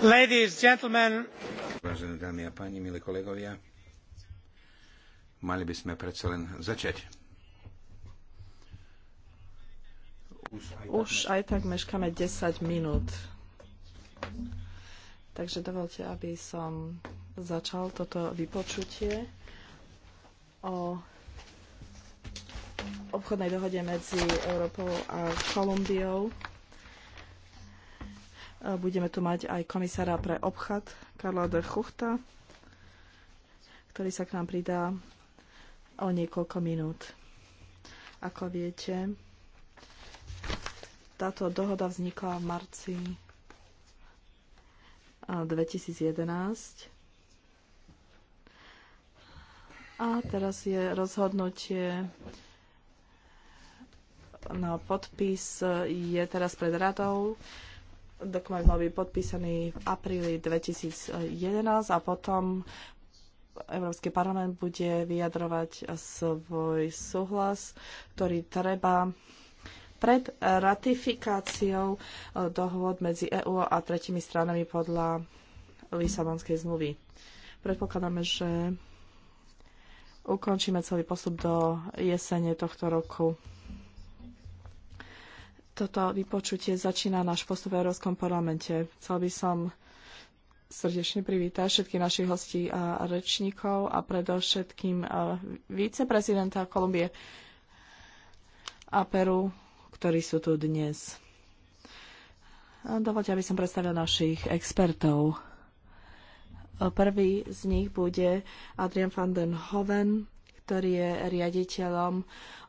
Ladies, gentlemen. Vážené dámy a páni, milí kolegovia, mali by sme predsa len začať. Už aj tak meškáme 10 minút. Takže dovolte, aby som začal toto vypočutie o obchodnej dohode medzi Európou a Kolumbiou. Budeme tu mať aj komisára pre obchod Karla de Chuchta, ktorý sa k nám pridá o niekoľko minút. Ako viete, táto dohoda vznikla v marci 2011. A teraz je rozhodnutie no, podpis je teraz pred radou. Dokument mal byť podpísaný v apríli 2011 a potom Európsky parlament bude vyjadrovať svoj súhlas, ktorý treba pred ratifikáciou eh, dohôd medzi EÚ a tretimi stranami podľa Lisabonskej zmluvy. Predpokladáme, že ukončíme celý postup do jesene tohto roku. Toto vypočutie začína náš postup v Európskom parlamente. Chcel by som srdečne privítať všetkých našich hostí a rečníkov a predovšetkým viceprezidenta Kolumbie a Peru, ktorí sú tu dnes. Dovolte, aby som predstavil našich expertov. Prvý z nich bude Adrian van den Hoven, ktorý je riaditeľom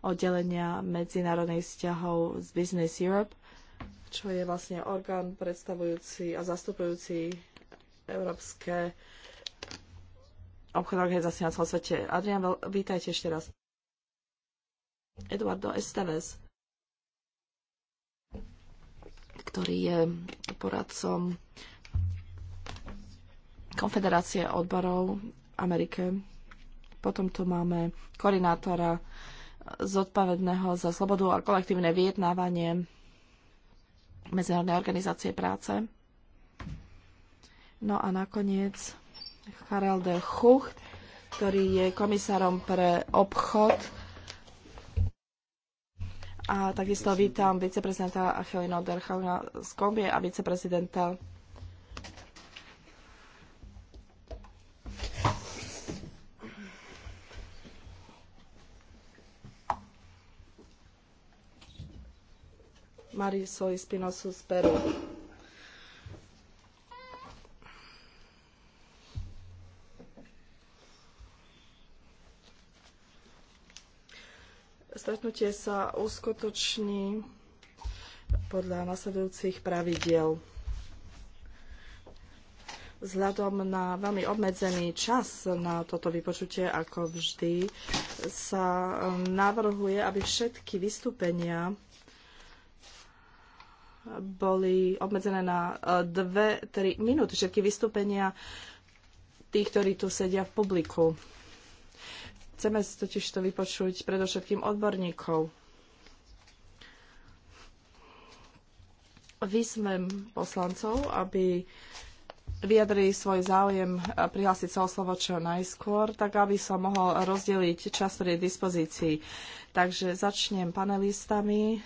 oddelenia medzinárodných vzťahov z Business Europe, čo je vlastne orgán predstavujúci a zastupujúci európske obchodné organizácie na celom svete. Adrian, vítajte ešte raz. Eduardo Esteves, ktorý je poradcom Konfederácie odborov Amerike potom tu máme koordinátora zodpovedného za slobodu a kolektívne vyjednávanie Medzinárodnej organizácie práce. No a nakoniec Karel de Chucht, ktorý je komisárom pre obchod. A takisto vítam viceprezidenta Achelino Derchalna z Kombie a viceprezidenta Marisoy z Peru. Stretnutie sa uskutoční podľa nasledujúcich pravidiel. Vzhľadom na veľmi obmedzený čas na toto vypočutie, ako vždy, sa navrhuje, aby všetky vystúpenia boli obmedzené na e, dve, tri minúty, všetky vystúpenia tých, ktorí tu sedia v publiku. Chceme totiž to vypočuť predovšetkým odborníkov. Vysmem poslancov, aby vyjadrili svoj záujem a prihlásiť sa o slovo čo najskôr, tak aby som mohol rozdeliť čas, ktorý je dispozícii. Takže začnem panelistami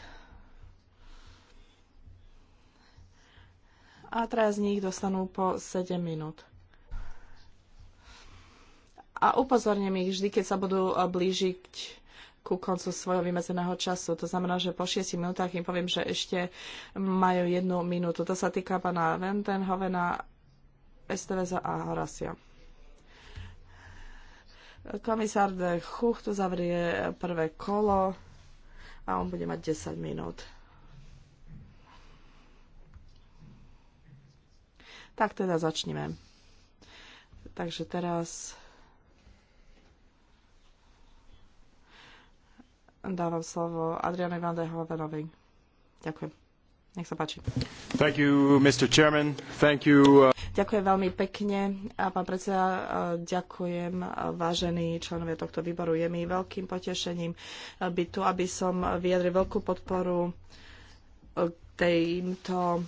a teraz z nich dostanú po 7 minút. A upozorním ich vždy, keď sa budú blížiť ku koncu svojho vymedzeného času. To znamená, že po 6 minútach im poviem, že ešte majú jednu minútu. To sa týka pána Ventenhovena, Esteveza a Horasia. Komisár de Chuch tu zavrie prvé kolo a on bude mať 10 minút. Tak teda začneme. Takže teraz dávam slovo Adriane van der Ďakujem. Nech sa páči. Thank you, Mr. Chairman. Thank you. Uh, ďakujem veľmi pekne. A pán predseda, uh, ďakujem uh, vážení členovia tohto výboru. Je mi veľkým potešením byť tu, aby som vyjadril veľkú podporu tejto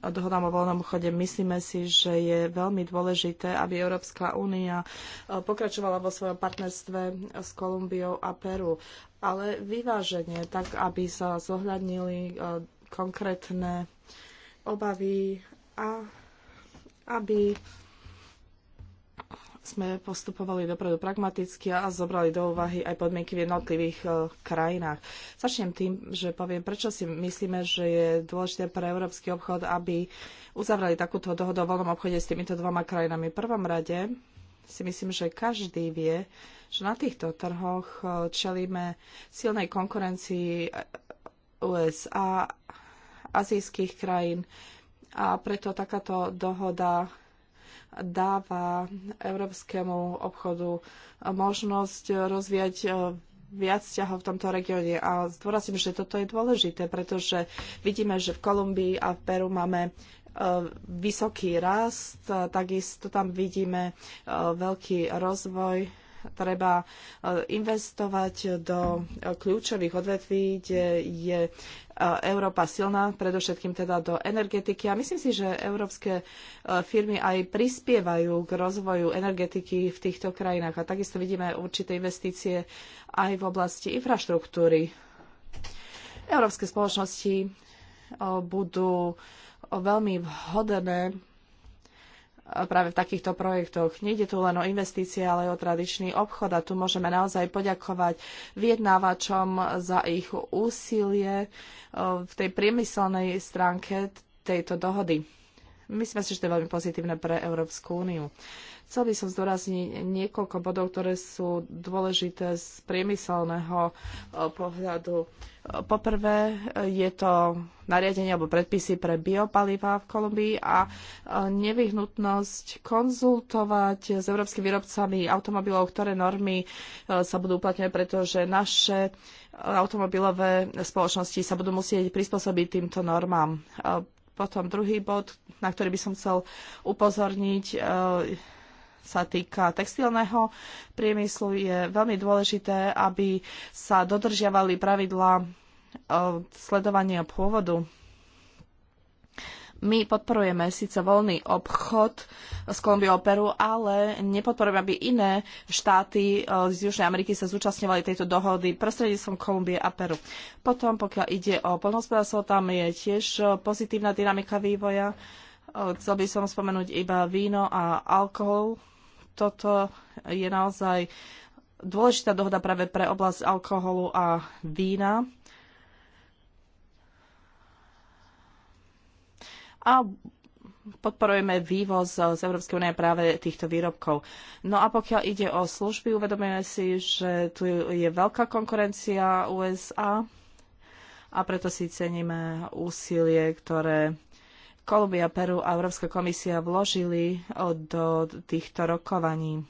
dohodám o voľnom chode, myslíme si, že je veľmi dôležité, aby Európska únia e, pokračovala vo svojom partnerstve s Kolumbiou a Peru. Ale vyváženie, tak aby sa zohľadnili e, konkrétne obavy a aby sme postupovali dopredu pragmaticky a zobrali do úvahy aj podmienky v jednotlivých e, krajinách. Začnem tým, že poviem, prečo si myslíme, že je dôležité pre európsky obchod, aby uzavrali takúto dohodu o voľnom obchode s týmito dvoma krajinami. V prvom rade si myslím, že každý vie, že na týchto trhoch e, čelíme silnej konkurencii USA, azijských krajín a preto takáto dohoda dáva európskemu obchodu možnosť rozvíjať e, viac ťahov v tomto regióne. A zdôrazním, že toto je dôležité, pretože vidíme, že v Kolumbii a v Peru máme e, vysoký rast, takisto tam vidíme e, veľký rozvoj treba e, investovať do e, kľúčových odvetví, kde je e, Európa silná, predovšetkým teda do energetiky. A myslím si, že európske firmy aj prispievajú k rozvoju energetiky v týchto krajinách. A takisto vidíme určité investície aj v oblasti infraštruktúry. Európske spoločnosti budú veľmi vhodné práve v takýchto projektoch. Nejde tu len o investície, ale aj o tradičný obchod a tu môžeme naozaj poďakovať vyjednávačom za ich úsilie eh, v tej priemyselnej stránke tejto dohody. Myslím si, že to je veľmi pozitívne pre Európsku úniu. Chcel by som zdôrazniť niekoľko bodov, ktoré sú dôležité z priemyselného e, pohľadu. Poprvé je to nariadenie alebo predpisy pre biopalivá v Kolumbii a e, nevyhnutnosť konzultovať s európskymi výrobcami automobilov, ktoré normy e, sa budú uplatňovať, pretože naše automobilové spoločnosti sa budú musieť prispôsobiť týmto normám. Potom druhý bod, na ktorý by som chcel upozorniť, e, sa týka textilného priemyslu, je veľmi dôležité, aby sa dodržiavali pravidlá e, sledovania pôvodu my podporujeme síce voľný obchod s Kolumbiou Peru, ale nepodporujeme, aby iné štáty eh, z Južnej Ameriky sa zúčastňovali tejto dohody prostredníctvom Kolumbie a Peru. Potom, pokiaľ ide o poľnohospodárstvo, tam je tiež eh, pozitívna dynamika vývoja. Eh, chcel by som spomenúť iba víno a alkohol. Toto je naozaj dôležitá dohoda práve pre oblasť alkoholu a vína a podporujeme vývoz z Európskej únie práve týchto výrobkov. No a pokiaľ ide o služby, uvedomujeme si, že tu je veľká konkurencia USA a preto si ceníme úsilie, ktoré Kolumbia, Peru a Európska komisia vložili do týchto rokovaní.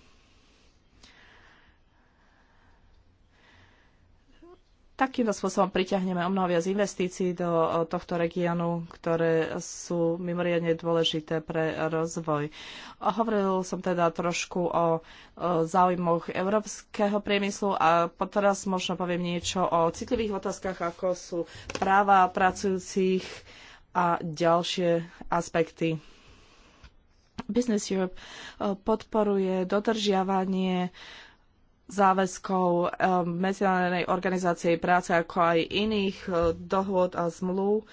takýmto spôsobom priťahneme o mnoho viac investícií do tohto regiónu, ktoré sú mimoriadne dôležité pre rozvoj. Hovoril som teda trošku o záujmoch európskeho priemyslu a teraz možno poviem niečo o citlivých otázkach, ako sú práva pracujúcich a ďalšie aspekty. Business Europe podporuje dodržiavanie záväzkov eh, Medzinárodnej organizácie práce ako aj iných eh, dohôd a zmluv,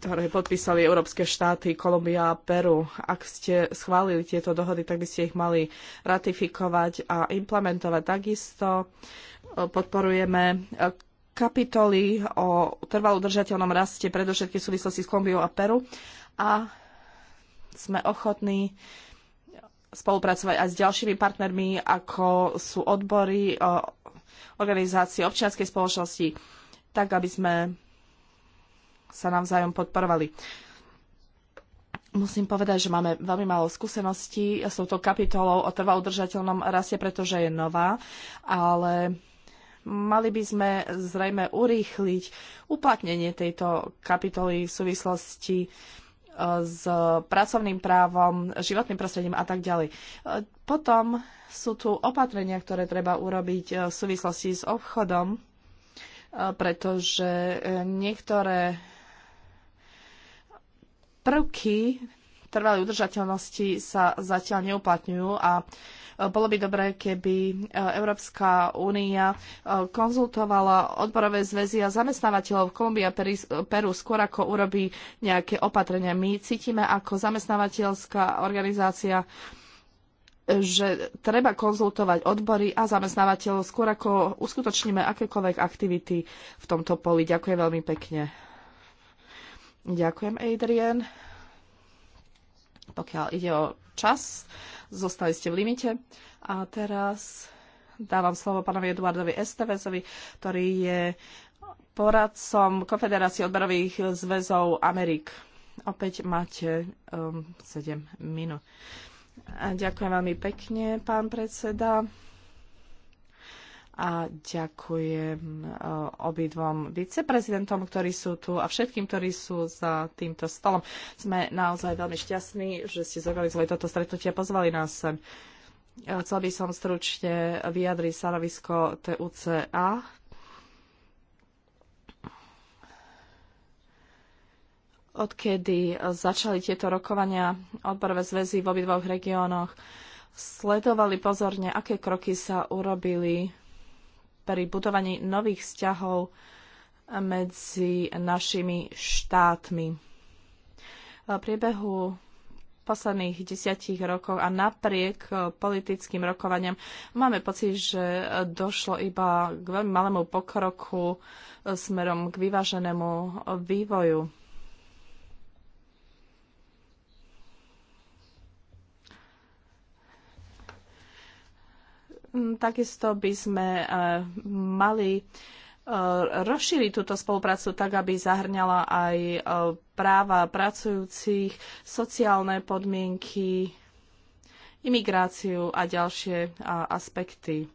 ktoré podpísali európske štáty Kolumbia a Peru. Ak ste schválili tieto dohody, tak by ste ich mali ratifikovať a implementovať. Takisto eh, podporujeme kapitoly o trvalo udržateľnom raste, predovšetkým v súvislosti s Kolumbiou a Peru. A sme ochotní uh, spolupracovať aj s ďalšími partnermi, ako sú odbory, organizácie občianskej spoločnosti, tak aby sme sa navzájom podporovali. Musím povedať, že máme veľmi málo skúseností s touto kapitolou o trvaudržateľnom udržateľnom raste, pretože je nová, ale mali by sme zrejme urýchliť uplatnenie tejto kapitoly v súvislosti s pracovným právom, životným prostredím a tak ďalej. Potom sú tu opatrenia, ktoré treba urobiť e, v súvislosti s obchodom, e, pretože e, niektoré prvky trvalej udržateľnosti sa zatiaľ neuplatňujú a bolo by dobré, keby e, Európska únia e, konzultovala odborové zväzy a zamestnávateľov v Kolumbii a Peru skôr ako urobí nejaké opatrenia. My cítime ako zamestnávateľská organizácia že treba konzultovať odbory a zamestnávateľov skôr ako uskutočníme akékoľvek aktivity v tomto poli. Ďakujem veľmi pekne. Ďakujem, Adrian. Pokiaľ ide o čas, Zostali ste v limite. A teraz dávam slovo pánovi Eduardovi Estevezovi, ktorý je poradcom Konfederácie odborových zväzov Amerik. Opäť máte um, 7 minút. ďakujem veľmi pekne, pán predseda a ďakujem e, obidvom viceprezidentom, ktorí sú tu a všetkým, ktorí sú za týmto stolom. Sme naozaj veľmi šťastní, že ste zorganizovali toto stretnutie a pozvali nás sem. E, chcel by som stručne vyjadriť stanovisko TUCA. Odkedy začali tieto rokovania odborové zväzy v obidvoch regiónoch, sledovali pozorne, aké kroky sa urobili pri budovaní nových vzťahov medzi našimi štátmi. V priebehu posledných desiatich rokov a napriek politickým rokovaniam máme pocit, že došlo iba k veľmi malému pokroku smerom k vyváženému vývoju Mm, takisto by sme e, mali e, rozšíriť túto spoluprácu tak, aby zahrňala aj e, práva pracujúcich, sociálne podmienky, imigráciu a ďalšie aspekty.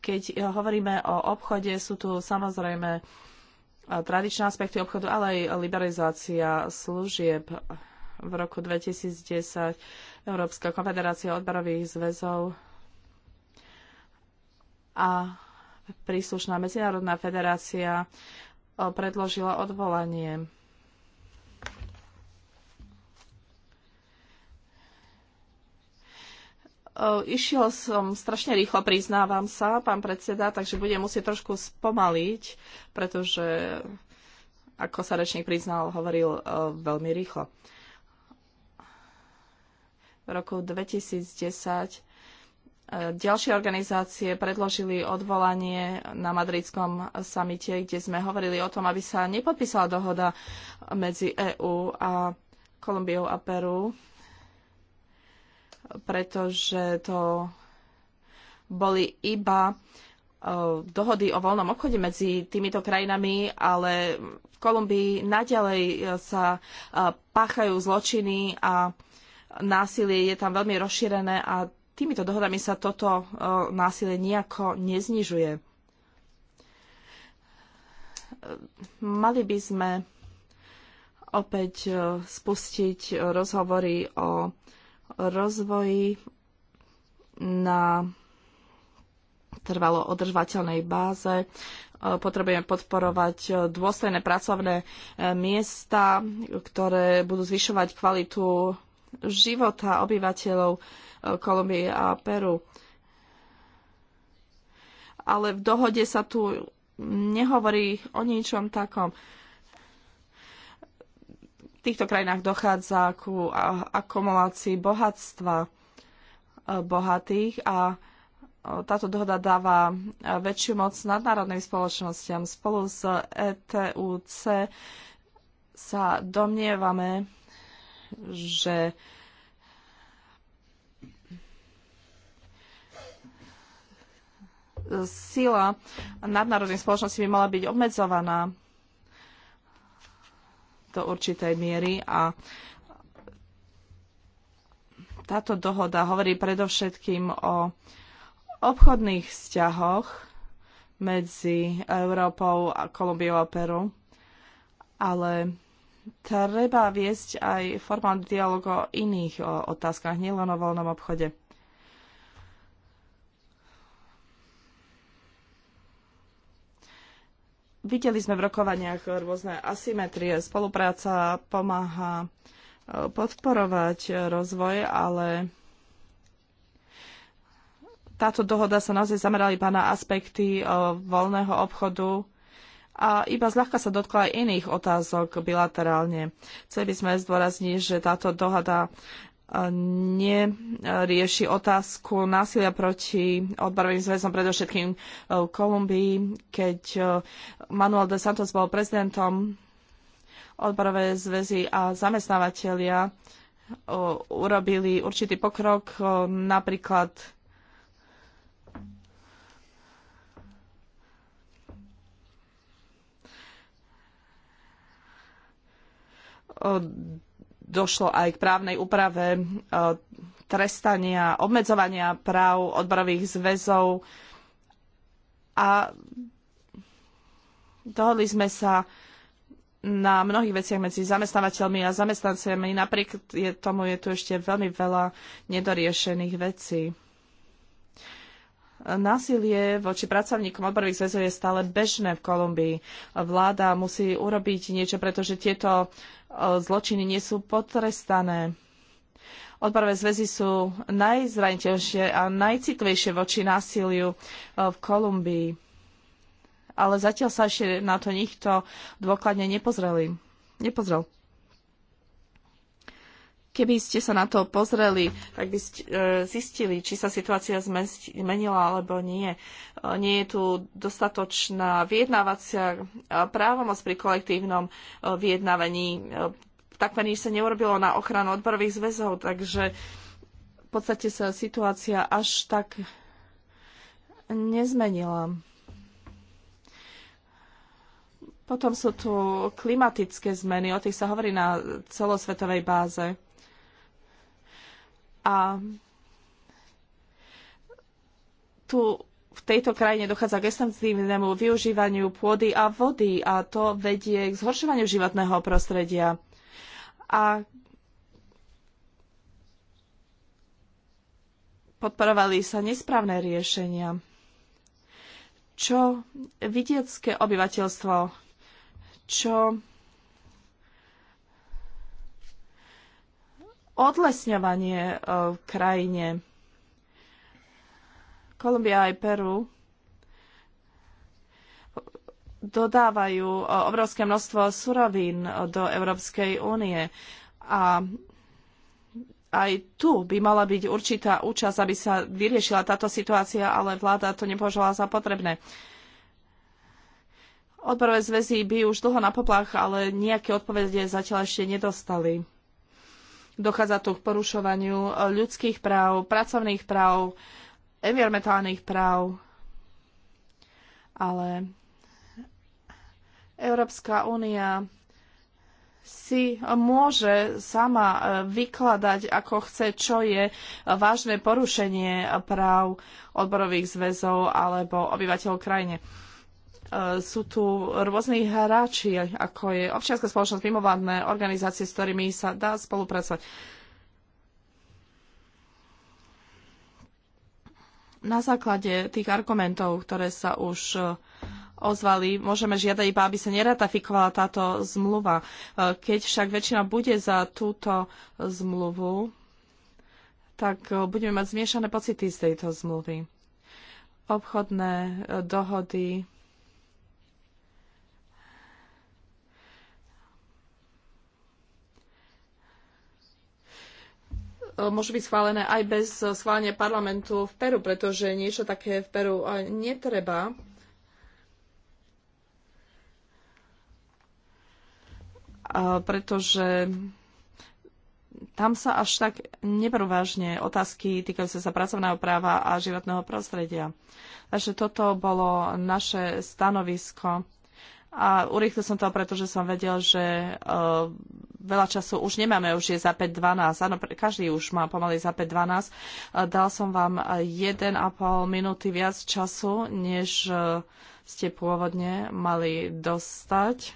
Keď hovoríme o obchode, sú tu samozrejme tradičné aspekty obchodu, ale aj liberalizácia služieb v roku 2010 Európska konfederácia odborových zväzov a príslušná Medzinárodná federácia predložila odvolanie. Išiel som strašne rýchlo, priznávam sa, pán predseda, takže budem musieť trošku spomaliť, pretože, ako sa rečník priznal, hovoril veľmi rýchlo roku 2010 e, ďalšie organizácie predložili odvolanie na madridskom samite, kde sme hovorili o tom, aby sa nepodpísala dohoda medzi EÚ a Kolumbiou a Peru, pretože to boli iba e, dohody o voľnom obchode medzi týmito krajinami, ale v Kolumbii naďalej sa e, páchajú zločiny a násilie je tam veľmi rozšírené a týmito dohodami sa toto e, násilie nejako neznižuje. E, mali by sme opäť e, spustiť rozhovory o rozvoji na trvalo održvateľnej báze. Potrebujeme podporovať dôstojné pracovné miesta, ktoré budú zvyšovať kvalitu života obyvateľov e, Kolumbie a Peru. Ale v dohode sa tu nehovorí o ničom takom. V týchto krajinách dochádza ku akumulácii bohatstva e, bohatých a e, táto dohoda dáva väčšiu moc nadnárodným spoločnosťam. Spolu s ETUC sa domnievame, že sila nadnárodnej spoločnosti by mala byť obmedzovaná do určitej miery a táto dohoda hovorí predovšetkým o obchodných vzťahoch medzi Európou a Kolumbiou a Peru, ale treba viesť aj formálny dialog o iných otázkach, nielen o voľnom obchode. Videli sme v rokovaniach rôzne asymetrie. Spolupráca pomáha e, podporovať rozvoj, ale táto dohoda sa naozaj zamerala iba na aspekty e, voľného obchodu a iba zľahka sa dotkla aj iných otázok bilaterálne. Chceli by sme zdôrazniť, že táto dohada e, nerieši otázku násilia proti odbarovým zväzom, predovšetkým v e, Kolumbii, keď e, Manuel de Santos bol prezidentom odbarové zväzy a zamestnávateľia urobili určitý pokrok, napríklad E, došlo aj k právnej úprave e, trestania, obmedzovania práv odborových zväzov a dohodli sme sa na mnohých veciach medzi zamestnávateľmi a zamestnancami. Napriek tomu je tu ešte veľmi veľa nedoriešených vecí. Násilie voči pracovníkom odborových zväzov je stále bežné v Kolumbii. Vláda musí urobiť niečo, pretože tieto e, zločiny nie sú potrestané. Odborové zväzy sú najzraniteľšie a najcitlivejšie voči násiliu e, v Kolumbii. Ale zatiaľ sa ešte na to nikto dôkladne nepozreli. nepozrel. Keby ste sa na to pozreli, tak by ste e, zistili, či sa situácia zmenila alebo nie. E, nie je tu dostatočná vyjednávacia e, právomoc pri kolektívnom vyjednávaní. Takmer nič sa neurobilo na ochranu odborových zväzov, takže v podstate sa situácia až tak nezmenila. Potom sú tu klimatické zmeny, o tých sa hovorí na celosvetovej báze. A tu v tejto krajine dochádza k extenzívnemu využívaniu pôdy a vody a to vedie k zhoršovaniu životného prostredia. A podporovali sa nesprávne riešenia. Čo vidiecké obyvateľstvo, čo odlesňovanie e, v krajine. Kolumbia aj Peru dodávajú e, obrovské množstvo surovín e, do Európskej únie. A aj tu by mala byť určitá účasť, aby sa vyriešila táto situácia, ale vláda to nepovažovala za potrebné. Odborové zväzy by už dlho na poplach, ale nejaké odpovede zatiaľ ešte nedostali. Dochádza tu k porušovaniu eh, ľudských práv, pracovných práv, environmentálnych práv. Ale Európska únia si môže sama eh, vykladať, ako chce, čo je eh, vážne porušenie práv odborových zväzov alebo obyvateľov krajine. E, sú tu rôzni hráči, ako je občianská spoločnosť, mimovládne organizácie, s ktorými sa dá spolupracovať. Na základe tých argumentov, ktoré sa už e, ozvali, môžeme žiadať iba, aby sa neratifikovala táto zmluva. E, keď však väčšina bude za túto zmluvu, tak budeme mať zmiešané pocity z tejto zmluvy. Obchodné dohody E, môžu byť schválené aj bez schválenia parlamentu v Peru, pretože niečo také v Peru e, netreba. A pretože tam sa až tak neberú vážne otázky týkajúce sa pracovného práva a životného prostredia. Takže toto bolo naše stanovisko a urýchlil som to, pretože som vedel, že uh, veľa času už nemáme, už je za 5.12. Áno, každý už má pomaly za 5.12. Uh, e, dal som vám 1,5 minúty viac času, než uh, ste pôvodne mali dostať.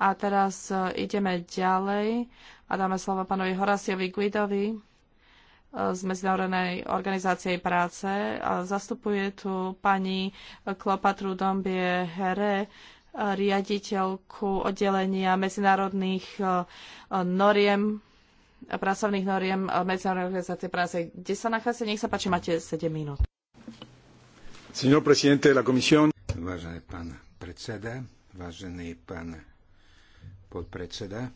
A teraz uh, ideme ďalej a dáme slovo pánovi Horasiovi Guidovi z Medzinárodnej organizácie práce a zastupuje tu pani Klopatru Dombie Here, riaditeľku oddelenia medzinárodných e, noriem pracovných noriem Medzinárodnej organizácie práce. Kde sa nachádza? Nech sa páči, máte 7 minút. Signor presidente de la comisión. Vážený pán predseda, vážený pán podpredseda,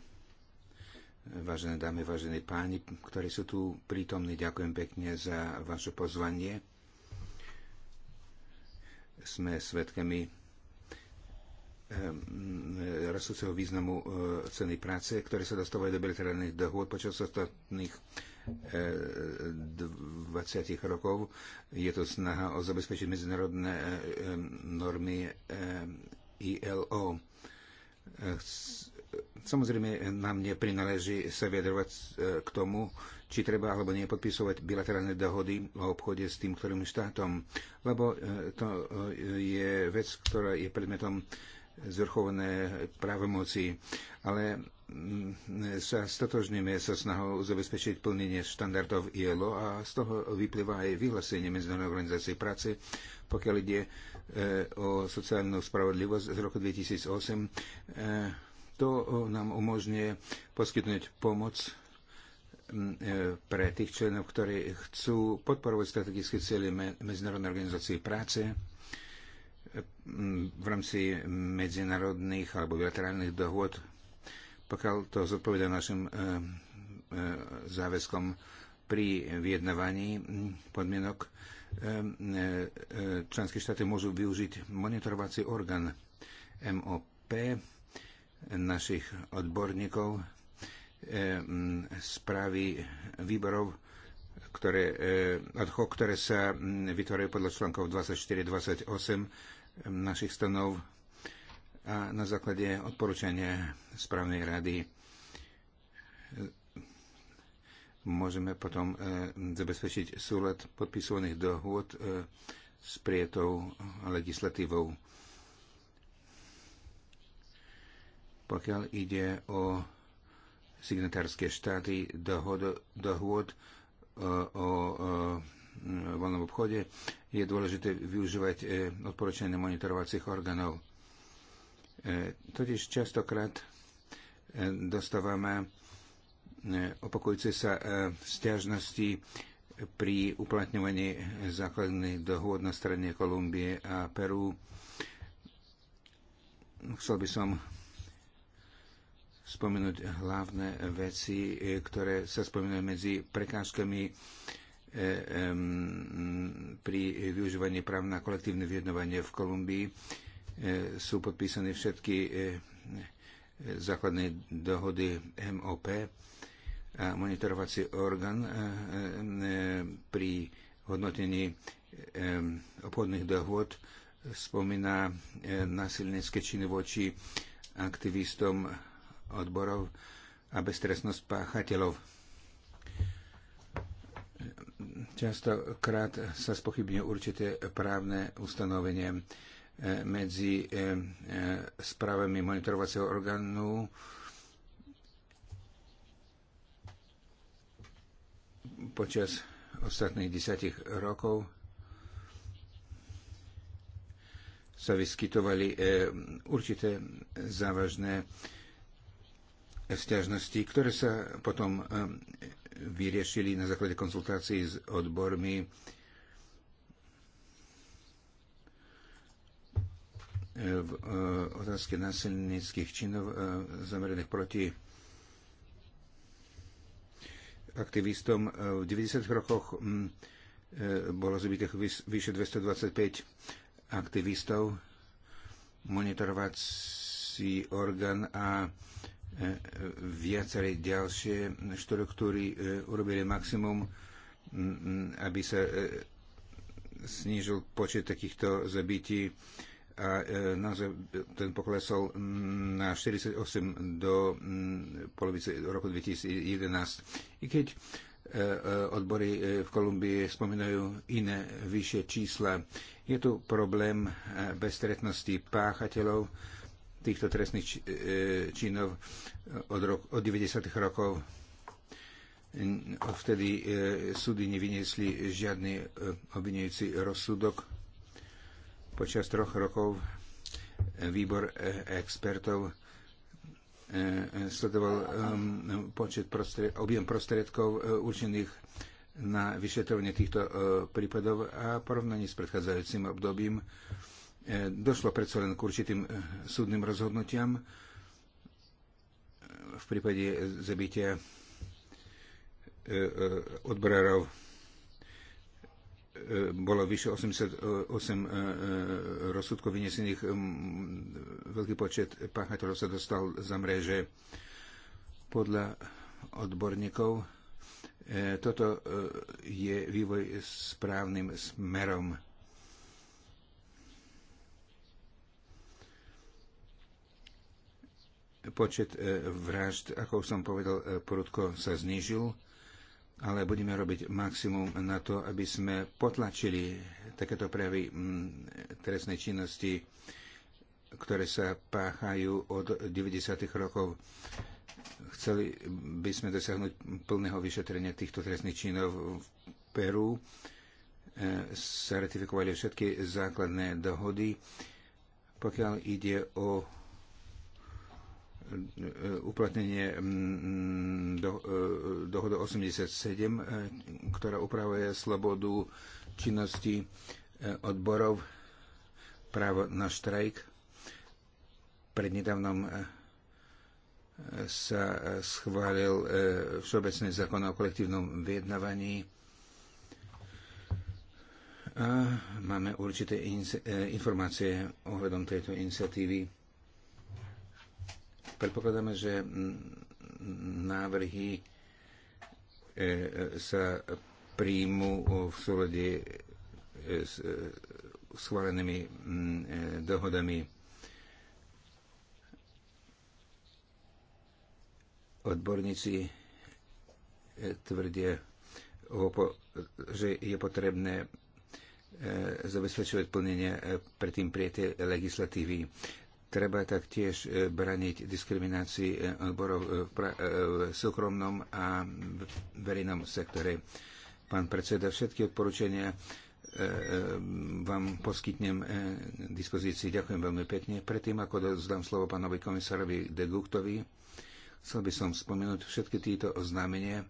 vážené dámy, vážení páni, ktorí sú tu prítomní, ďakujem pekne za vaše pozvanie. Sme svedkami ehm, rastúceho významu e, ceny práce, ktoré sa dostávajú do bilaterálnych dohôd počas ostatných 20 e, rokov. Je to snaha o zabezpečiť medzinárodné e, normy ILO Samozrejme, nám neprináleží sa vyjadrovať e, k tomu, či treba alebo nie podpisovať bilaterálne dohody o obchode s tým, ktorým štátom, lebo e, to e, je vec, ktorá je predmetom zvrchované právomoci, ale mm, sa stotožníme sa snahou zabezpečiť plnenie štandardov ILO a z toho vyplýva aj vyhlásenie Medzinárodnej organizácie práce, pokiaľ ide o sociálnu spravodlivosť z roku 2008 to nám umožňuje poskytnúť pomoc e, pre tých členov, ktorí chcú podporovať strategické cieľe Medzinárodnej organizácie práce v rámci medzinárodných alebo bilaterálnych dohôd, pokiaľ to zodpoveda našim e, e, záväzkom pri vyjednávaní podmienok, členské štáty môžu využiť monitorovací orgán MOP našich odborníkov, e, správy výborov, ktoré, e, ad hoc, ktoré sa vytvárajú podľa článkov 24-28 našich stanov a na základe odporúčania správnej rady e, môžeme potom zabezpečiť súlad podpisovaných dohôd s prietou legislatívou Pokiaľ ide o signatárske štáty dohod, dohôd e, o, o, e, o voľnom obchode, je dôležité využívať e, odporúčanie monitorovacích orgánov. Totiž častokrát dostávame opakujúce sa stiažnosti pri uplatňovaní základných dohôd na strane Kolumbie a Peru. Chcel by som spomenúť hlavné veci, e, ktoré sa spomínajú medzi prekážkami e, pri využívaní práv na kolektívne vyjednovanie v Kolumbii. E, sú podpísané všetky základné dohody MOP a monitorovací orgán pri hodnotení obchodných dohôd spomína násilnícke činy voči aktivistom odborov a beztresnosť páchateľov. Častokrát sa spochybňujú určité právne ustanovenie eh, medzi eh, eh, správami monitorovacieho orgánu počas ostatných desiatich rokov sa vyskytovali určité závažné stiažnosti, ktoré sa potom eh, vyriešili na základe konzultácií s odbormi. Eh, v eh, otázke násilnických činov zameraných proti aktivistom. V 90. rokoch hm, bolo zbytých vyše 225 aktivistov. Monitorovací orgán a viaceré ďalšie štruktúry e, urobili maximum, aby sa e, snížil počet takýchto zabití a e, naozaj ten poklesol na 48 do polovice roku 2011. I keď odbory v Kolumbii spomínajú iné vyššie čísla, je tu problém bezstretnosti páchateľov, týchto trestných e, činov od, rok, od 90. rokov. Vtedy e, súdy nevyniesli žiadny e, obvinujúci rozsudok. Počas troch rokov výbor expertov sledoval počet prostred, objem prostriedkov určených na vyšetrovanie týchto prípadov a porovnaní s predchádzajúcim obdobím E, došlo predsa len k určitým e, súdnym rozhodnutiam e, v prípade zabitia odborárov bolo vyše 88 rozsudkov vynesených. Veľký počet páchateľov sa dostal za mreže. Podľa odborníkov toto je vývoj správnym smerom Počet e, vražd, ako som povedal, e, prudko sa znížil, ale budeme robiť maximum na to, aby sme potlačili takéto prejavy trestnej činnosti, ktoré sa páchajú od 90. rokov. Chceli by sme dosiahnuť plného vyšetrenia týchto trestných činov v Peru. E, sa ratifikovali všetky základné dohody. Pokiaľ ide o uplatnenie mm, mm, do, e, dohodu 87, e, ktorá upravuje slobodu činnosti e, odborov, právo na štrajk. Prednedávnom sa schválil Všeobecný zákon o kolektívnom vyjednávaní. A máme určité informácie ohľadom tejto iniciatívy. Predpokladáme, že návrhy e, e, sa príjmu v súlade e, s schválenými dohodami odborníci tvrdia, že je potrebné zabezpečovať plnenie predtým prijatie legislatívy. Treba taktiež e, braniť diskriminácii e, odborov e, v, v súkromnom a verejnom sektore. Pán predseda, všetky odporúčania vám poskytnem k dispozícii. Ďakujem veľmi pekne. Predtým, ako zdám slovo pánovi komisárovi Deguktovi, chcel by som spomenúť všetky títo oznámenia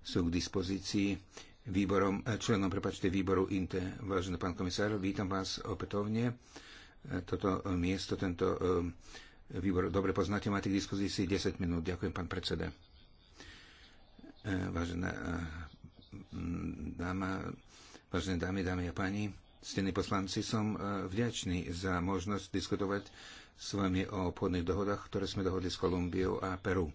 sú k dispozícii výborom, eh, členom, prepačte, výboru INTE. Vážený pán komisár, vítam vás opätovne. Eh, toto eh, miesto, tento výbor dobre poznáte, máte k dispozícii 10 minút. Ďakujem, pán predseda. Vážená dáma, vážené dámy, dámy a páni, stení poslanci, som vďačný za možnosť diskutovať s vami o obchodných dohodách, ktoré sme dohodli s Kolumbiou a Peru.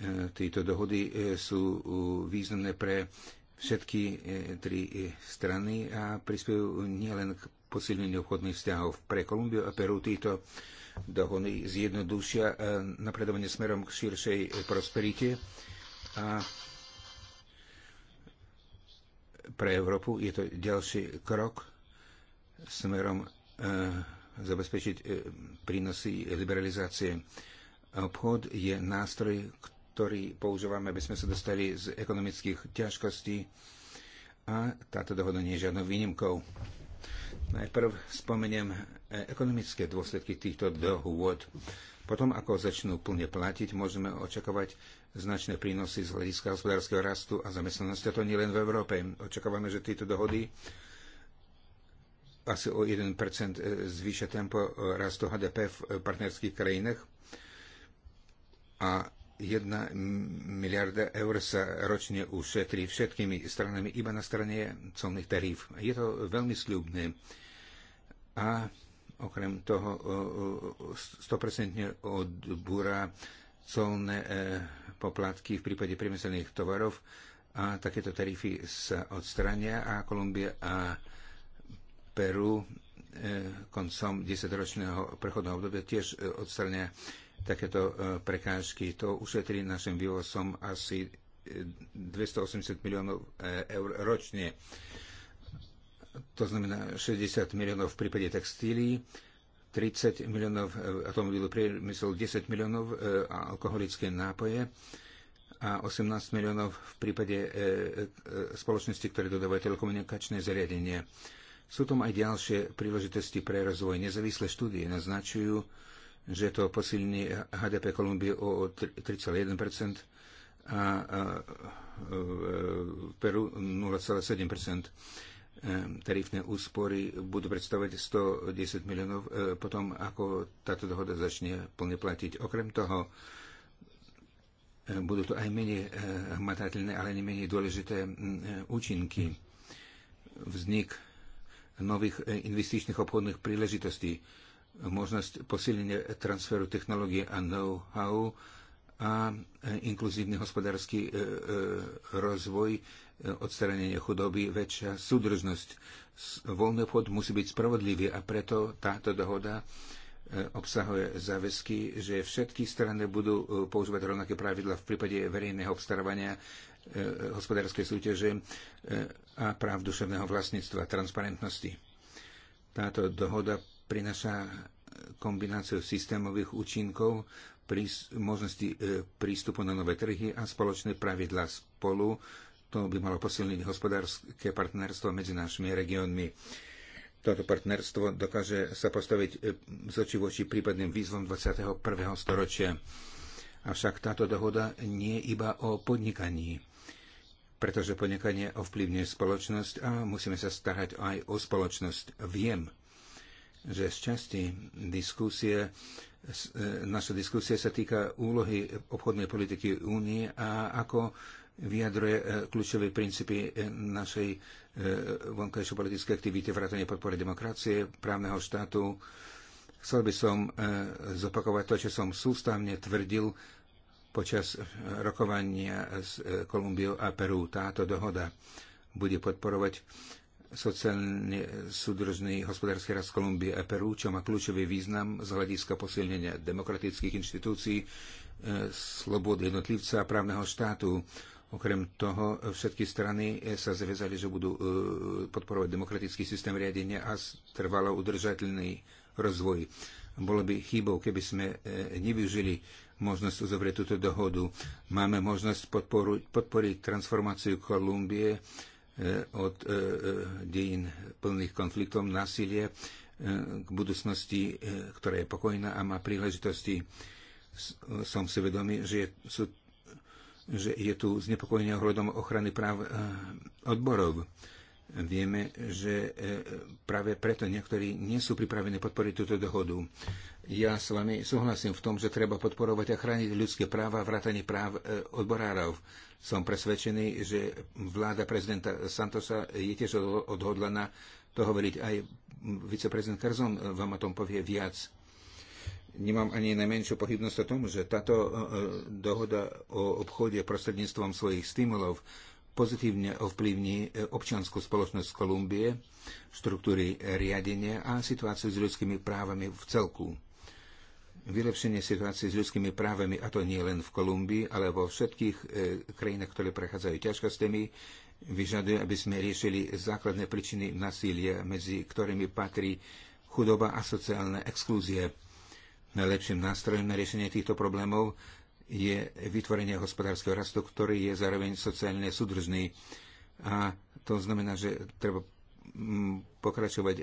E, tieto dohody e, sú významné pre všetky e, tri strany a prispievajú nielen k posilneniu obchodných vzťahov pre Kolumbiu a Peru. Tieto dohody zjednodušia napredovanie smerom k širšej prosperite a pre Európu je to ďalší krok smerom zabezpečiť prínosy liberalizácie Obchod je nástroj, ktorý používame, aby sme sa dostali z ekonomických ťažkostí a táto dohoda nie je žiadnou výnimkou. Najprv spomeniem e, ekonomické dôsledky týchto dohôd. Potom, ako začnú plne platiť, môžeme očakávať značné prínosy z hľadiska hospodárskeho rastu a zamestnanosti, a to nie len v Európe. Očakávame, že tieto dohody asi o 1% e, zvýšia tempo e, rastu HDP v partnerských krajinách a 1 miliarda eur sa ročne ušetrí všetkými stranami iba na strane colných tarív. Je to veľmi sľubné. A okrem toho 100% odbúra colné e, poplatky v prípade priemyselných tovarov a takéto tarify sa odstrania a Kolumbia a Peru e, koncom 10-ročného prechodného obdobia tiež e, odstrania takéto e, prekážky. To ušetrí našim vývozom asi 280 e, miliónov e, eur ročne. To znamená 60 miliónov v prípade textílií, 30 miliónov automobilov priemysel, 10 miliónov alkoholické nápoje a 18 miliónov v prípade spoločnosti, ktoré dodávajú telekomunikačné zariadenie. Sú tam aj ďalšie príležitosti pre rozvoj. Nezávislé štúdie naznačujú, že to posilní HDP Kolumbie o 3,1% a v Peru 0,7% tarifné úspory budú predstavovať 110 miliónov e, potom, ako táto dohoda začne plne platiť. Okrem toho, e, budú to aj menej e, hmatateľné, ale menej dôležité účinky. Vznik nových investičných obchodných príležitostí možnosť posilenia transferu technológie a know-how a inkluzívny hospodársky e, e, rozvoj, e, odstranenie chudoby, väčšia súdržnosť. Voľný obchod musí byť spravodlivý a preto táto dohoda obsahuje záväzky, že všetky strany budú používať rovnaké pravidla v prípade verejného obstarávania hospodárskej súťaže a práv duševného vlastníctva, transparentnosti. Táto dohoda prináša e, kombináciu systémových účinkov, prís, možnosti e, prístupu na nové trhy a spoločné pravidlá spolu. To by malo posilniť hospodárske partnerstvo medzi našimi regiónmi. Toto partnerstvo dokáže sa postaviť e, z očí voči prípadným výzvom 21. storočia. Avšak táto dohoda nie je iba o podnikaní, pretože podnikanie ovplyvňuje spoločnosť a musíme sa starať aj o spoločnosť. Viem, že z časti diskusie, e, naša diskusia sa týka úlohy obchodnej politiky únie a ako vyjadruje e, kľúčové princípy e, našej vonkajšej politickej aktivity, vrátanie podpory demokracie, právneho štátu. Chcel by som zopakovať to, čo som sústavne tvrdil počas rokovania s Kolumbiou a Peru. Táto dohoda bude podporovať sociálne súdržný hospodársky rast Kolumbie a Peru, čo má kľúčový význam z hľadiska posilnenia demokratických inštitúcií, e, slobod jednotlivca a právneho štátu. Okrem toho, všetky strany e, sa zaviazali, že budú e, podporovať demokratický systém riadenia a trvalo udržateľný rozvoj. Bolo by chybou, keby sme nevyužili možnosť uzavrieť túto dohodu. Máme možnosť podporiť transformáciu Kolumbie Eh, od eh, eh, dejín plných konfliktov, násilie k budúcnosti, ktorá je pokojná a má príležitosti. Som si vedomý, že sú že je tu znepokojenie ohľadom ochrany práv odborov. Vieme, že práve preto niektorí nie sú pripravení podporiť túto dohodu. Ja s vami súhlasím v tom, že treba podporovať a chrániť ľudské práva, a vrátanie práv odborárov. Som presvedčený, že vláda prezidenta Santosa je tiež odhodlaná to hovoriť. Aj viceprezident Karzon vám o tom povie viac. Nemám ani najmenšiu pochybnosť o tom, že táto e, e, dohoda o obchode prostredníctvom svojich stimulov pozitívne ovplyvní e, občianskú spoločnosť Kolumbie, štruktúry riadenia a situáciu s ľudskými právami v celku vylepšenie situácie s ľudskými právami, a to nie len v Kolumbii, ale vo všetkých e, krajinách, ktoré prechádzajú ťažkostiami, vyžaduje, aby sme riešili základné príčiny násilia, medzi ktorými patrí chudoba a sociálna exklúzie. Najlepším nástrojom na riešenie týchto problémov je vytvorenie hospodárskeho rastu, ktorý je zároveň sociálne súdržný. A to znamená, že treba pokračovať e,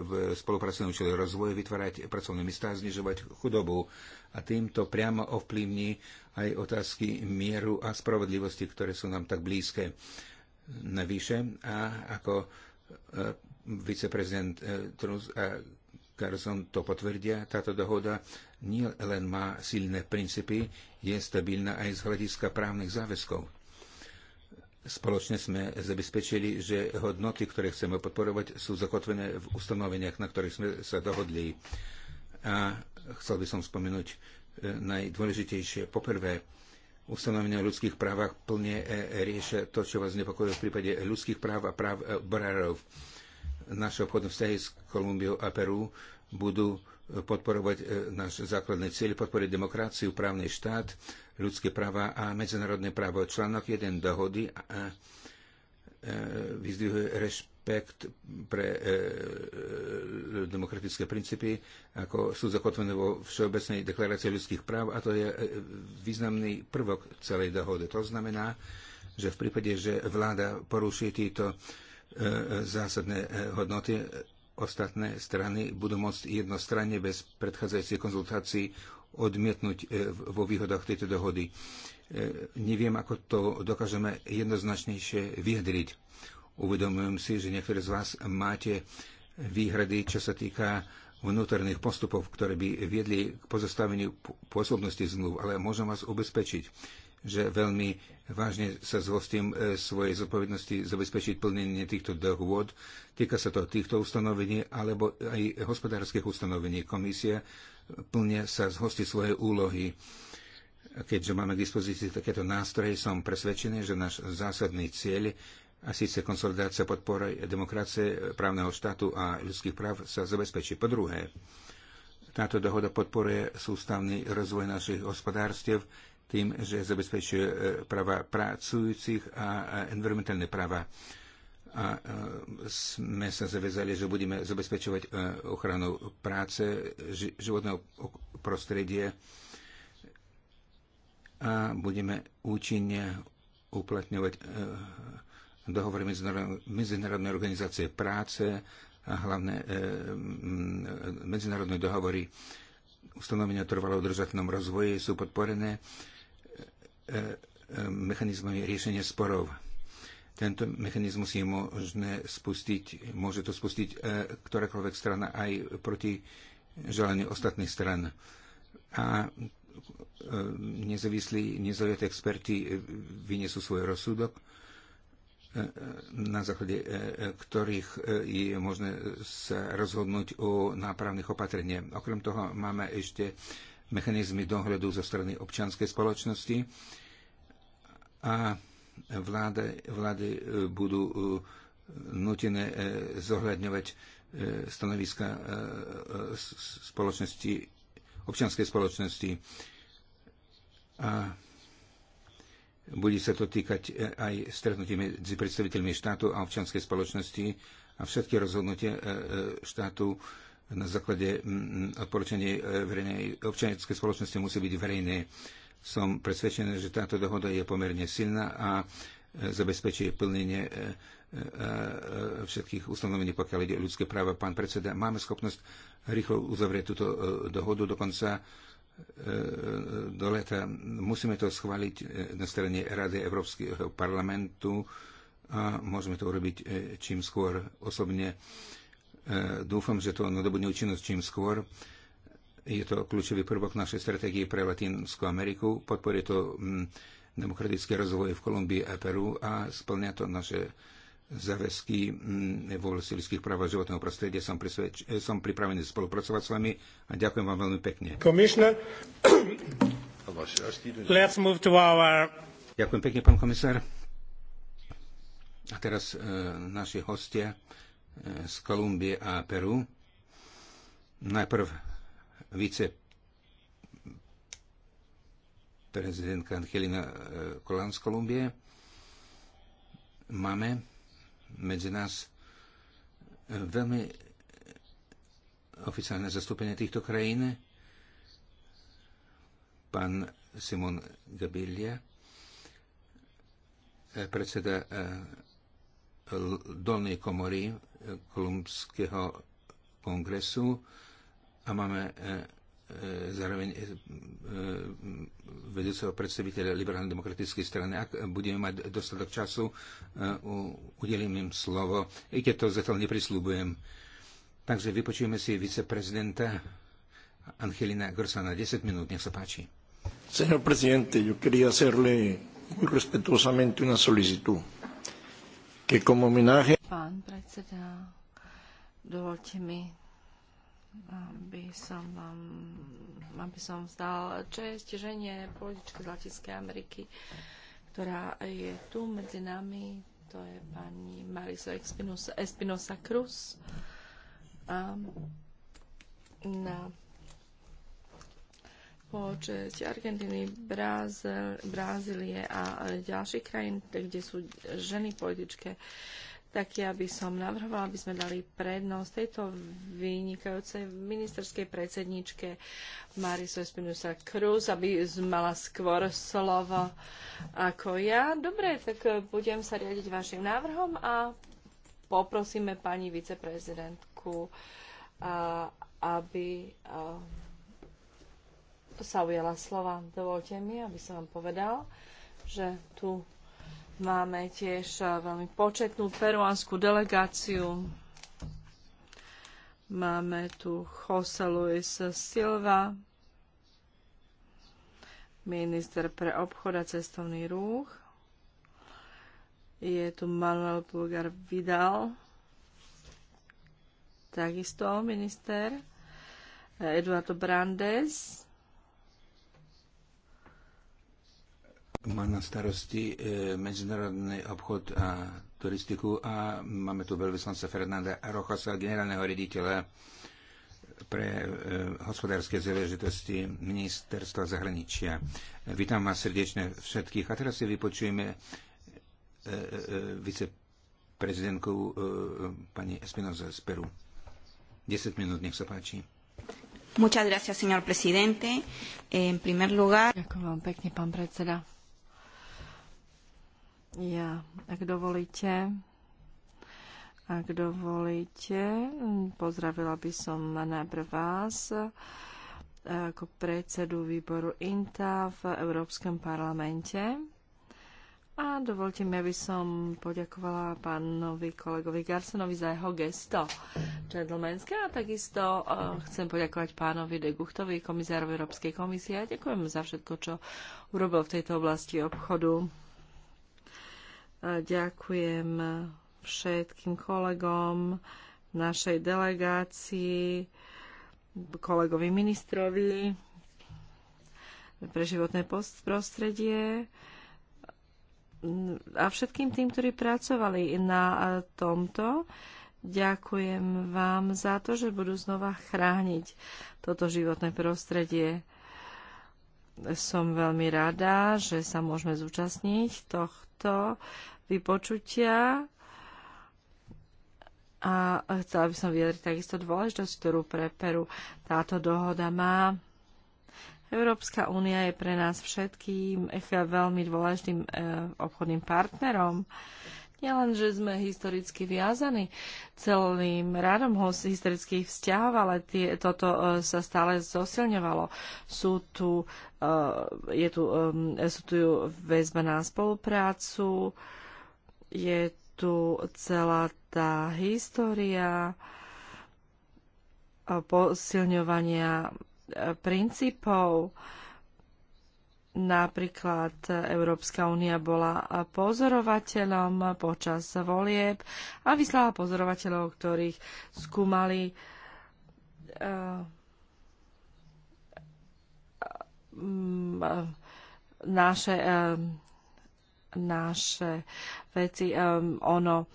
v spolupracovnom čele rozvoje, vytvárať pracovné miesta a znižovať chudobu. A týmto priamo ovplyvní aj otázky mieru a spravodlivosti, ktoré sú nám tak blízke. Navyše, a ako e, viceprezident e, Trus a Carson to potvrdia, táto dohoda nie len má silné princípy, je stabilná aj z hľadiska právnych záväzkov Spoločne sme zabezpečili, že hodnoty, ktoré chceme podporovať, sú zakotvené v ustanoveniach, na ktorých sme sa dohodli. A chcel by som spomenúť e, najdôležitejšie. Poprvé, ustanovenia o ľudských právach plne e, riešia to, čo vás nepokojuje v prípade ľudských práv a práv e, barárov. Naše obchodné vzťahy s Kolumbiou a Peru budú podporovať náš základný cieľ, podporiť demokraciu, právny štát ľudské práva a medzinárodné právo. Článok 1 dohody a e, vyzdvihuje rešpekt pre e, demokratické princípy, ako sú zakotvené vo Všeobecnej deklarácii ľudských práv a to je e, významný prvok celej dohody. To znamená, že v prípade, že vláda poruší tieto zásadné hodnoty, ostatné strany budú môcť jednostranne bez predchádzajúcej konzultácií odmietnúť e, vo výhodách tejto dohody. E, neviem, ako to dokážeme jednoznačnejšie vyjadriť. Uvedomujem si, že niektorí z vás máte výhrady, čo sa týka vnútorných postupov, ktoré by viedli k pozostaveniu pôsobnosti zmluv, ale môžem vás ubezpečiť, že veľmi vážne sa zhostím e, svojej zodpovednosti zabezpečiť plnenie týchto dohôd. Týka sa to týchto ustanovení alebo aj hospodárskych ustanovení. Komisia plne sa zhosti svojej úlohy. Keďže máme k dispozícii takéto nástroje, som presvedčený, že náš zásadný cieľ a síce konsolidácia podpory demokracie, právneho štátu a ľudských práv sa zabezpečí. Po druhé, táto dohoda podporuje sústavný rozvoj našich hospodárstiev tým, že zabezpečuje eh, práva pracujúcich a environmentálne práva a e, sme sa zavezali, že budeme zabezpečovať e, ochranu práce, životného prostredie a budeme účinne uplatňovať e, dohovory Medzinárodnej organizácie práce a hlavné medzinárodné dohovory ustanovenia trvalo udržateľnom rozvoji sú podporené mechanizmami riešenia sporov. Tento mechanizmus je možné spustiť, môže to spustiť e, ktorákoľvek strana aj proti želaniu ostatných stran. A e, nezávislí, nezávislí experti vyniesú svoj rozsudok, e, na základe ktorých je možné sa rozhodnúť o nápravných opatreniach. Okrem toho máme ešte mechanizmy dohľadu zo strany občianskej spoločnosti a vlády, vlády e, budú e, nutené e, zohľadňovať stanoviska spoločnosti, občianskej spoločnosti. A bude sa to týkať aj stretnutí medzi predstaviteľmi štátu a občianskej spoločnosti a všetky rozhodnutia štátu na základe odporúčania verejnej občianskej spoločnosti musí byť verejné som presvedčený, že táto dohoda je pomerne silná a e, zabezpečuje plnenie e, e, všetkých ustanovení, pokiaľ ide o ľudské práva. Pán predseda, máme schopnosť rýchlo uzavrieť túto dohodu do konca do leta. Musíme to schváliť na strane Rady Európskeho parlamentu a môžeme to urobiť čím skôr osobne. Dúfam, že to nadobudne účinnosť čím skôr. Je to kľúčový prvok našej stratégie pre Latinskú Ameriku. Podporuje to mm, demokratické rozvoje v Kolumbii a Peru a splňa to naše záväzky mm, v oblasti ľudských práv a životného prostredia. Som, prisvedč- eh, som pripravený spolupracovať s vami a ďakujem vám veľmi pekne. Let's move to our... Ďakujem pekne, pán komisár. A teraz e, naši hostia e, z Kolumbie a Peru. Najprv vice prezidentka Angelina e, Kolán z Kolumbie. Máme medzi nás e, veľmi oficiálne zastúpenie týchto krajín. Pán Simon Gabilia, e, predseda dolnej komory Kolumbského kongresu, a máme e, e, zároveň e, vedúceho predstaviteľa liberálnej demokratickej strany. Ak budeme mať dostatok času, udelím im slovo, i keď to zatiaľ neprislúbujem. Takže vypočujeme si viceprezidenta Angelina Gorsana. 10 minút, nech sa páči. Señor presidente, yo quería hacerle muy respetuosamente una solicitud que como homenaje... Pán predseda, dovolte mi aby som vám aby som vzdal čest žene političky z Latinskej Ameriky, ktorá je tu medzi nami. To je pani Marisa Espinosa, Cruz. A na počet Argentiny, Brázel, Brazílie a ďalších krajín, kde sú ženy političke tak ja by som navrhovala, aby sme dali prednosť tejto vynikajúcej ministerskej predsedničke Marisa Espinosa Cruz, aby mala skôr slovo ako ja. Dobre, tak budem sa riadiť vašim návrhom a poprosíme pani viceprezidentku, aby sa ujala slova. Dovolte mi, aby som vám povedal, že tu Máme tiež eh, veľmi početnú peruánsku delegáciu. Máme tu Jose Luis Silva, minister pre obchod a cestovný ruch. Je tu Manuel Bulgar Vidal, takisto minister. Eduardo Brandes, Má na starosti e, medzinárodný obchod a turistiku a máme tu veľvyslanca Fernanda Rochasa, generálneho rediteľa pre e, hospodárske záležitosti ministerstva zahraničia. Vítam vás srdečne všetkých a teraz si vypočujeme e, e, viceprezidentku e, pani Espinoza z Peru. 10 minút, nech sa páči. Muchas gracias, señor presidente. En primer lugar... Ďakujem vám pekne, pán predseda. Ja, ak dovolíte, ak dovolíte, pozdravila by som najprv vás eh, ako predsedu výboru INTA v Európskom parlamente. A dovolte mi, aby som poďakovala pánovi kolegovi Garsonovi za jeho gesto džentlmenské a takisto eh, chcem poďakovať pánovi de Guchtovi, komisárovi Európskej komisie a ďakujem za všetko, čo urobil v tejto oblasti obchodu Ďakujem všetkým kolegom našej delegácii, kolegovi ministrovi pre životné prostredie a všetkým tým, ktorí pracovali na tomto. Ďakujem vám za to, že budú znova chrániť toto životné prostredie. Som veľmi rada, že sa môžeme zúčastniť tohto tohto vypočutia a chcela by som vyjadriť takisto dôležitosť, ktorú pre Peru táto dohoda má. Európska únia je pre nás všetkým veľmi dôležitým eh, obchodným partnerom. Nielen, že sme historicky viazaní celým radom historických vzťahov, ale tie, toto e, sa stále zosilňovalo. Sú tu, e, je tu, e, sú tu väzba na spoluprácu, je tu celá tá história posilňovania princípov, Napríklad Európska únia bola pozorovateľom počas volieb a vyslala pozorovateľov, ktorých skúmali uh, naše, uh, naše veci. Um, ono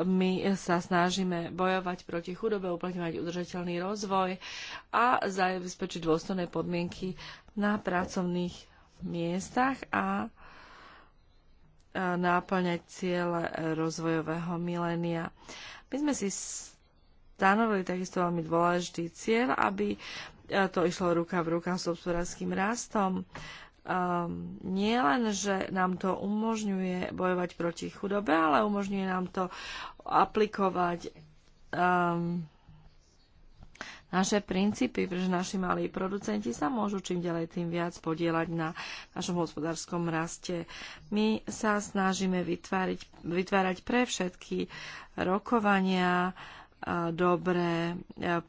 my sa snažíme bojovať proti chudobe, uplatňovať udržateľný rozvoj a zabezpečiť dôstojné podmienky na pracovných miestach a náplňať ciele rozvojového milénia. My sme si stanovili takisto veľmi dôležitý cieľ, aby to išlo ruka v ruka s hospodárským rastom um, nie len, že nám to umožňuje bojovať proti chudobe, ale umožňuje nám to aplikovať um, naše princípy, pretože naši malí producenti sa môžu čím ďalej tým viac podielať na našom hospodárskom raste. My sa snažíme vytvárať, vytvárať pre všetky rokovania, uh, dobré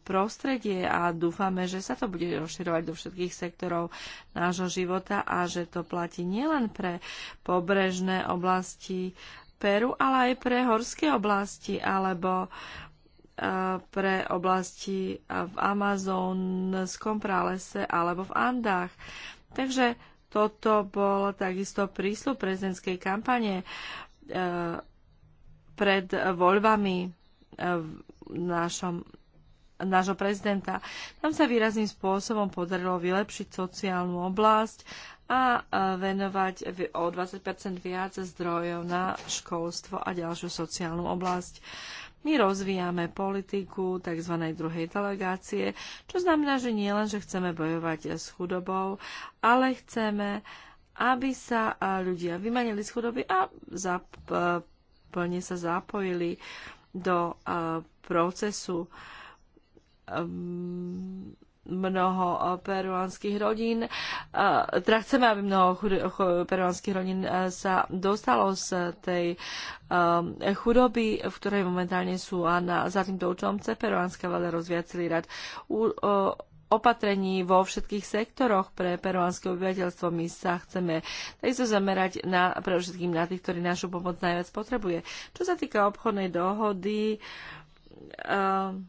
prostredie a dúfame, že sa to bude rozširovať do všetkých sektorov nášho života a že to platí nielen pre pobrežné oblasti Peru, ale aj pre horské oblasti alebo pre oblasti v amazonskom pralese alebo v Andách. Takže toto bol takisto prísľub prezidentskej kampane e, pred voľbami e, našom nášho prezidenta. Tam sa výrazným spôsobom podarilo vylepšiť sociálnu oblasť a venovať o 20 viac zdrojov na školstvo a ďalšiu sociálnu oblasť. My rozvíjame politiku tzv. druhej delegácie, čo znamená, že nie len, že chceme bojovať s chudobou, ale chceme, aby sa ľudia vymanili z chudoby a plne sa zapojili do procesu. Um, mnoho uh, peruánskych rodín, uh, teda chceme, aby mnoho peruánskych rodín uh, sa dostalo z tej um, chudoby, v ktorej momentálne sú a na, za týmto účelom chce peruánska vláda rozvíjať celý rad U, opatrení vo všetkých sektoroch pre peruánske obyvateľstvo. My sa chceme takisto zamerať na, pre všetkým na tých, ktorí našu pomoc najviac potrebuje. Čo sa týka obchodnej dohody, um, Ehm,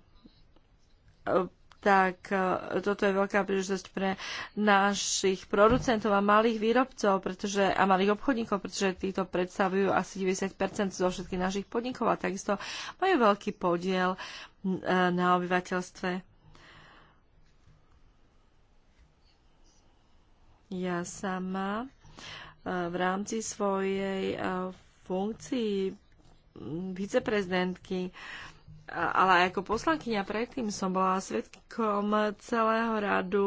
ehm, tak e, toto je veľká príležitosť pre našich producentov a malých výrobcov pretože, a malých obchodníkov, pretože títo predstavujú asi 90 zo všetkých našich podnikov a takisto majú veľký podiel e, na obyvateľstve. Ja sama e, v rámci svojej funkcii viceprezidentky ale ako poslankyňa predtým som bola svetkom celého radu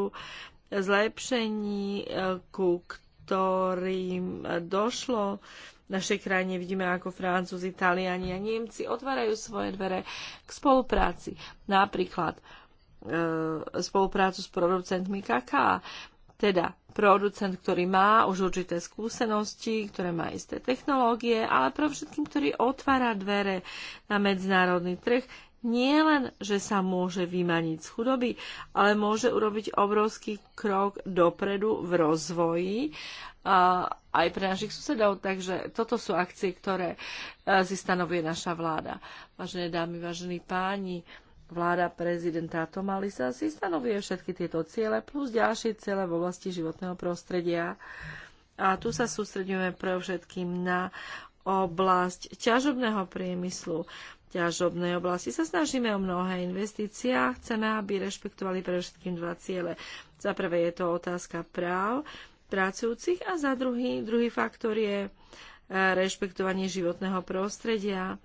zlepšení, e, ku ktorým došlo v našej krajine. Vidíme, ako Francúzi, Italiani a Nemci otvárajú svoje dvere k spolupráci. Napríklad e, spoluprácu s producentmi kaká. Teda producent, ktorý má už určité skúsenosti, ktoré má isté technológie, ale pre všetkým, ktorý otvára dvere na medzinárodný trh, nie len, že sa môže vymaniť z chudoby, ale môže urobiť obrovský krok dopredu v rozvoji a aj pre našich susedov. Takže toto sú akcie, ktoré si stanovuje naša vláda. Vážené dámy, vážení páni, vláda prezidenta Tomalisa si stanovuje všetky tieto ciele plus ďalšie ciele v oblasti životného prostredia. A tu sa sústredíme pre všetkým na oblasť ťažobného priemyslu. V ťažobnej oblasti sa snažíme o mnohé investície a chceme, aby rešpektovali pre všetkým dva ciele. Za prvé je to otázka práv pracujúcich a za druhý, druhý faktor je eh, rešpektovanie životného prostredia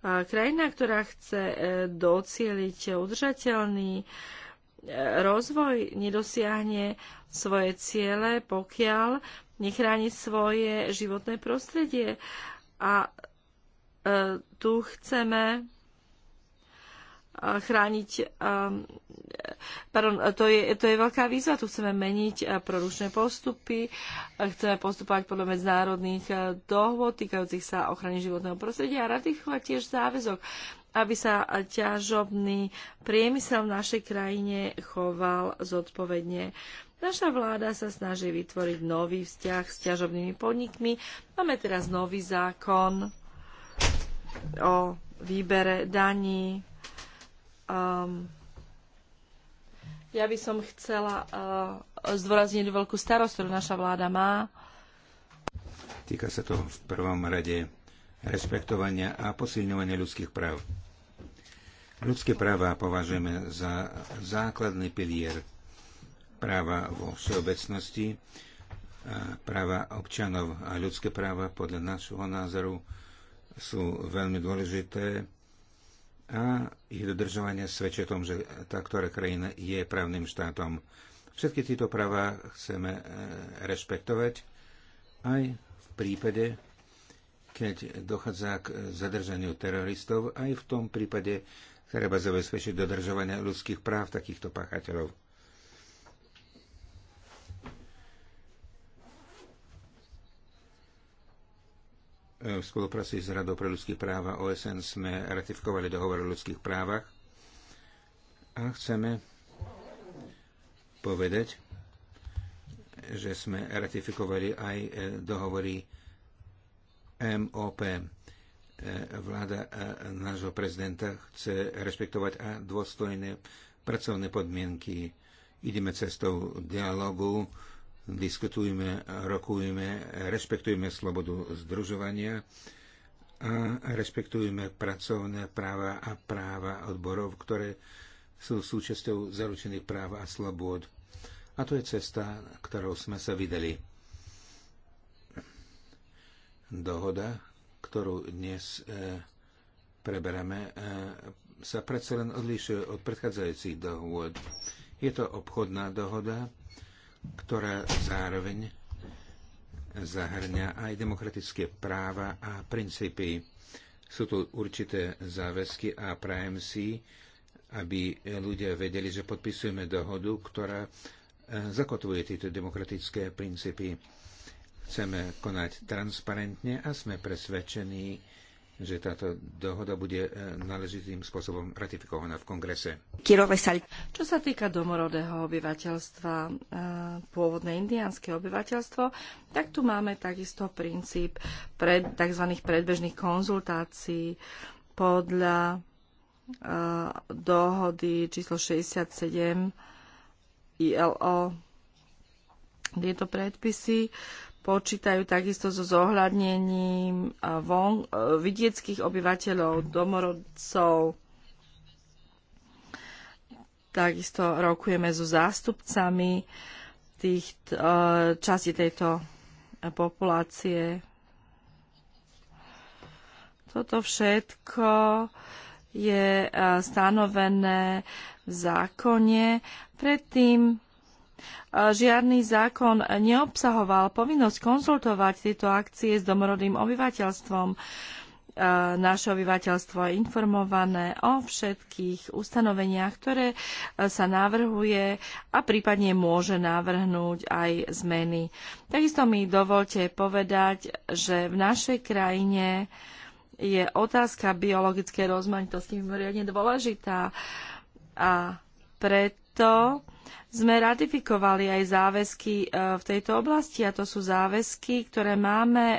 Krajina, ktorá chce e, docieliť udržateľný e, rozvoj, nedosiahne svoje ciele, pokiaľ nechráni svoje životné prostredie. A e, tu chceme chrániť, pardon, to je, to je veľká výzva, tu chceme meniť produčné postupy, chceme postupovať podľa medzinárodných dohôd týkajúcich sa ochrany životného prostredia a ratifikovať tiež záväzok, aby sa ťažobný priemysel v našej krajine choval zodpovedne. Naša vláda sa snaží vytvoriť nový vzťah s ťažobnými podnikmi. Máme teraz nový zákon o výbere daní Um, ja by som chcela uh, zdôrazniť veľkú starosť, ktorú naša vláda má. Týka sa to v prvom rade respektovania a posilňovania ľudských práv. Ľudské práva považujeme za základný pilier práva vo všeobecnosti, eh, práva občanov a ľudské práva podľa našho názoru sú veľmi dôležité a ich dodržovanie svedčia tom, že tá, ktorá krajina je právnym štátom. Všetky tieto práva chceme e, rešpektovať aj v prípade, keď dochádza k zadržaniu teroristov, aj v tom prípade treba zabezpečiť dodržovanie ľudských práv takýchto páchateľov. v spolupráci s Radou pre ľudské práva OSN sme ratifikovali dohovor o ľudských právach a chceme povedať, že sme ratifikovali aj e, dohovory MOP. E, vláda e, nášho prezidenta chce rešpektovať a dôstojné pracovné podmienky. Ideme cestou dialogu, diskutujme, rokujme, rešpektujme slobodu združovania a rešpektujme pracovné práva a práva odborov, ktoré sú súčasťou zaručených práv a slobôd. A to je cesta, ktorou sme sa vydali. Dohoda, ktorú dnes e, preberame, e, sa predsa len odlišuje od predchádzajúcich dohôd. Je to obchodná dohoda, ktorá zároveň zahrňa aj demokratické práva a princípy. Sú tu určité záväzky a prajem si, aby ľudia vedeli, že podpisujeme dohodu, ktorá e, zakotvuje tieto demokratické princípy. Chceme konať transparentne a sme presvedčení, že táto dohoda bude e, náležitým spôsobom ratifikovaná v kongrese. Čo sa týka domorodého obyvateľstva, e, pôvodné indiánske obyvateľstvo, tak tu máme takisto princíp pred, tzv. predbežných konzultácií podľa e, dohody číslo 67 ILO. Tieto predpisy počítajú takisto so zohľadnením von, vidieckých obyvateľov, domorodcov. Takisto rokujeme so zástupcami tých časti tejto populácie. Toto všetko je stanovené v zákone. Predtým žiadny zákon neobsahoval povinnosť konzultovať tieto akcie s domorodým obyvateľstvom. Naše obyvateľstvo je informované o všetkých ustanoveniach, ktoré sa navrhuje a prípadne môže navrhnúť aj zmeny. Takisto mi dovolte povedať, že v našej krajine je otázka biologickej rozmanitosti mimoriadne dôležitá a preto sme ratifikovali aj záväzky e, v tejto oblasti a to sú záväzky, ktoré máme e,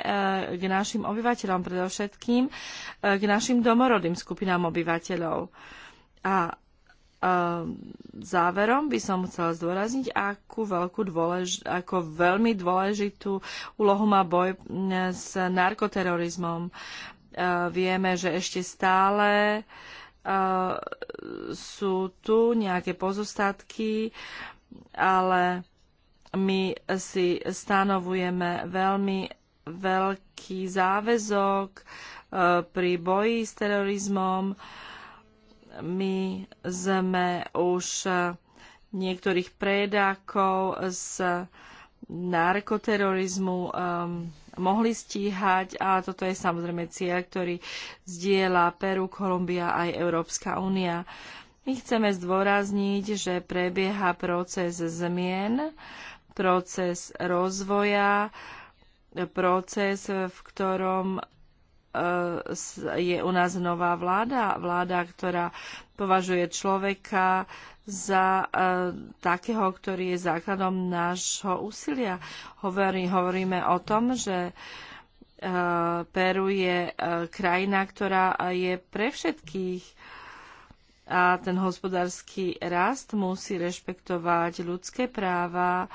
k našim obyvateľom, predovšetkým e, k našim domorodým skupinám obyvateľov. A záverom by som chcela zdôrazniť, akú veľkú dôlež- ako veľmi dôležitú úlohu má boj s narkoterorizmom. Vieme, že ešte stále sú tu nejaké pozostatky, ale my si stanovujeme veľmi veľký záväzok e, pri boji s terorizmom. My sme už e, niektorých predákov z narkoterorizmu um, mohli stíhať a toto je samozrejme cieľ, ktorý zdieľa Peru, Kolumbia aj Európska únia. My chceme zdôrazniť, že prebieha proces zmien, proces rozvoja, proces, v ktorom E, je u nás nová vláda, vláda, ktorá považuje človeka za e, takého, ktorý je základom nášho úsilia. Hovorí, hovoríme o tom, že e, Peru je krajina, ktorá je pre všetkých a ten hospodársky rast musí rešpektovať ľudské práva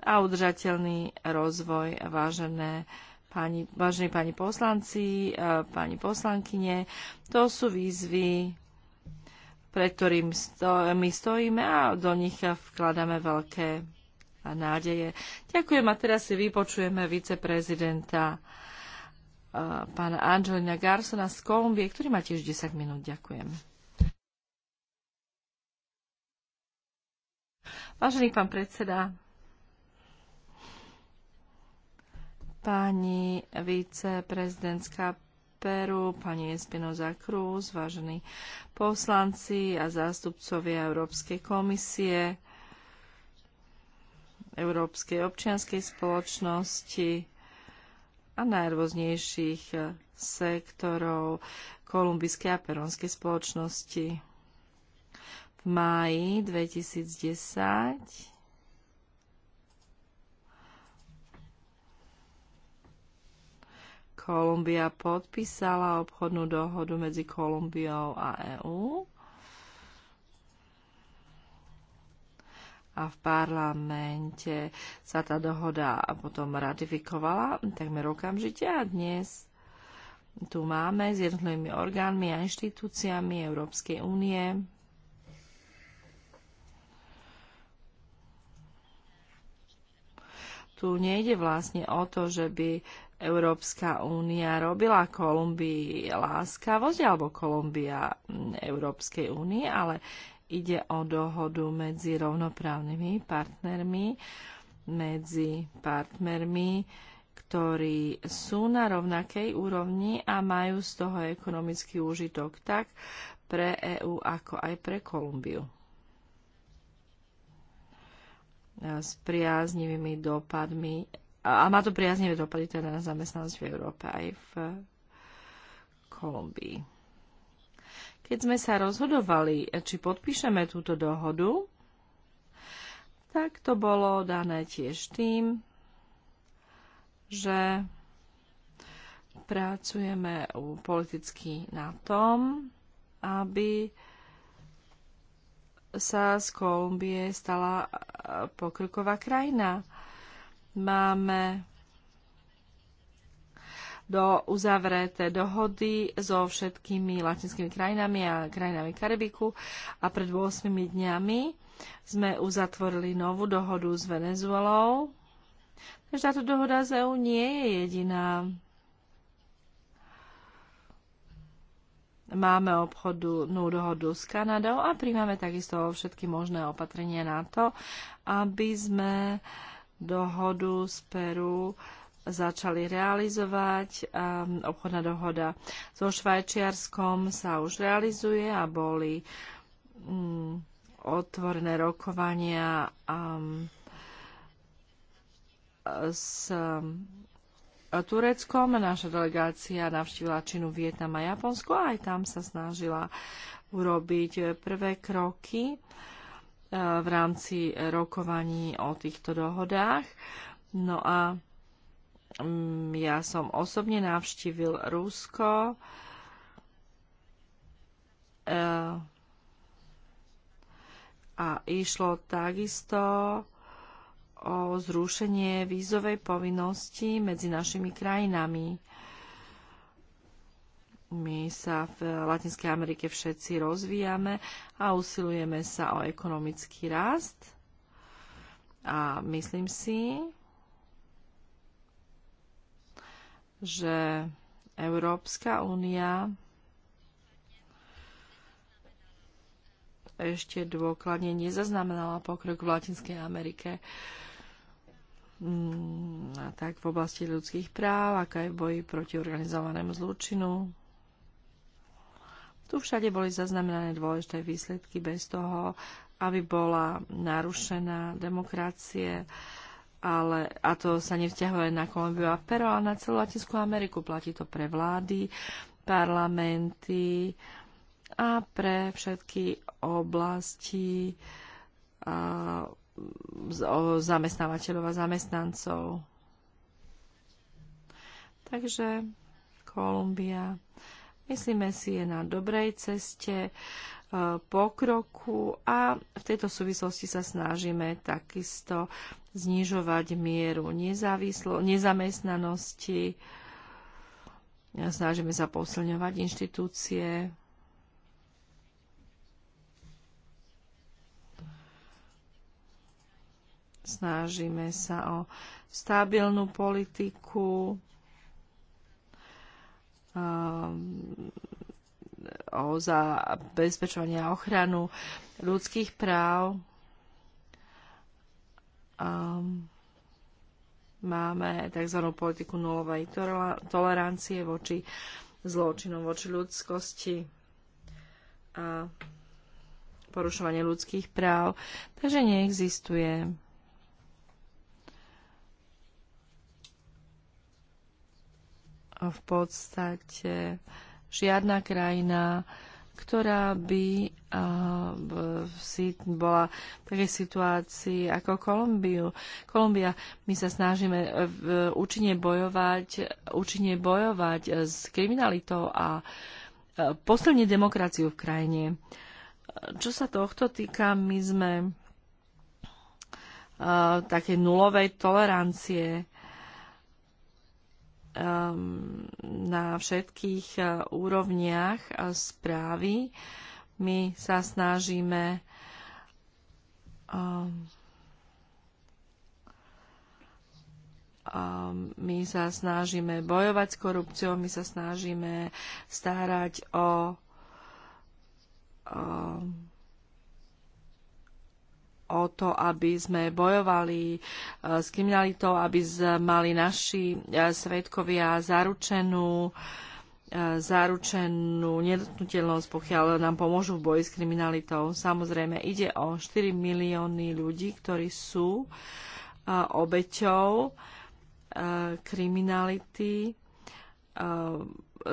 a udržateľný rozvoj, vážené páni, vážení pani poslanci, eh, pani poslankyne, to sú výzvy, pred ktorým sto, my stojíme a do nich vkladáme veľké nádeje. Ďakujem a teraz si vypočujeme viceprezidenta eh, pána Angelina Garsona z Kolumbie, ktorý má tiež 10 minút. Ďakujem. Vážený pán predseda, pani viceprezidentská Peru, pani Espinoza Cruz, vážení poslanci a zástupcovia Európskej komisie, Európskej občianskej spoločnosti a najrôznejších sektorov kolumbijskej a peronskej spoločnosti. V máji 2010 Kolumbia podpísala obchodnú dohodu medzi Kolumbiou a EÚ. a v parlamente sa tá dohoda potom ratifikovala takmer okamžite a dnes tu máme s jednotlivými orgánmi a inštitúciami Európskej únie Tu nejde vlastne o to, že by Európska únia robila Kolumbii láskavosť alebo Kolumbia mm, Európskej únie, ale ide o dohodu medzi rovnoprávnymi partnermi, medzi partnermi, ktorí sú na rovnakej úrovni a majú z toho ekonomický úžitok tak pre EÚ ako aj pre Kolumbiu. S priaznivými dopadmi a má to priaznivé dopady teda na zamestnanosť v Európe aj v Kolumbii. Keď sme sa rozhodovali, či podpíšeme túto dohodu, tak to bolo dané tiež tým, že pracujeme politicky na tom, aby sa z Kolumbie stala pokroková krajina máme do uzavreté dohody so všetkými latinskými krajinami a krajinami Karibiku a pred 8 dňami sme uzatvorili novú dohodu s Venezuelou. Takže táto dohoda z EU nie je jediná. Máme obchodnú dohodu s Kanadou a príjmame takisto všetky možné opatrenia na to, aby sme uh, dohodu z Peru začali realizovať. Um, obchodná dohoda so Švajčiarskom sa už realizuje a boli um, otvorené rokovania um, s Tureckom. Naša delegácia navštívila Čínu, Vietnam a Japonsko a aj tam sa snažila urobiť prvé kroky v rámci rokovaní o týchto dohodách. No a mm, ja som osobne navštívil Rusko. A išlo takisto o zrušenie vízovej povinnosti medzi našimi krajinami my sa v Latinskej Amerike všetci rozvíjame a usilujeme sa o ekonomický rast. A myslím si, že Európska únia ešte dôkladne nezaznamenala pokrok v Latinskej Amerike mm, tak v oblasti ľudských práv, ako aj v boji proti organizovanému zločinu, tu všade boli zaznamenané dôležité výsledky bez toho, aby bola narušená demokracie, ale, a to sa nevťahuje na Kolumbiu a Peru, ale na celú Latinskú Ameriku. Platí to pre vlády, parlamenty a pre všetky oblasti a, zamestnávateľov a zamestnancov. Takže Kolumbia myslíme si, je na dobrej ceste e, pokroku a v tejto súvislosti sa snažíme takisto znižovať mieru nezamestnanosti, snažíme sa posilňovať inštitúcie. Snažíme sa o stabilnú politiku Ehm, o zabezpečovanie a ochranu ľudských práv. Um, máme tzv. politiku nulovej tolerancie voči zločinom, voči ľudskosti a porušovanie ľudských práv. Takže neexistuje v podstate žiadna krajina, ktorá by si bola v takej situácii ako Kolumbiu. Kolumbia, my sa snažíme e, účinne bojovať, účinne bojovať e, s kriminalitou a e, posledne demokraciu v krajine. Čo sa tohto týka, my sme také nulovej tolerancie Um, na všetkých uh, úrovniach uh, správy. My sa snažíme um, um, my sa snažíme bojovať s korupciou, my sa snažíme starať o, o o to, aby sme bojovali e, s kriminalitou, aby mali naši e, svetkovia zaručenú e, zaručenú nedotknutelnosť, pokiaľ nám pomôžu v boji s kriminalitou. Samozrejme, ide o 4 milióny ľudí, ktorí sú obeťou kriminality.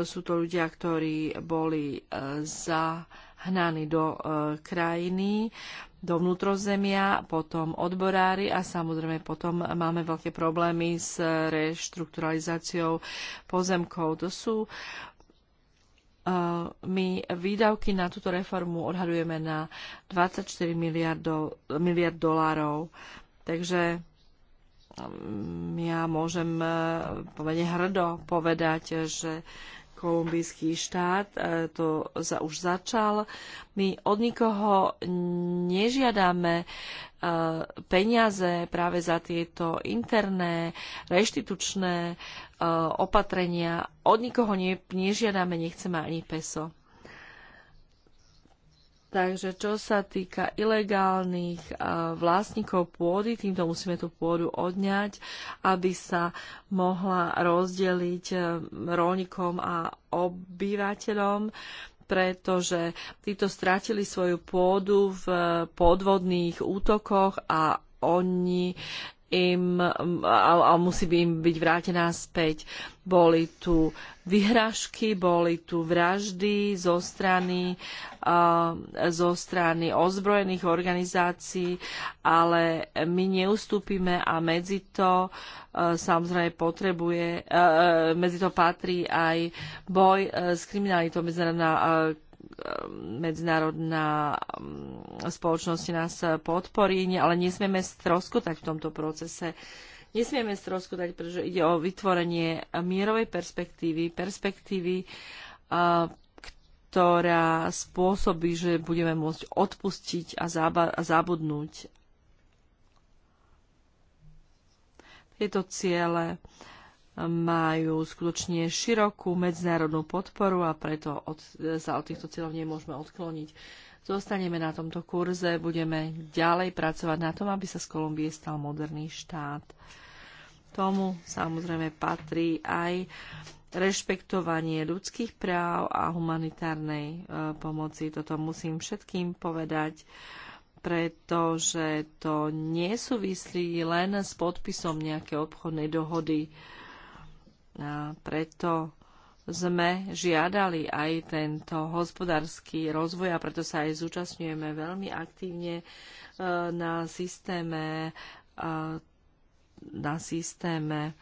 Sú to ľudia, ktorí boli zahnaní do krajiny do vnútrozemia, potom odborári a samozrejme potom máme veľké problémy s reštrukturalizáciou pozemkov. To sú eh, my výdavky na túto reformu odhadujeme na 24 miliard, do, miliard dolárov. Takže mm, ja môžem eh, pomerne hrdo povedať, že kolumbijský štát, e, to za, už začal. My od nikoho nežiadame e, peniaze práve za tieto interné, reštitučné e, opatrenia. Od nikoho nežiadame, nechceme ani peso. Takže čo sa týka ilegálnych vlastníkov pôdy, týmto musíme tú pôdu odňať, aby sa mohla rozdeliť e, rolníkom a obyvateľom pretože títo stratili svoju pôdu v podvodných útokoch a oni im a, a musí by im byť vrátená späť. Boli tu vyhrážky, boli tu vraždy zo strany, uh, zo strany ozbrojených organizácií, ale my neustúpime a medzi to samozrejme potrebuje, medzi to patrí aj boj s kriminalitou. Medzinárodná medzinárodná mm, spoločnosť nás podporí, ale nesmieme stroskotať v tomto procese. Nesmieme stroskotať, pretože ide o vytvorenie mierovej perspektívy, perspektívy, ktorá spôsobí, že budeme môcť odpustiť a, a zabudnúť tieto ciele majú skutočne širokú medzinárodnú podporu a preto od, sa od týchto cieľov nemôžeme odkloniť. Zostaneme na tomto kurze, budeme ďalej pracovať na tom, aby sa z Kolumbie stal moderný štát. Tomu samozrejme patrí aj rešpektovanie ľudských práv a humanitárnej e, pomoci. Toto musím všetkým povedať pretože to nesúvislí len s podpisom nejakej obchodnej dohody. A preto sme žiadali aj tento hospodársky rozvoj a preto sa aj zúčastňujeme veľmi aktívne e, na systéme na systéme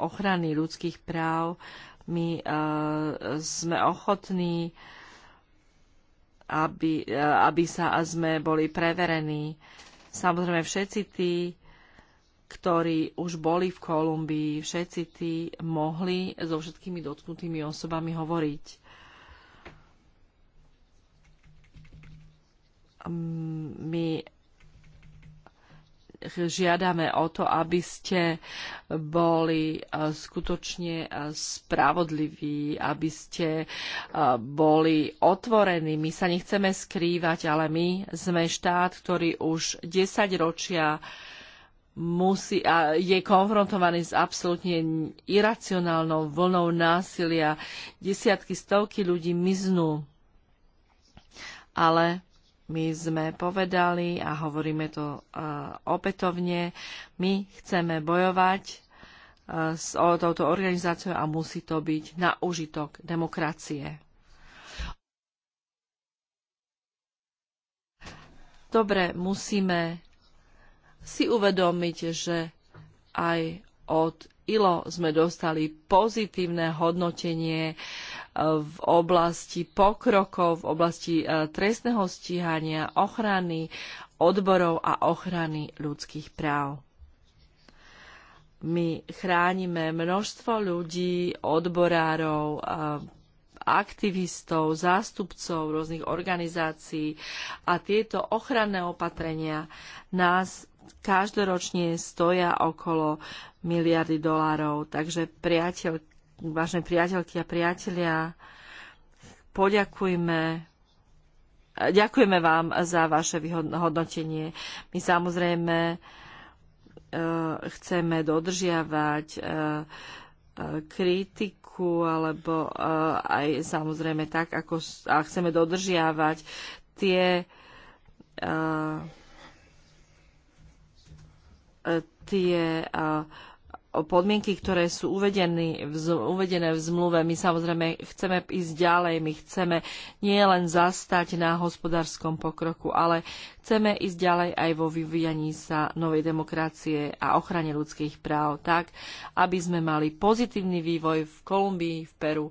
ochrany ľudských práv. My e, sme ochotní, aby, e, aby sa a sme boli preverení. Samozrejme, všetci tí, ktorí už boli v Kolumbii, všetci tí mohli so všetkými dotknutými osobami hovoriť. My žiadame o to, aby ste boli eh, skutočne eh, spravodliví, aby ste eh, boli otvorení. My sa nechceme skrývať, ale my sme štát, ktorý už 10 ročia musí a je konfrontovaný s absolútne iracionálnou vlnou násilia. Desiatky, stovky ľudí miznú. Ale my sme povedali a hovoríme to uh, opätovne, my chceme bojovať e, s o, touto organizáciou a musí to byť na užitok demokracie. Dobre, musíme si uvedomiť, že aj od ILO sme dostali pozitívne hodnotenie eh, v oblasti pokrokov, v oblasti eh, trestného stíhania, ochrany odborov a ochrany ľudských práv. My chránime množstvo ľudí, odborárov, eh, aktivistov, zástupcov rôznych organizácií a tieto ochranné opatrenia nás každoročne stoja okolo miliardy dolárov. Takže priateľ, vážne priateľky a priatelia, poďakujme Ďakujeme vám za vaše vyhodnotenie. My samozrejme e, chceme dodržiavať e, kritiku alebo e, aj samozrejme tak, ako a chceme dodržiavať tie tie podmienky, ktoré sú uvedené v, uvedené v zmluve. My samozrejme chceme ísť ďalej, my chceme nie len zastať na hospodárskom pokroku, ale chceme ísť ďalej aj vo vyvíjaní sa novej demokracie a ochrane ľudských práv tak, aby sme mali pozitívny vývoj v Kolumbii, v Peru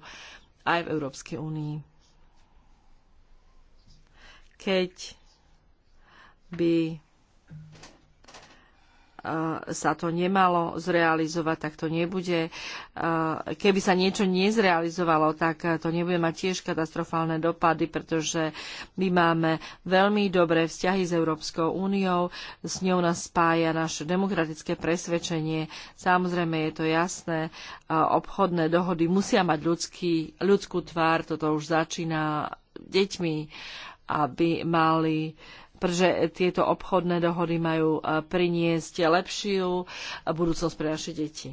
aj v Európskej únii. Keď by E, sa to nemalo zrealizovať, tak to nebude. E, keby sa niečo nezrealizovalo, tak to nebude mať tiež katastrofálne dopady, pretože my máme veľmi dobré vzťahy s Európskou úniou, s ňou nás spája naše demokratické presvedčenie. Samozrejme je to jasné, e, obchodné dohody musia mať ľudský, ľudskú tvár, toto už začína deťmi, aby mali uh, pretože tieto obchodné dohody majú e, priniesť lepšiu e, budúcnosť pre naše deti.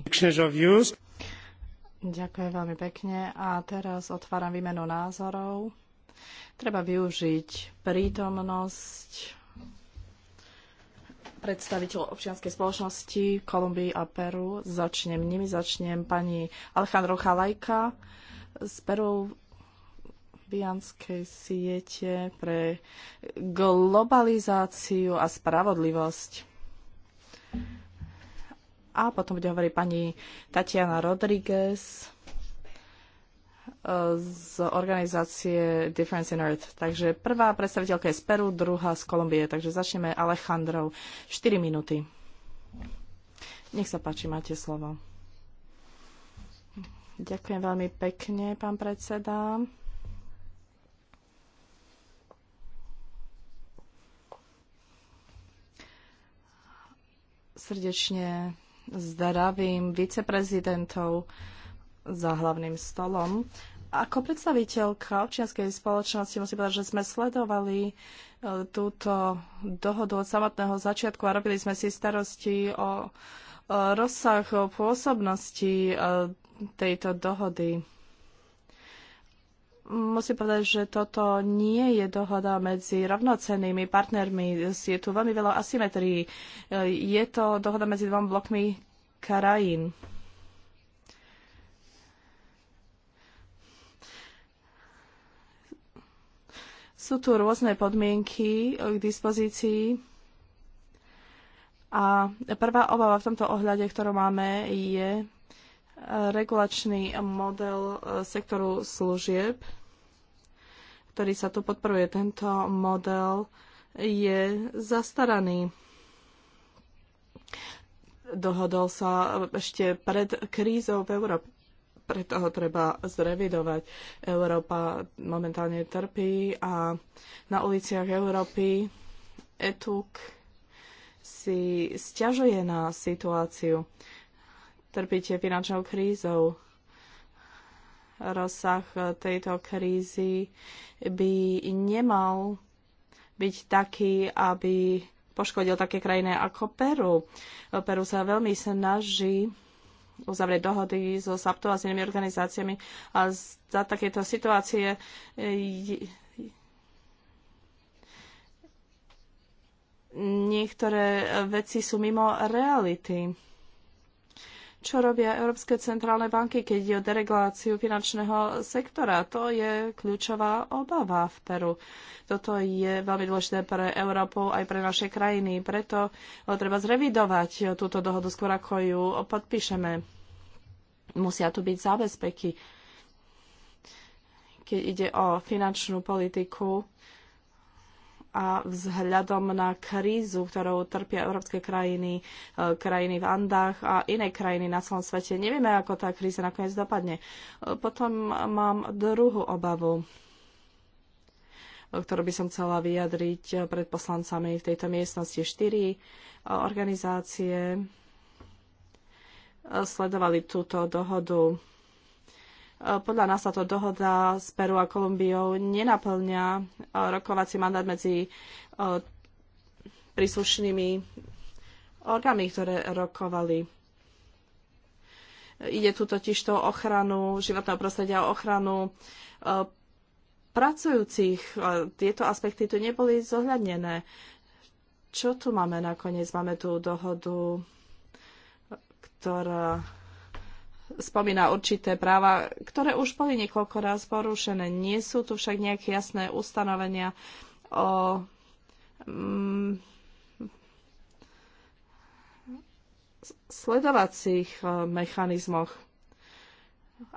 Ďakujem veľmi pekne a teraz otváram výmenu názorov. Treba využiť prítomnosť predstaviteľov občianskej spoločnosti Kolumbii a Peru. Začnem nimi, začnem pani Alejandro Chalajka z Peru lesbianskej siete pre globalizáciu a spravodlivosť. A potom bude hovoriť pani Tatiana Rodriguez eh, z organizácie Difference in Earth. Takže prvá predstaviteľka je z Peru, druhá z Kolumbie. Takže začneme Alejandrou. 4 minúty. Nech sa páči, máte slovo. Ďakujem veľmi pekne, pán predseda. srdečne zdravím viceprezidentov za hlavným stolom. Ako predstaviteľka občianskej spoločnosti musím povedať, že sme sledovali e, túto dohodu od samotného začiatku a robili sme si starosti o e, rozsah pôsobnosti e, tejto dohody musím povedať, že toto nie je dohoda medzi rovnocennými partnermi. Je tu veľmi veľa asymetrií. E, je to dohoda medzi dvom blokmi krajín. Sú tu rôzne podmienky k dispozícii. A prvá obava v tomto ohľade, ktorú máme, je regulačný model e, sektoru služieb, ktorý sa tu podporuje. Tento model je zastaraný. Dohodol sa ešte pred krízou v Európe. Preto ho treba zrevidovať. Európa momentálne trpí a na uliciach Európy ETUK si stiažuje na situáciu trpíte finančnou krízou. Rozsah eh, tejto krízy by nemal byť taký, aby poškodil také krajiny ako Peru. Peru sa veľmi snaží uzavrieť dohody so SAPTO a s inými organizáciami a za takéto situácie eh, niektoré veci sú mimo reality čo robia Európske centrálne banky, keď ide o dereguláciu finančného sektora. To je kľúčová obava v Peru. Toto je veľmi dôležité pre Európu aj pre naše krajiny. Preto treba zrevidovať túto dohodu skôr, ako ju podpíšeme. Musia tu byť zábezpeky, keď ide o finančnú politiku a vzhľadom na krízu, ktorou trpia európske krajiny, e, krajiny v Andách a iné krajiny na celom svete, nevieme, ako tá kríza nakoniec dopadne. E, potom mám druhú obavu ktorú by som chcela vyjadriť pred poslancami v tejto miestnosti. Štyri e, organizácie sledovali túto dohodu E, podľa nás táto dohoda s Peru a Kolumbiou nenaplňa e, rokovací mandát medzi e, príslušnými orgánmi, ktoré rokovali. Ide tu totiž to ochranu životného prostredia, ochranu pracujúcich. Tieto aspekty tu neboli zohľadnené. Čo tu máme nakoniec? Máme tu dohodu, ktorá spomína určité práva, ktoré už boli niekoľko raz porušené. Nie sú tu však nejaké jasné ustanovenia o mm, sledovacích e, mechanizmoch.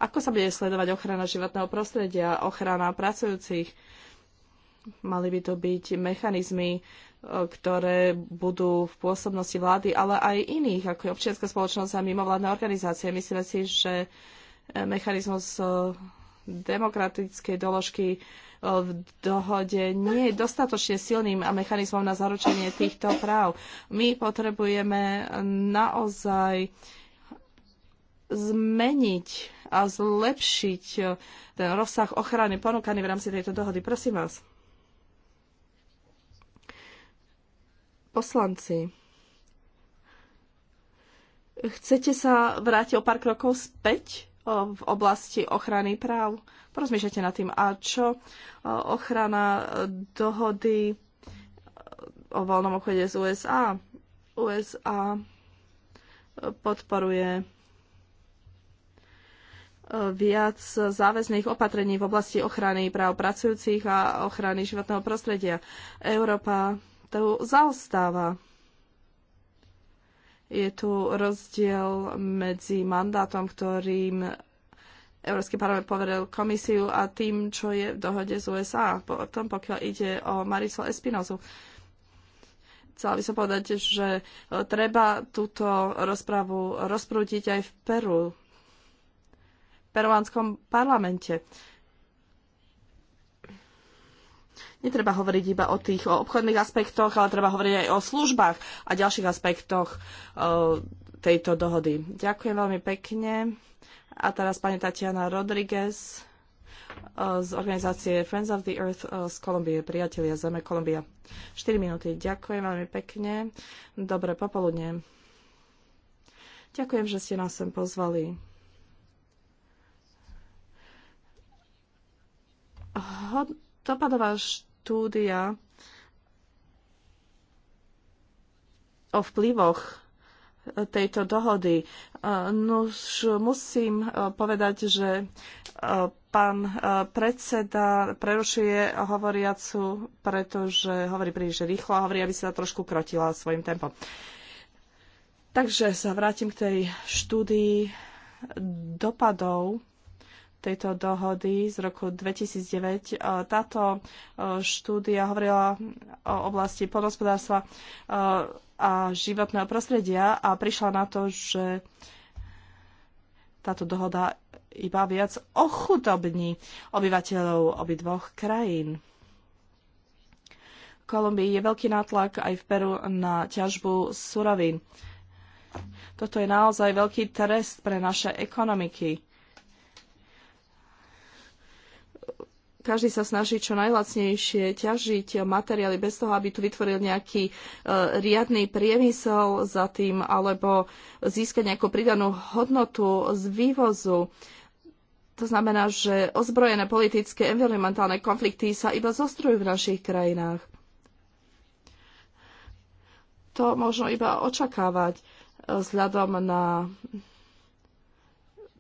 Ako sa bude sledovať ochrana životného prostredia, ochrana pracujúcich? Mali by to byť mechanizmy ktoré budú v pôsobnosti vlády, ale aj iných, ako je občianská spoločnosť a mimovládne organizácie. Myslíme si, že eh, mechanizmus eh, demokratickej doložky eh, v dohode nie je dostatočne silným a mechanizmom na zaručenie týchto práv. My potrebujeme naozaj zmeniť a zlepšiť ten rozsah ochrany ponúkaný v rámci tejto dohody. Prosím vás. poslanci, chcete sa vrátiť o pár krokov späť v oblasti ochrany práv? Porozmýšľate nad tým. A čo ochrana e, dohody e, o voľnom obchode z USA? USA e, podporuje viac záväzných opatrení v oblasti ochrany práv pracujúcich a ochrany životného prostredia. Európa to zaostáva. Je tu rozdiel medzi mandátom, ktorým Európsky parlament poveril komisiu a tým, čo je v dohode z USA, potom pokiaľ ide o Marisol Espinozu. Chcela by som povedať, že treba túto rozpravu rozprútiť aj v Peru, v peruánskom parlamente. Netreba hovoriť iba o tých o obchodných aspektoch, ale treba hovoriť aj o službách a ďalších aspektoch e, tejto dohody. Ďakujem veľmi pekne. A teraz pani Tatiana Rodriguez e, z organizácie Friends of the Earth e, z Kolumbie, priatelia Zeme Kolumbia. 4 minúty. Ďakujem veľmi pekne. Dobré popoludne. Ďakujem, že ste nás sem pozvali. Hod- Dopadová štúdia o vplyvoch tejto dohody. Nož musím e, povedať, že e, pán e, predseda prerušuje hovoriacu, pretože hovorí príliš rýchlo a hovorí, aby sa trošku krotila svojim tempom. Takže sa vrátim k tej štúdii dopadov tejto dohody z roku 2009. E, táto e, štúdia hovorila o oblasti podhospodárstva e, a životného prostredia a prišla na to, že táto dohoda iba viac ochudobní obyvateľov obidvoch krajín. V Kolumbii je veľký nátlak aj v Peru na ťažbu surovín. Toto je naozaj veľký trest pre naše ekonomiky. každý sa snaží čo najlacnejšie ťažiť materiály bez toho, aby tu vytvoril nejaký e, riadny priemysel za tým, alebo získať nejakú pridanú hodnotu z vývozu. To znamená, že ozbrojené politické environmentálne konflikty sa iba zostrujú v našich krajinách. To možno iba očakávať e, vzhľadom na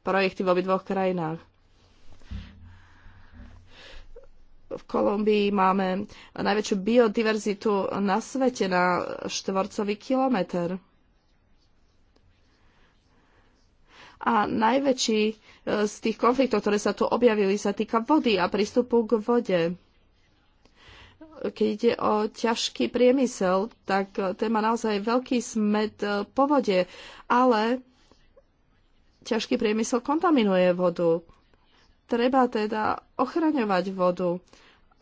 projekty v obidvoch krajinách. v Kolumbii máme najväčšiu biodiverzitu na svete na štvorcový kilometr. A najväčší e, z tých konfliktov, ktoré sa tu objavili, sa týka vody a prístupu k vode. Keď ide o ťažký priemysel, tak e, ten má naozaj veľký smet e, po vode, ale ťažký priemysel kontaminuje vodu. Treba teda ochraňovať vodu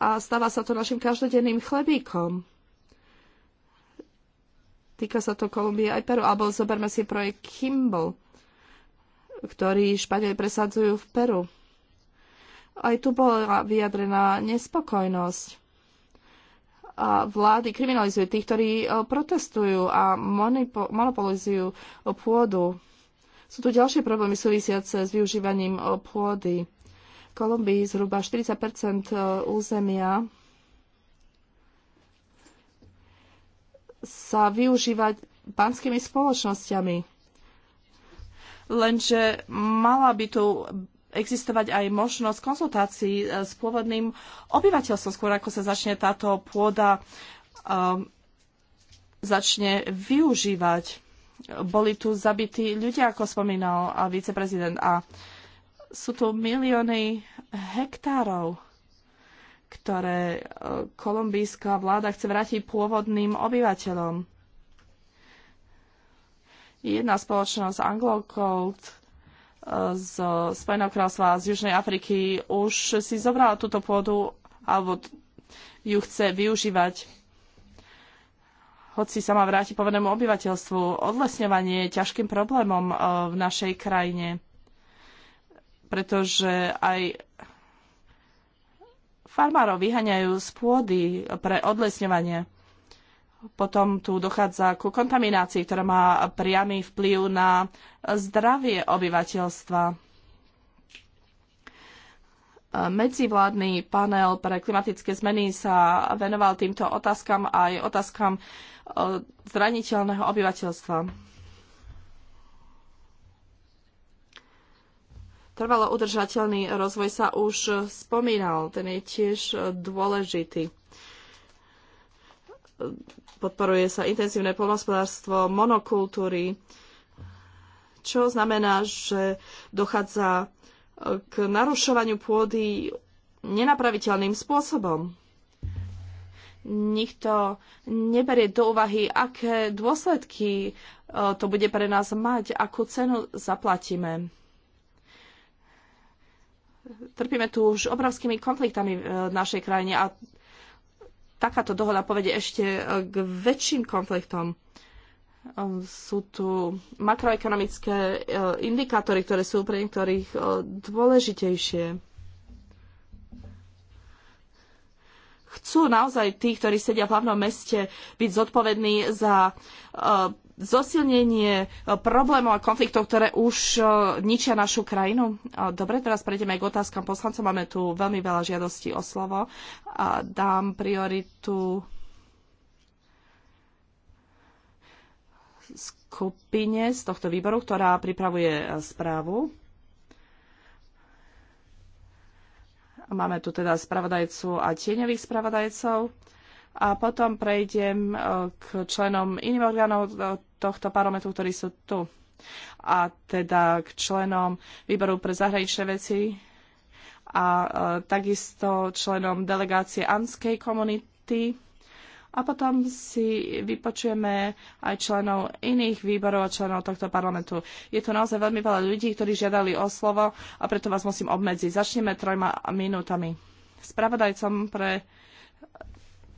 a stáva sa to našim každodenným chlebíkom. Týka sa to Kolumbie aj Peru. Alebo zoberme si projekt Kimball, ktorý Španieli presadzujú v Peru. Aj tu bola vyjadrená nespokojnosť. A vlády kriminalizujú tých, ktorí e, protestujú a monopolizujú e, pôdu. Sú tu ďalšie problémy súvisiace s využívaním e, pôdy. Kolumbii zhruba 40 e, územia sa využívať pánskymi spoločnosťami. Lenže mala by tu existovať aj možnosť konzultácií e, s pôvodným obyvateľstvom, skôr ako sa začne táto pôda um, začne využívať. Boli tu zabití ľudia, ako spomínal viceprezident. A sú tu milióny hektárov, ktoré e, kolumbijská vláda chce vrátiť pôvodným obyvateľom. Jedna spoločnosť Anglocold e, z Spojeného kráľstva z Južnej Afriky už si zobrala túto pôdu alebo ju chce využívať hoci sa má vráti povednému obyvateľstvu. Odlesňovanie je ťažkým problémom e, v našej krajine pretože aj farmárov vyhaňajú z pôdy pre odlesňovanie. Potom tu dochádza ku kontaminácii, ktorá má priamy vplyv na zdravie obyvateľstva medzivládny panel pre klimatické zmeny sa venoval týmto otázkam aj otázkam eh, zraniteľného obyvateľstva. Trvalo udržateľný rozvoj sa už spomínal, ten je tiež dôležitý. Podporuje sa intenzívne polnospodárstvo, monokultúry, čo znamená, že dochádza k narušovaniu pôdy nenapraviteľným spôsobom. Nikto neberie do úvahy, aké dôsledky e, to bude pre nás mať, akú cenu zaplatíme trpíme tu už obrovskými konfliktami e, v našej krajine a takáto dohoda povede ešte e, k väčším konfliktom. E, sú tu makroekonomické indikátory, ktoré sú pre niektorých dôležitejšie. Chcú naozaj tí, ktorí sedia v hlavnom meste, byť zodpovední za zosilnenie e, problémov a konfliktov, ktoré už e, ničia našu krajinu. E, dobre, teraz prejdeme k otázkam poslancov. Máme tu veľmi veľa žiadostí o slovo. A dám prioritu skupine z tohto výboru, ktorá pripravuje správu. Máme tu teda spravodajcu a tieňových spravodajcov a potom prejdem k členom iným orgánov, tohto parlamentu, ktorí sú tu. A teda k členom výboru pre zahraničné veci a e, takisto členom delegácie Anskej komunity. A potom si vypočujeme aj členov iných výborov a členov tohto parlamentu. Je tu naozaj veľmi veľa ľudí, ktorí žiadali o slovo a preto vás musím obmedziť. Začneme trojma minútami. Spravodajcom pre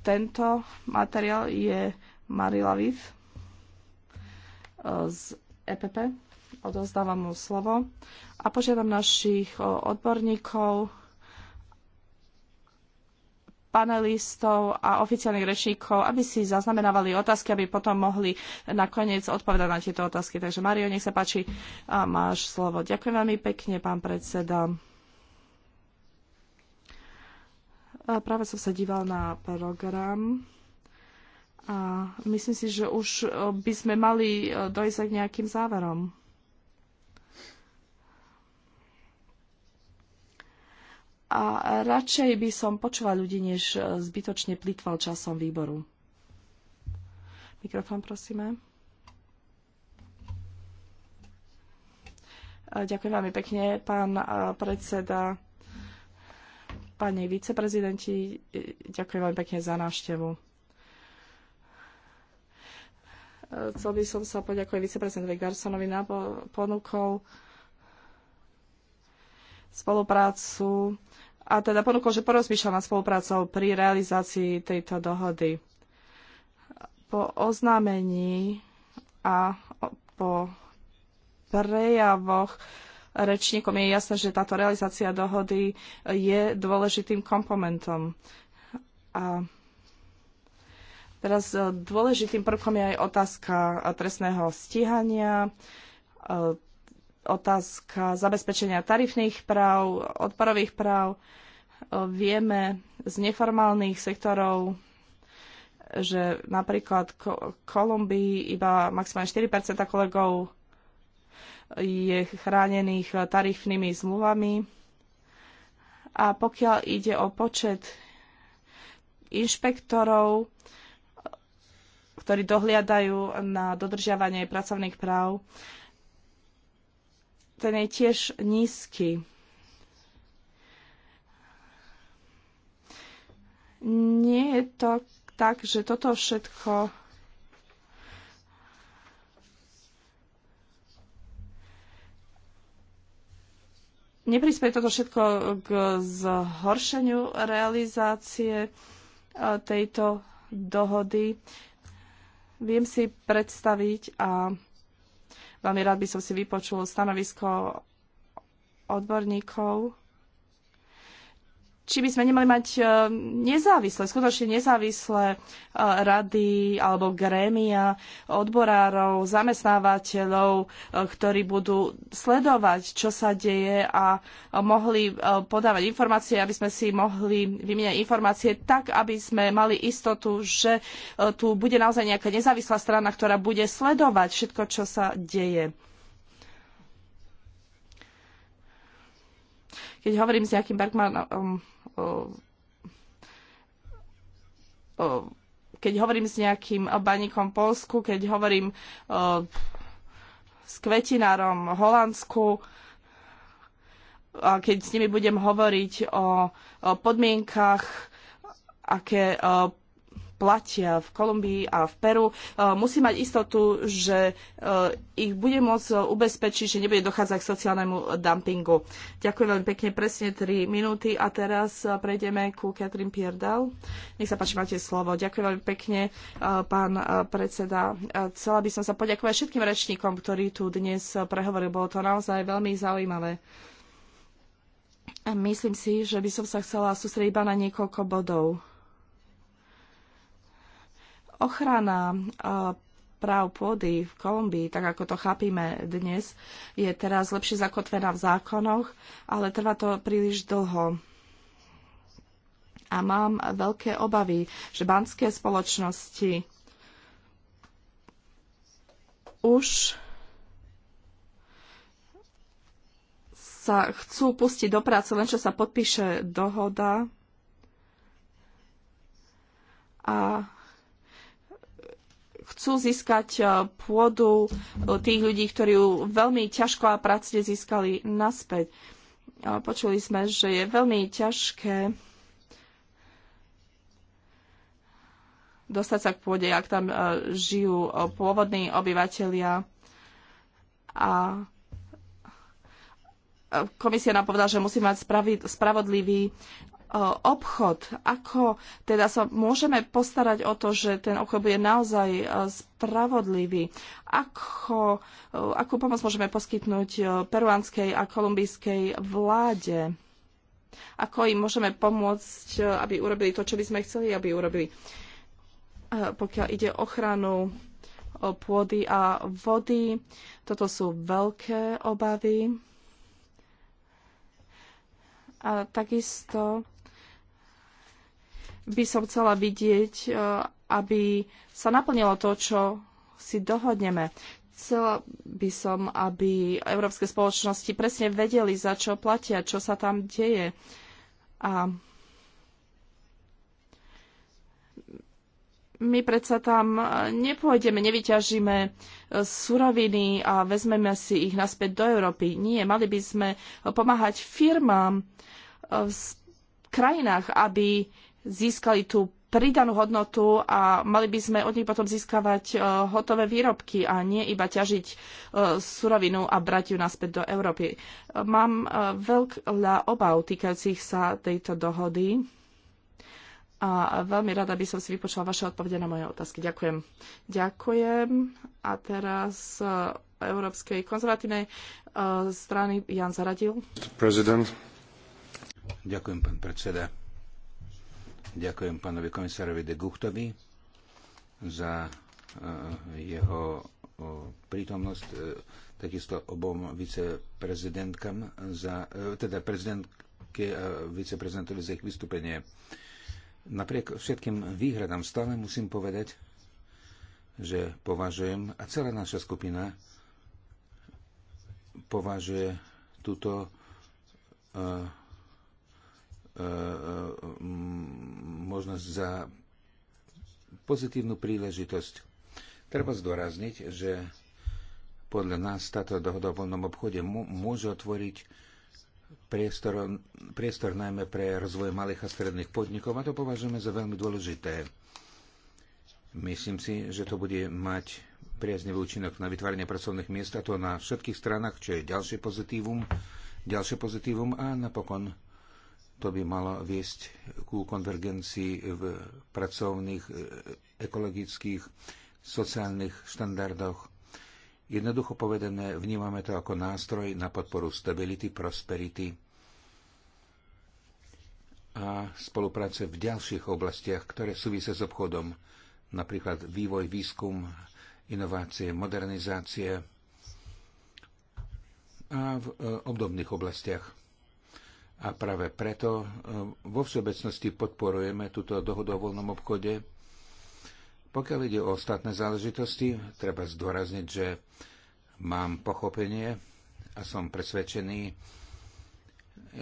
tento materiál je Marila Viv z EPP. Odozdávam mu slovo a požiadam našich odborníkov, panelistov a oficiálnych rečníkov, aby si zaznamenávali otázky, aby potom mohli nakoniec odpovedať na tieto otázky. Takže Mario, nech sa páči, a máš slovo. Ďakujem veľmi pekne, pán predseda. A práve som sa díval na program a myslím si, že už e, by sme mali e, dojsť k nejakým záverom. A radšej by som počúval ľudí, než e, zbytočne plýtval časom výboru. Mikrofón, prosíme. Ďakujem veľmi pekne, pán predseda, pani viceprezidenti. Ďakujem veľmi pekne za návštevu. Chcel by som sa poďakovať viceprezidentovi Garsonovi na ponukou spoluprácu a teda ponúkol, že porozmýšľa nad spoluprácou pri realizácii tejto dohody. Po oznámení a po prejavoch rečníkom je jasné, že táto realizácia dohody je dôležitým komponentom. A Teraz e, dôležitým prvkom je aj otázka e, trestného stíhania, e, otázka zabezpečenia tarifných práv, odporových práv. Vieme z neformálnych sektorov, že napríklad v Kolumbii iba maximálne 4 kolegov je chránených tarifnými zmluvami. A pokiaľ ide o počet inšpektorov, ktorí dohliadajú na dodržiavanie pracovných práv, ten je tiež nízky. Nie je to tak, že toto všetko neprispieje toto všetko k zhoršeniu realizácie e, tejto dohody. Viem si predstaviť a veľmi rád by som si vypočul stanovisko odborníkov či by sme nemali mať e, nezávislé, skutočne nezávislé e, rady alebo grémia odborárov, zamestnávateľov, e, ktorí budú sledovať, čo sa deje a mohli podávať informácie, aby sme si mohli vymieňať informácie tak, aby sme mali istotu, že tu bude naozaj nejaká nezávislá strana, ktorá bude sledovať všetko, čo sa deje. Keď hovorím s nejakým Bergmanom, keď hovorím s nejakým baníkom v Polsku, keď hovorím s kvetinárom Holandsku, a keď s nimi budem hovoriť o, podmienkach, aké platia v Kolumbii a v Peru, e, musí mať istotu, že e, ich bude môcť ubezpečiť, že nebude dochádzať k sociálnemu dumpingu. Ďakujem veľmi pekne, presne 3 minúty a teraz e, prejdeme ku Katrin Pierdal. Nech sa páči, máte slovo. Ďakujem veľmi pekne, pán predseda. Chcela by som sa poďakovať všetkým rečníkom, ktorí tu dnes prehovorili. Bolo to naozaj veľmi zaujímavé. Myslím si, že by som sa chcela sústrediť iba na niekoľko bodov. Ochrana práv pôdy v Kolumbii, tak ako to chápime dnes, je teraz lepšie zakotvená v zákonoch, ale trvá to príliš dlho. A mám veľké obavy, že banské spoločnosti už sa chcú pustiť do práce, len čo sa podpíše dohoda a chcú získať e, pôdu e, tých ľudí, ktorí ju veľmi ťažko a pracne získali naspäť. E, počuli sme, že je veľmi ťažké dostať sa k pôde, ak tam žijú pôvodní obyvateľia. A komisia nám povedala, že musí mať spravodlivý E, obchod, ako teda sa môžeme postarať o to, že ten obchod bude naozaj e, spravodlivý, ako, e, akú pomoc môžeme poskytnúť peruánskej a kolumbijskej vláde, ako im môžeme pomôcť, aby urobili to, čo by sme chceli, aby urobili. Pokiaľ ide o ochranu pôdy a vody, toto sú veľké obavy. A takisto by som chcela vidieť, e, aby sa naplnilo to, čo si dohodneme. Chcela by som, aby európske spoločnosti presne vedeli, za čo platia, čo sa tam deje. A my predsa tam nepôjdeme, nevyťažíme e, suroviny a vezmeme si ich naspäť do Európy. Nie, mali by sme pomáhať firmám e, v krajinách, aby získali tú pridanú hodnotu a mali by sme od nich potom získavať e, hotové výrobky a nie iba ťažiť e, surovinu a brať ju naspäť do Európy. E, mám veľa obav týkajúcich sa tejto dohody a veľmi rada by som si vypočula vaše odpovede na moje otázky. Ďakujem. Ďakujem. A teraz Európskej konzervatívnej strany Jan Zaradil. prezident. Ďakujem, pán predseda Ďakujem pánovi komisárovi de Guchtovi za eh, jeho eh, prítomnosť, eh, takisto obom viceprezidentkám, za, teda prezidentke a viceprezidentovi za ich vystúpenie. Napriek všetkým výhradám stále musím povedať, že považujem a celá naša skupina považuje túto E, možnosť za pozitívnu príležitosť. Treba zdôrazniť, že podľa nás táto dohoda o voľnom obchode môže otvoriť priestor, priestor najmä pre rozvoj malých a stredných podnikov a to považujeme za veľmi dôležité. Myslím si, že to bude mať priaznivý účinok na vytváranie pracovných miest a to na všetkých stranách, čo je ďalšie pozitívum, ďalšie pozitívum a napokon to by malo viesť ku konvergencii v pracovných, e, ekologických, sociálnych štandardoch. Jednoducho povedané, vnímame to ako nástroj na podporu stability, prosperity a spolupráce v ďalších oblastiach, ktoré súvisia s obchodom, napríklad vývoj, výskum, inovácie, modernizácie a v e, obdobných oblastiach. A práve preto e, vo všeobecnosti podporujeme túto dohodu o voľnom obchode. Pokiaľ ide o ostatné záležitosti, treba zdôrazniť, že mám pochopenie a som presvedčený,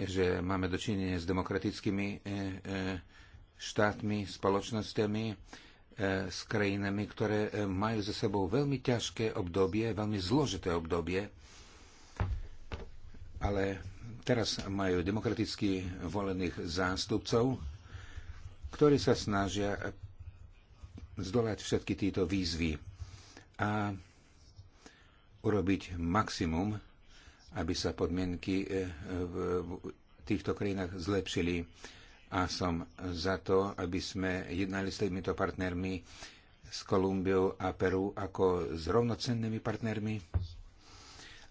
že máme dočinenie s demokratickými e, e, štátmi, spoločnosťami, s krajinami, ktoré majú za sebou veľmi ťažké obdobie, veľmi zložité obdobie, ale teraz majú demokraticky volených zástupcov, ktorí sa snažia zdolať všetky tieto výzvy a urobiť maximum, aby sa podmienky e, e, v týchto krajinách zlepšili. A som za to, aby sme jednali s týmito partnermi s Kolumbiou a Peru ako s rovnocennými partnermi,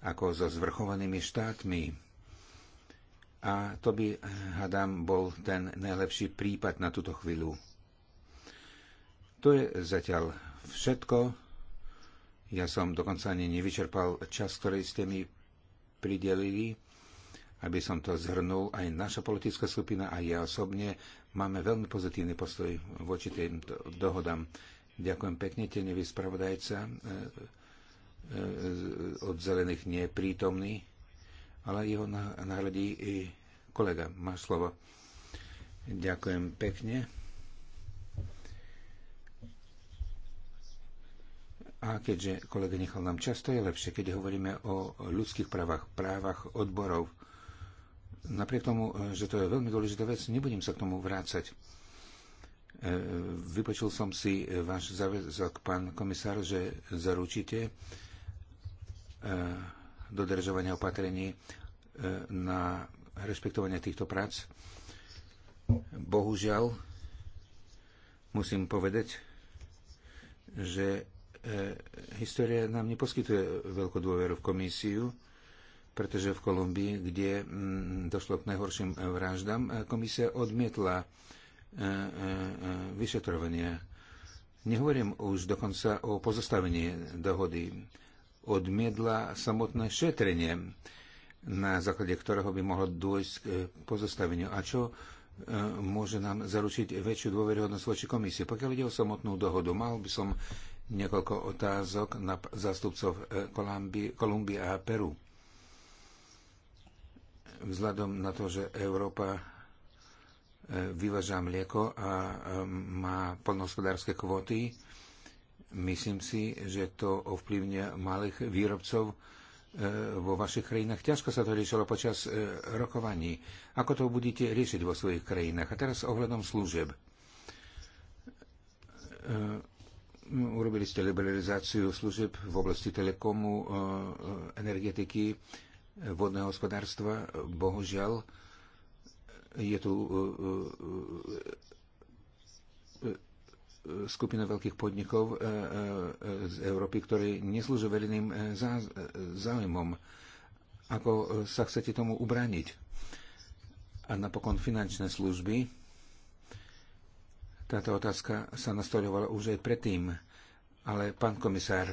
ako so zvrchovanými štátmi a to by, hadám, eh, bol ten najlepší prípad na túto chvíľu. To je zatiaľ všetko. Ja som dokonca ani nevyčerpal čas, ktorý ste mi pridelili. Aby som to zhrnul, aj naša politická skupina a ja osobne máme veľmi pozitívny postoj voči tým dohodám. Ďakujem pekne, tie spravodajca eh, eh, od zelených nie prítomný, ale jeho náhradí i. Kolega, máš slovo. Ďakujem pekne. A keďže kolega nechal nám často, je lepšie, keď hovoríme o ľudských právach, právach odborov. Napriek tomu, že to je veľmi dôležitá vec, nebudem sa k tomu vrácať. E, vypočul som si váš záväzok, pán komisár, že zaručíte e, dodržovanie opatrení e, na rešpektovania týchto prác. Bohužiaľ, musím povedať, že e, história nám neposkytuje veľkú dôveru v komisiu, pretože v Kolumbii, kde m, mm, došlo k najhorším vraždám, e, komisia odmietla e, e, e vyšetrovania. Nehovorím už dokonca o pozostavení dohody. odmietla samotné šetrenie na základe ktorého by mohlo dôjsť k e, pozostaveniu. A čo e, môže nám zaručiť väčšiu dôveryhodnosť voči komisie. Pokiaľ ide o samotnú dohodu, mal by som niekoľko otázok na zástupcov e, Kolumbie a Peru. Vzhľadom na to, že Európa vyvažá mlieko a má polnohospodárske kvóty, myslím si, že to ovplyvňuje malých výrobcov, E, vo vašich krajinách. Ťažko sa to riešilo počas e, rokovaní. Ako to budete riešiť vo svojich krajinách? A teraz ohľadom služeb. E, urobili ste liberalizáciu služeb v oblasti telekomu, energetiky, vodného hospodárstva. Bohužiaľ, je tu skupina veľkých podnikov e, e, e, z Európy, ktorí neslúžia verejným záujmom. Ako sa chcete tomu ubraniť? A napokon finančné služby. Táto otázka sa nastoľovala už aj predtým. Ale pán komisár,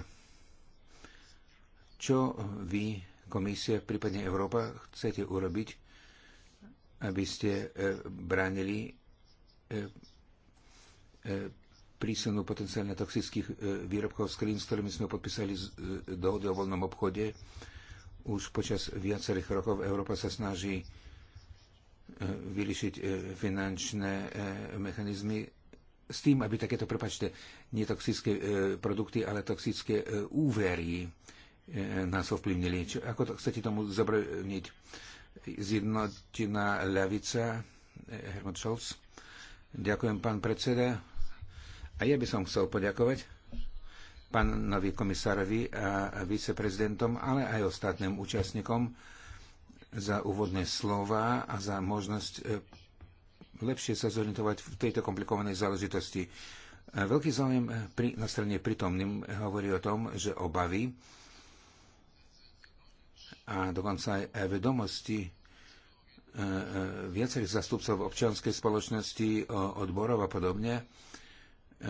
čo vy, komisia, prípadne Európa, chcete urobiť, aby ste bránili prísunu potenciálne toxických e, výrobkov z klín, s ktorými sme podpísali e, dohody o voľnom obchode. Už počas viacerých rokov Európa sa snaží e, vyriešiť finančné mechanizmy s tým, aby takéto, prepačte, netoxické produkty, ale toxické úvery nás ovplyvnili. Čo, ako to chcete tomu zabraniť? Zjednotená ľavica, Herman Scholz. Ďakujem, pán predseda. A ja by som chcel poďakovať pánovi komisárovi a viceprezidentom, ale aj ostatným účastníkom za úvodné slova a za možnosť eh, lepšie sa zorientovať v tejto komplikovanej záležitosti. Eh, veľký záujem eh, pri, na strane prítomným hovorí o tom, že obavy a dokonca aj vedomosti viacerých zastupcov občianskej spoločnosti, odborov a podobne, E,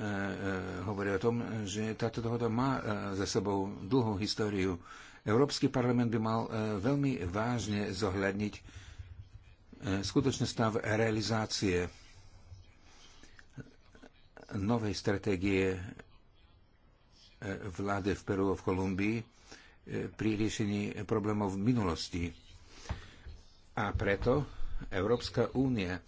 e, e, hovorí o tom, že táto dohoda má za sebou dlhú históriu. Európsky parlament by mal veľmi vážne zohľadniť skutočný stav realizácie novej stratégie vlády v Peru a v Kolumbii pri riešení problémov v minulosti. A preto Európska únia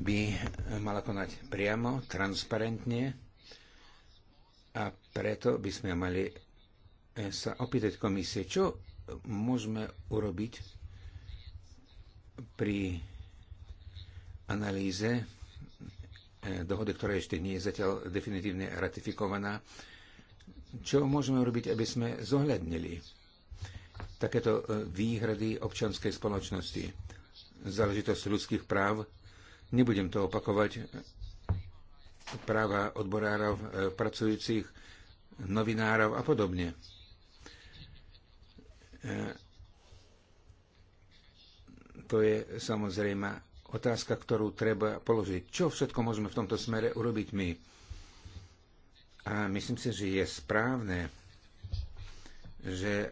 by mala konať priamo, transparentne a preto by sme mali eh, sa opýtať komisie, čo môžeme urobiť pri analýze eh, dohody, ktorá ešte nie je zatiaľ definitívne ratifikovaná, čo môžeme urobiť, aby sme zohľadnili takéto eh, výhrady občianskej spoločnosti, záležitosť ľudských práv Nebudem to opakovať. Práva odborárov, e, pracujúcich, novinárov a podobne. E, to je samozrejme otázka, ktorú treba položiť. Čo všetko môžeme v tomto smere urobiť my? A myslím si, že je správne, že e,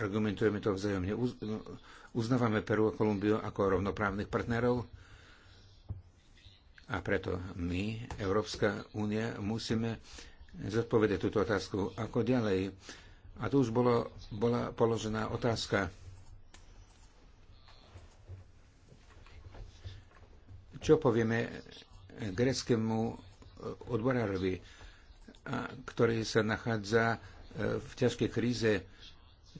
argumentujeme to vzájomne. No, uznávame Peru a Kolumbiu ako rovnoprávnych partnerov a preto my, Európska únia, musíme zodpovedať túto otázku, ako ďalej. A tu už bolo, bola položená otázka. Čo povieme greckému odborárovi, ktorý sa nachádza e, v ťažkej kríze,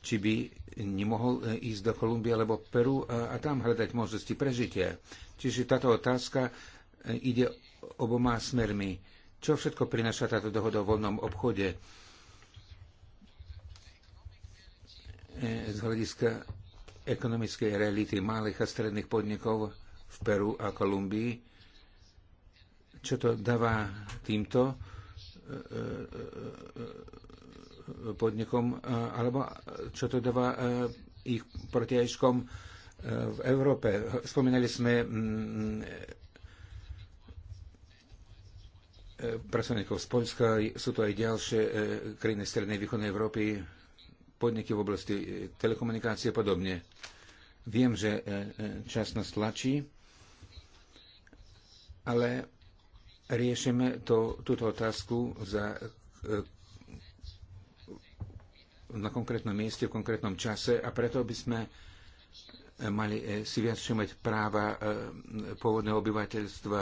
či by nemohol e, ísť do Kolumbie alebo Peru a, tam hľadať možnosti prežitia. Čiže táto otázka E, ide oboma smermi. Čo všetko prináša táto dohoda o voľnom obchode? E, z hľadiska ekonomickej reality malých a stredných podnikov v Peru a Kolumbii, čo to dáva týmto e, podnikom, alebo čo to dáva ich protiažkom v Európe. Spomínali sme mm, E, pracovníkov z Polska, sú to aj ďalšie e, krajiny Strednej východnej Európy, podniky v oblasti e, telekomunikácie a podobne. Viem, že čas nás tlačí, ale riešime to, túto otázku za, na konkrétnom mieste, v konkrétnom čase a preto by sme mali si viac všimať práva pôvodného obyvateľstva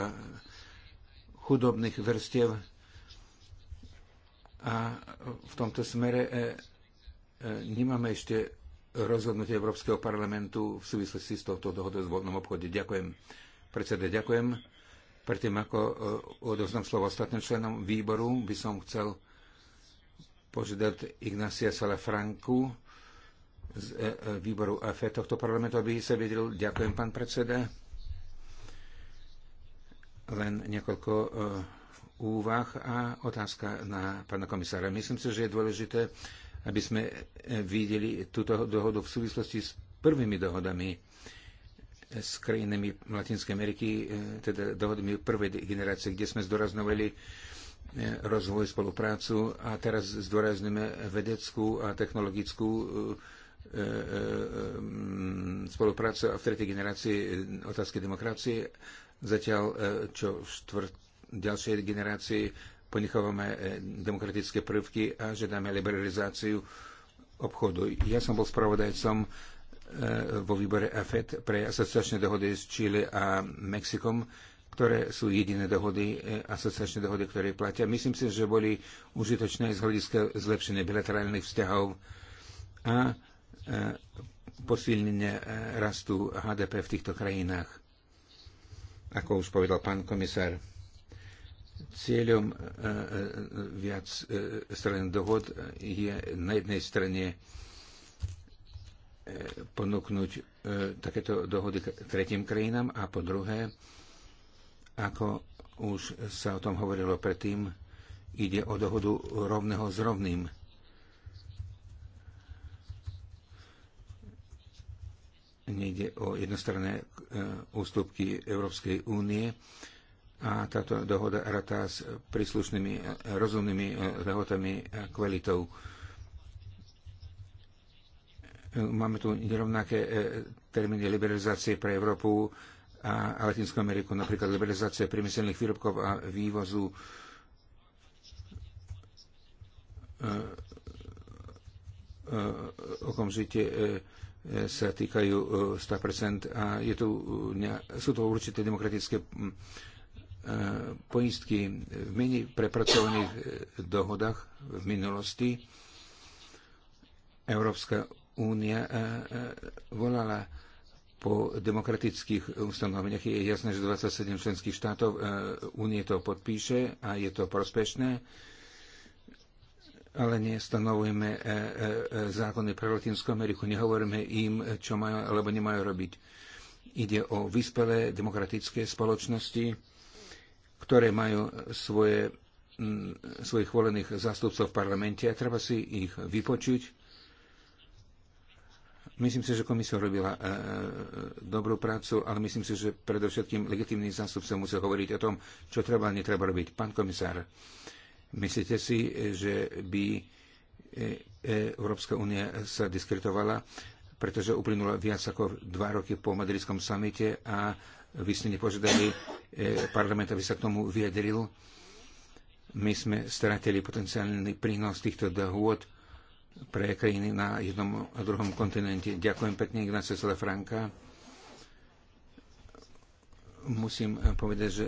chudobných vrstiev. A v tomto smere e, e, nemáme ešte rozhodnutie Európskeho parlamentu v súvislosti s touto dohodou o voľnom obchode. Ďakujem. Predseda, ďakujem. Predtým, ako e, odovzdám slovo ostatným členom výboru, by som chcel požiadať Ignacia Salafranku z výboru AFE tohto parlamentu, aby sa vedel. Ďakujem, pán predseda. Len niekoľko e, úvah a otázka na pána komisára. Myslím si, že je dôležité, aby sme e, videli túto dohodu v súvislosti s prvými dohodami e, s krajinami Latinskej Ameriky, teda dohodami prvej generácie, kde sme zdoraznovali rozvoj, spoluprácu a teraz zdôrazňujeme vedeckú a technologickú spoluprácu a v tretej generácii otázky demokracie Zatiaľ, e, čo v štvrt, ďalšej generácii ponechávame e, demokratické prvky a že dáme liberalizáciu obchodu. Ja som bol spravodajcom e, vo výbore AFET pre asociačné dohody s Čile a Mexikom, ktoré sú jediné dohody, asociačné dohody, ktoré platia. Myslím si, že boli užitočné z hľadiska zlepšenia bilaterálnych vzťahov a posilnenia rastu HDP v týchto krajinách. Ako už povedal pán komisár, cieľom e, e, viac e, strany dohod je na jednej strane ponúknuť takéto dohody k tretím krajinám a po druhé, ako už sa o tom hovorilo predtým, ide o dohodu rovného s rovným nejde o jednostranné e, ústupky Európskej únie a táto dohoda ratá s príslušnými e, rozumnými e, lehotami a kvalitou. Máme tu nerovnaké termíny liberalizácie pre Európu a Latinskú Ameriku, napríklad liberalizácie priemyselných výrobkov a vývozu okamžite sa týkajú 100% e, a je tu, e, sú to určité demokratické e, poistky v menej prepracovaných dohodách v minulosti. Európska únia volala po demokratických ustanoveniach. Je jasné, že 27 členských štátov únie to podpíše a je to prospešné ale nestanovujeme e, e, e, zákony pre Latinskú Ameriku, nehovoríme im, čo majú alebo nemajú robiť. Ide o vyspelé demokratické spoločnosti, ktoré majú svoje, svojich volených zástupcov v parlamente a treba si ich vypočuť. Myslím si, že komisia robila e, dobrú prácu, ale myslím si, že predovšetkým legitimný zástupcov musí hovoriť o tom, čo treba a netreba robiť. Pán komisár, Myslíte si, že by e, e, Európska únia sa diskretovala, pretože uplynula viac ako dva roky po madridskom samite a vy ste nepožiadali e, parlament, aby sa k tomu vyjadril. My sme stratili potenciálny prínos týchto dohôd pre krajiny na jednom a druhom kontinente. Ďakujem pekne, Ignacio Salafranca. Musím povedať, že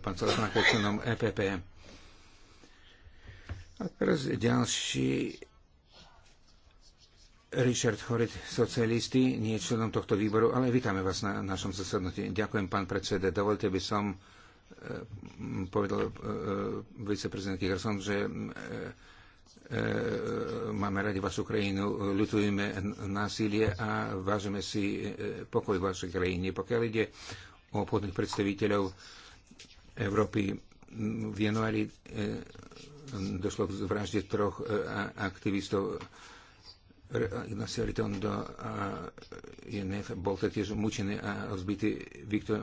pán Salafranca je členom EPP a teraz ďalší Richard Horit, socialisti, nie členom tohto výboru, ale vítame vás na našom zasadnutí. Ďakujem, pán predseda. Dovolte by som e, povedal e, e, viceprezident Gerson, že máme radi vašu krajinu, ľutujeme násilie a vážime si pokoj v vašej krajine. Pokiaľ ide o podných predstaviteľov Európy, v januári došlo k vražde troch e, aktivistov. Ignacio Ritondo a INF bol taktiež mučený a zbytý Viktor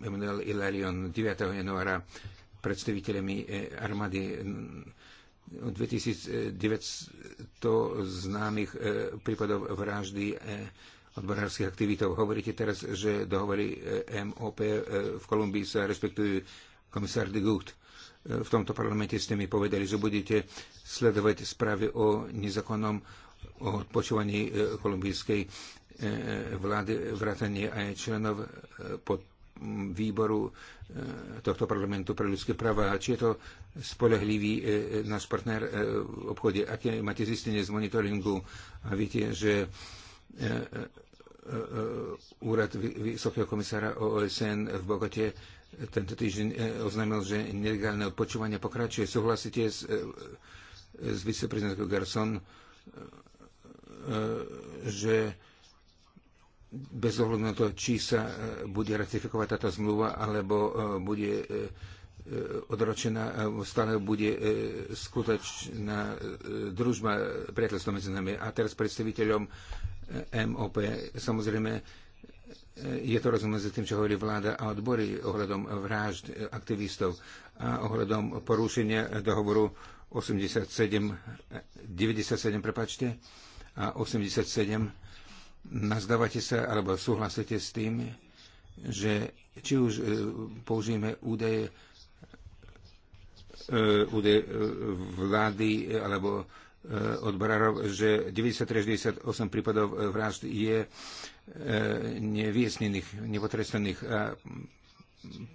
Emanuel Ilarion 9. januára predstaviteľmi e, armády 2900 známych e, prípadov vraždy odborárskych aktivitov. Hovoríte teraz, že dohovory MOP v Kolumbii sa respektujú komisár de Gucht v tomto parlamente ste mi povedali, že budete sledovať správy o nezákonnom odpočúvaní e, kolumbijskej e, vlády, vrátanie aj členov e, pod výboru tohto parlamentu pre ľudské práva. Či je to spolehlivý náš partner v obchode? Aké máte zistenie z monitoringu? A viete, že úrad Vysokého komisára OSN v Bogote tento týždeň e, oznámil, že nelegálne odpočúvanie pokračuje. Súhlasíte s, e, s viceprezidentkou Garson, e, že bez ohľadu na to, či sa bude ratifikovať táto zmluva, alebo bude odročená, stále bude skutočná družba priateľstva medzi nami. A teraz predstaviteľom MOP, samozrejme, je to rozumné za tým, čo hovorí vláda a odbory ohľadom vražd aktivistov a ohľadom porušenia dohovoru 87, 97, prepačte, a 87. Nazdávate sa alebo súhlasíte s tým, že či už e, použijeme údaje, e, údaje e, vlády alebo Eh, odborárov, že 93-98 prípadov eh, vražd je eh, nevyjasnených, nepotrestaných. A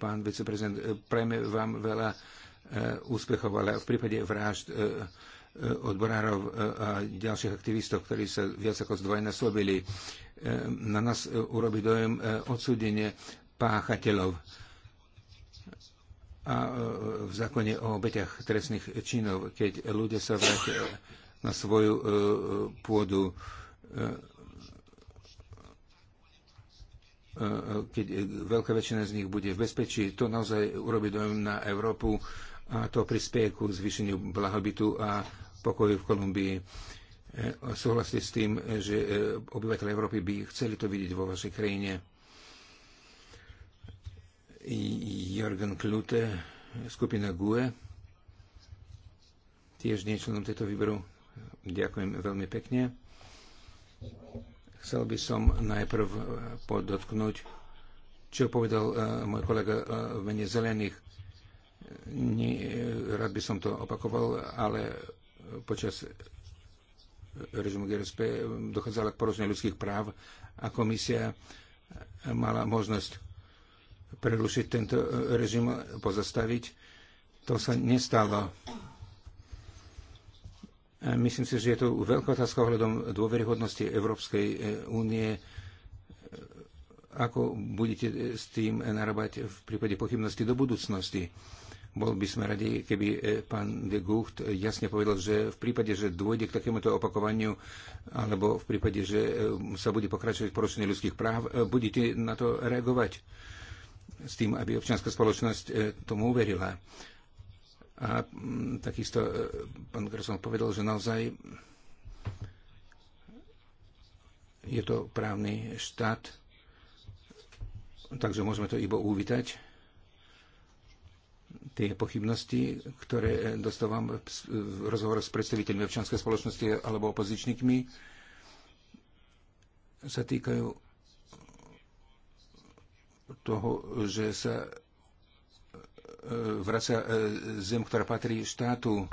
pán viceprezident, prajme vám veľa úspechov, ale v prípade vražd odborárov a ďalších aktivistov, ktorí sa viac ako zdvojnásobili, na nás urobi dojem odsúdenie páchateľov a e, v zákone o obeťach trestných činov, keď ľudia sa vrátia na svoju e, pôdu, e, keď veľká väčšina z nich bude v bezpečí, to naozaj urobí dojem na Európu a to prispieje ku zvýšeniu blahobytu a pokoju v Kolumbii. Súhlasíte s tým, že obyvateľe Európy by chceli to vidieť vo vašej krajine? Jorgen Klute, skupina GUE, tiež nie členom tejto výboru. Ďakujem veľmi pekne. Chcel by som najprv eh, podotknúť, čo povedal eh, môj kolega eh, v mene zelených. rád by som to opakoval, ale počas režimu GRSP dochádzala k porušeniu ľudských práv a komisia mala možnosť prerušiť tento e, režim, pozastaviť. To sa nestalo. Myslím si, že je to veľká otázka ohľadom dôveryhodnosti Európskej e, únie. E, ako budete s tým narábať v prípade pochybnosti do budúcnosti? Bol by sme radi, keby pán de Gucht jasne povedal, že v prípade, že dôjde k takémuto opakovaniu, alebo v prípade, že sa bude pokračovať porušenie ľudských práv, budete na to reagovať s tým, aby občianská spoločnosť e, tomu uverila. A mm, takisto e, pán Gerson povedal, že naozaj je to právny štát, takže môžeme to iba uvítať. Tie pochybnosti, ktoré e, dostávam v rozhovore s predstaviteľmi občianskej spoločnosti alebo opozičníkmi, sa týkajú toho, že sa e, vracia e, zem, ktorá patrí štátu,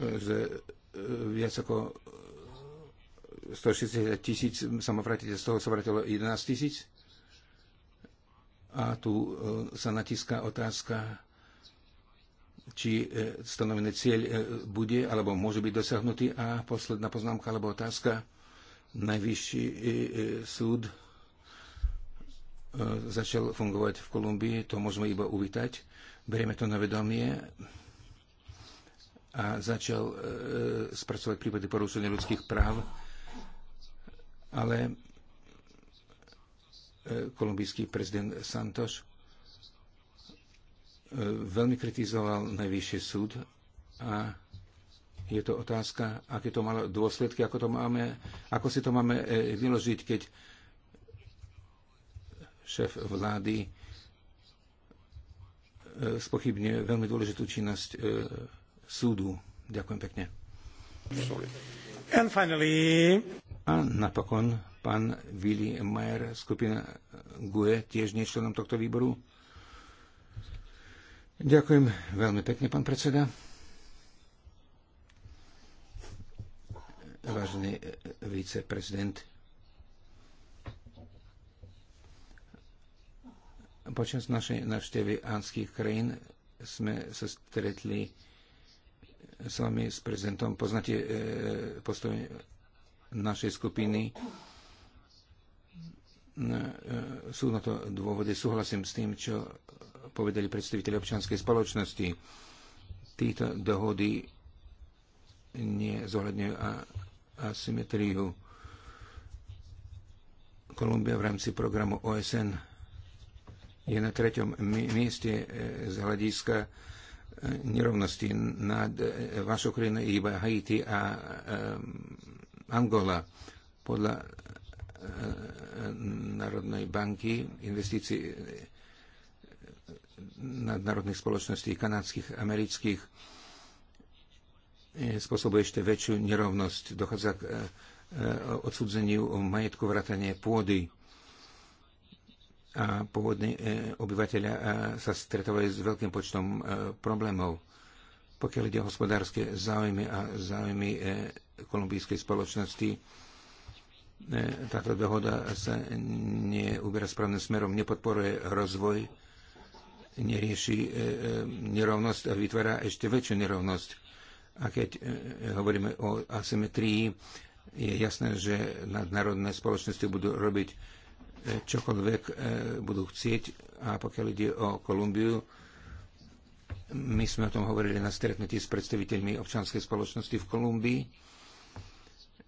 e, že viac ako 160 tisíc samovratiteľ, z toho sa vrátilo 11 tisíc. A tu sa natíska otázka, či stanovený cieľ bude alebo môže byť dosiahnutý. A posledná poznámka alebo otázka. Najvyšší súd E, začal fungovať v Kolumbii, to môžeme iba uvítať. Berieme to na vedomie a začal e, e, spracovať prípady porušenia ľudských práv, ale kolumbijský prezident Santos veľmi kritizoval najvyšší súd a je to otázka, aké to malo dôsledky, ako, to máme, ako si to máme vyložiť, keď šéf vlády e, spochybne veľmi dôležitú činnosť e, súdu. Ďakujem pekne. And finally... A napokon pán Willy Mayer, skupina GUE, tiež nie členom tohto výboru. Ďakujem veľmi pekne, pán predseda. Vážený e, viceprezident Počas našej návštevy ánskych krajín sme sa stretli s vami, s prezidentom. Poznáte e, postoj našej skupiny. E, e, sú na to dôvody Súhlasím s tým, čo povedali predstaviteľi občianskej spoločnosti. Títo dohody nezohľadňujú asymetriu. Kolumbia v rámci programu OSN je na treťom mieste e, z hľadiska e, nerovnosti nad e, vašou krajinou iba Haiti a Angola. Podľa Národnej banky investícií nadnárodných spoločností kanadských, amerických spôsobuje ešte väčšiu nerovnosť. Dochádza k odsudzeniu majetku vrátanie pôdy a pôvodní e, obyvateľia e, sa stretávajú s veľkým počtom e, problémov. Pokiaľ ide o hospodárske záujmy a záujmy kolumbijskej spoločnosti, táto dohoda sa neuberá správnym smerom, nepodporuje rozvoj, nerieši nerovnosť a vytvára ešte väčšiu nerovnosť. A keď hovoríme o asymetrii, je jasné, že nadnárodné spoločnosti budú robiť čokoľvek e, budú chcieť. A pokiaľ ide o Kolumbiu, my sme o tom hovorili na stretnutí s predstaviteľmi občanskej spoločnosti v Kolumbii.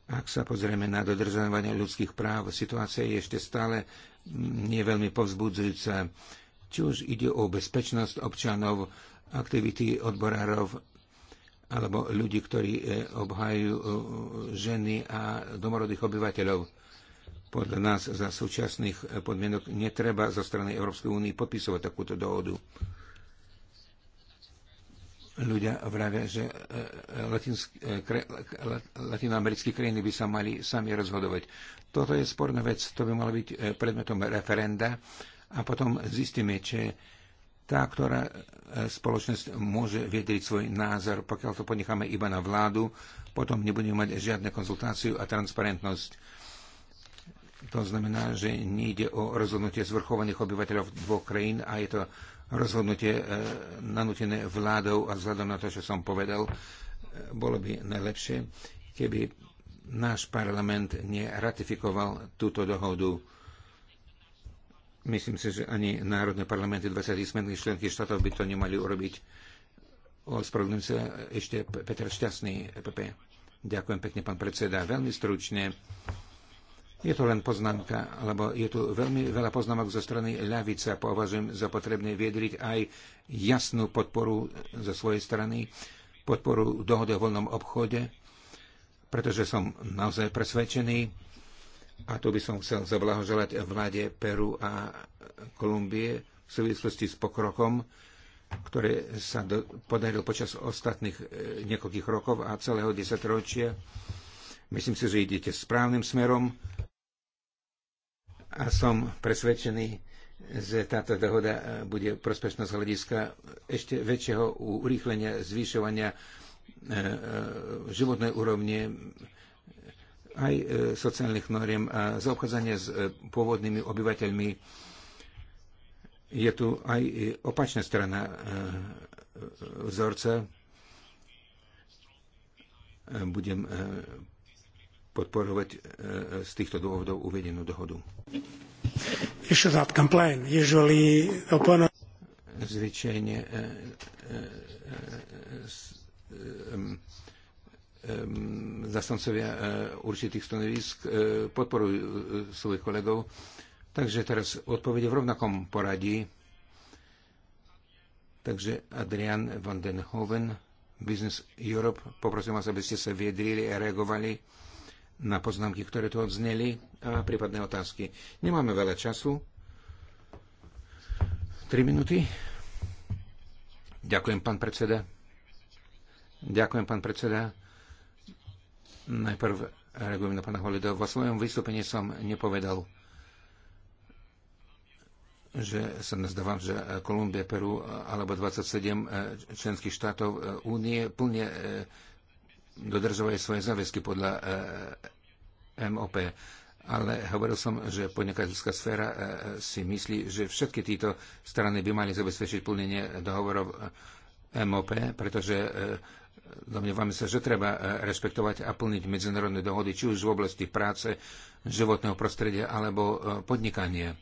Ak sa pozrieme na dodržovanie ľudských práv, situácia je ešte stále nie veľmi povzbudzujúca. Či už ide o bezpečnosť občanov, aktivity odborárov alebo ľudí, ktorí e, obhajujú e, ženy a domorodých obyvateľov. Podľa nás za súčasných eh, podmienok netreba zo strany Európskej únie podpisovať takúto dohodu. Ľudia vravia, že eh, eh, latinoamerické krajiny by sa mali sami rozhodovať. Toto je sporná vec, to by malo byť predmetom referenda a potom zistíme, či tá, ktorá spoločnosť môže vedriť svoj názor, pokiaľ to ponecháme iba na vládu, potom nebudeme mať žiadne konzultáciu a transparentnosť. To znamená, že nejde o rozhodnutie zvrchovaných obyvateľov dvoch krajín a je to rozhodnutie e, nanútené vládou a vzhľadom na to, čo som povedal, e, bolo by najlepšie, keby náš parlament neratifikoval túto dohodu. Myslím si, že ani národné parlamenty 20 smerných členky štátov by to nemali urobiť. Ospravedlňujem sa ešte Peter Šťastný, EPP. Ďakujem pekne, pán predseda. Veľmi stručne. Je to len poznámka, lebo je tu veľmi veľa poznámok zo strany ľavice a považujem za potrebné viedriť aj jasnú podporu zo svojej strany, podporu dohody o voľnom obchode, pretože som naozaj presvedčený a tu by som chcel zablahoželať vláde Peru a Kolumbie v súvislosti s pokrokom, ktoré sa do, podaril počas ostatných e, niekoľkých rokov a celého desaťročia. Myslím si, že idete správnym smerom a som presvedčený, že táto dohoda e, bude prospešná z hľadiska ešte väčšieho urýchlenia, zvyšovania e, e, životnej úrovne aj sociálnych noriem a zaobchádzanie s pôvodnými obyvateľmi. Je tu aj opačná strana vzorca. Budem podporovať e, e, z týchto dôvodov uvedenú dohodu. Zvyčajne e, zastancovia určitých stanovisk podporujú svojich kolegov. Takže teraz odpovede v rovnakom poradí. Takže Adrian van den Hoven, Business Europe, poprosím vás, aby ste sa viedrili a reagovali na poznámky, ktoré tu odzneli a prípadné otázky. Nemáme veľa času. Tri minúty. Ďakujem, pán predseda. Ďakujem, pán predseda. Najprv reagujem na pána Holido. Vo svojom vystúpení som nepovedal, že sa nazdávam, že Kolumbia, Peru alebo 27 eh, členských štátov eh, únie plne eh, dodržovali svoje záväzky podľa e, MOP. Ale hovoril som, že podnikateľská sféra e, si myslí, že všetky títo strany by mali zabezpečiť plnenie dohovorov e, MOP, pretože domnievame sa, že treba rešpektovať a plniť medzinárodné dohody, či už v oblasti práce, životného prostredia alebo podnikania.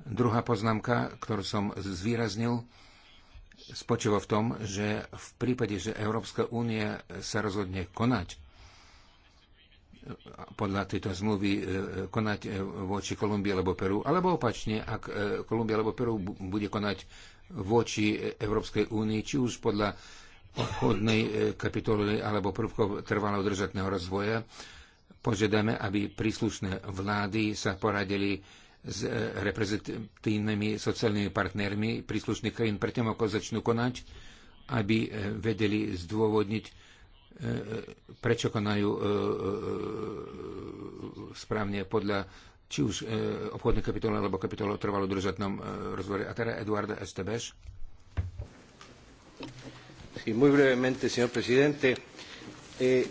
Druhá poznámka, ktorú som zvýraznil, spočíva v tom, že v prípade, že Európska únia sa rozhodne konať podľa tejto zmluvy e, konať e, voči Kolumbii alebo Peru, alebo opačne, ak e, Kolumbia alebo Peru bude konať voči Európskej únii, či už podľa obchodnej kapitoly alebo prvkov trvalého držatného rozvoja, požiadame, aby príslušné vlády sa poradili s e, reprezentatívnymi sociálnymi partnermi príslušných krajín, predtým ako začnú konať, aby e, vedeli zdôvodniť, e, prečo konajú správne podľa či už obchodnej kapitoly alebo kapitoly o trvalo držatnom rozvore. A teraz Eduarda Estebeš. Sí, muy brevemente, señor presidente. Eh,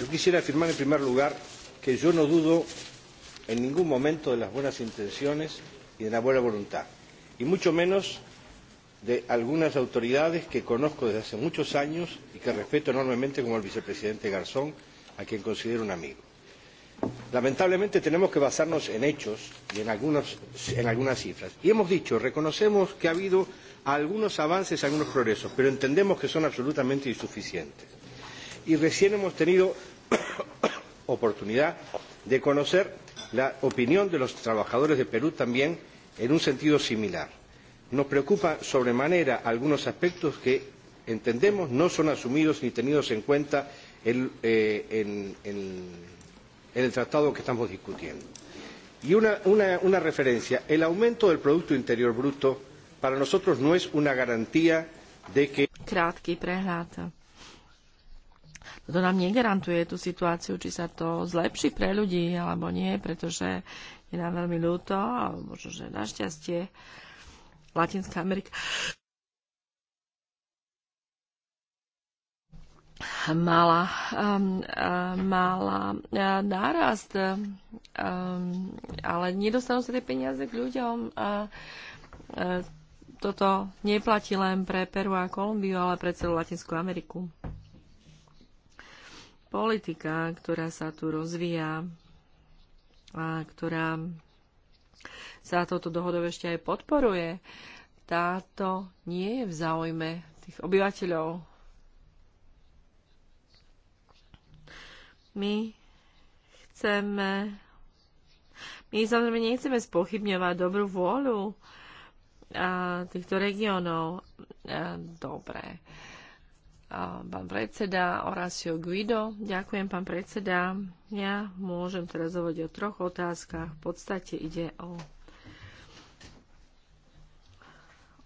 yo quisiera afirmar en primer lugar que yo no dudo en ningún momento de las buenas intenciones y de la buena voluntad, y mucho menos de algunas autoridades que conozco desde hace muchos años y que respeto enormemente, como el vicepresidente Garzón, a quien considero un amigo. Lamentablemente tenemos que basarnos en hechos y en, algunos, en algunas cifras. Y hemos dicho, reconocemos que ha habido algunos avances, algunos progresos, pero entendemos que son absolutamente insuficientes. Y recién hemos tenido oportunidad de conocer la opinión de los trabajadores de Perú también en un sentido similar. Nos preocupa sobremanera algunos aspectos que entendemos no son asumidos ni tenidos en cuenta en, eh, en, en, en el tratado que estamos discutiendo. Y una, una, una referencia, el aumento del Producto Interior Bruto para nosotros no es una garantía de que... Krátky prehľad to nám negarantuje tú situáciu, či sa to zlepší pre ľudí alebo nie, pretože je nám veľmi ľúto, ale možno, že našťastie Latinská Amerika mala, um, uh, mala uh, nárast, um, ale nedostanú sa tie peniaze k ľuďom. Uh, uh, toto neplatí len pre Peru a Kolumbiu, ale pre celú Latinskú Ameriku politika, ktorá sa tu rozvíja a ktorá sa toto dohodou ešte aj podporuje, táto nie je v záujme tých obyvateľov. My chceme, my samozrejme nechceme spochybňovať dobrú vôľu a týchto regiónov. Dobre pán predseda Horacio Guido. Ďakujem, pán predseda. Ja môžem teraz hovoriť o troch otázkach. V podstate ide o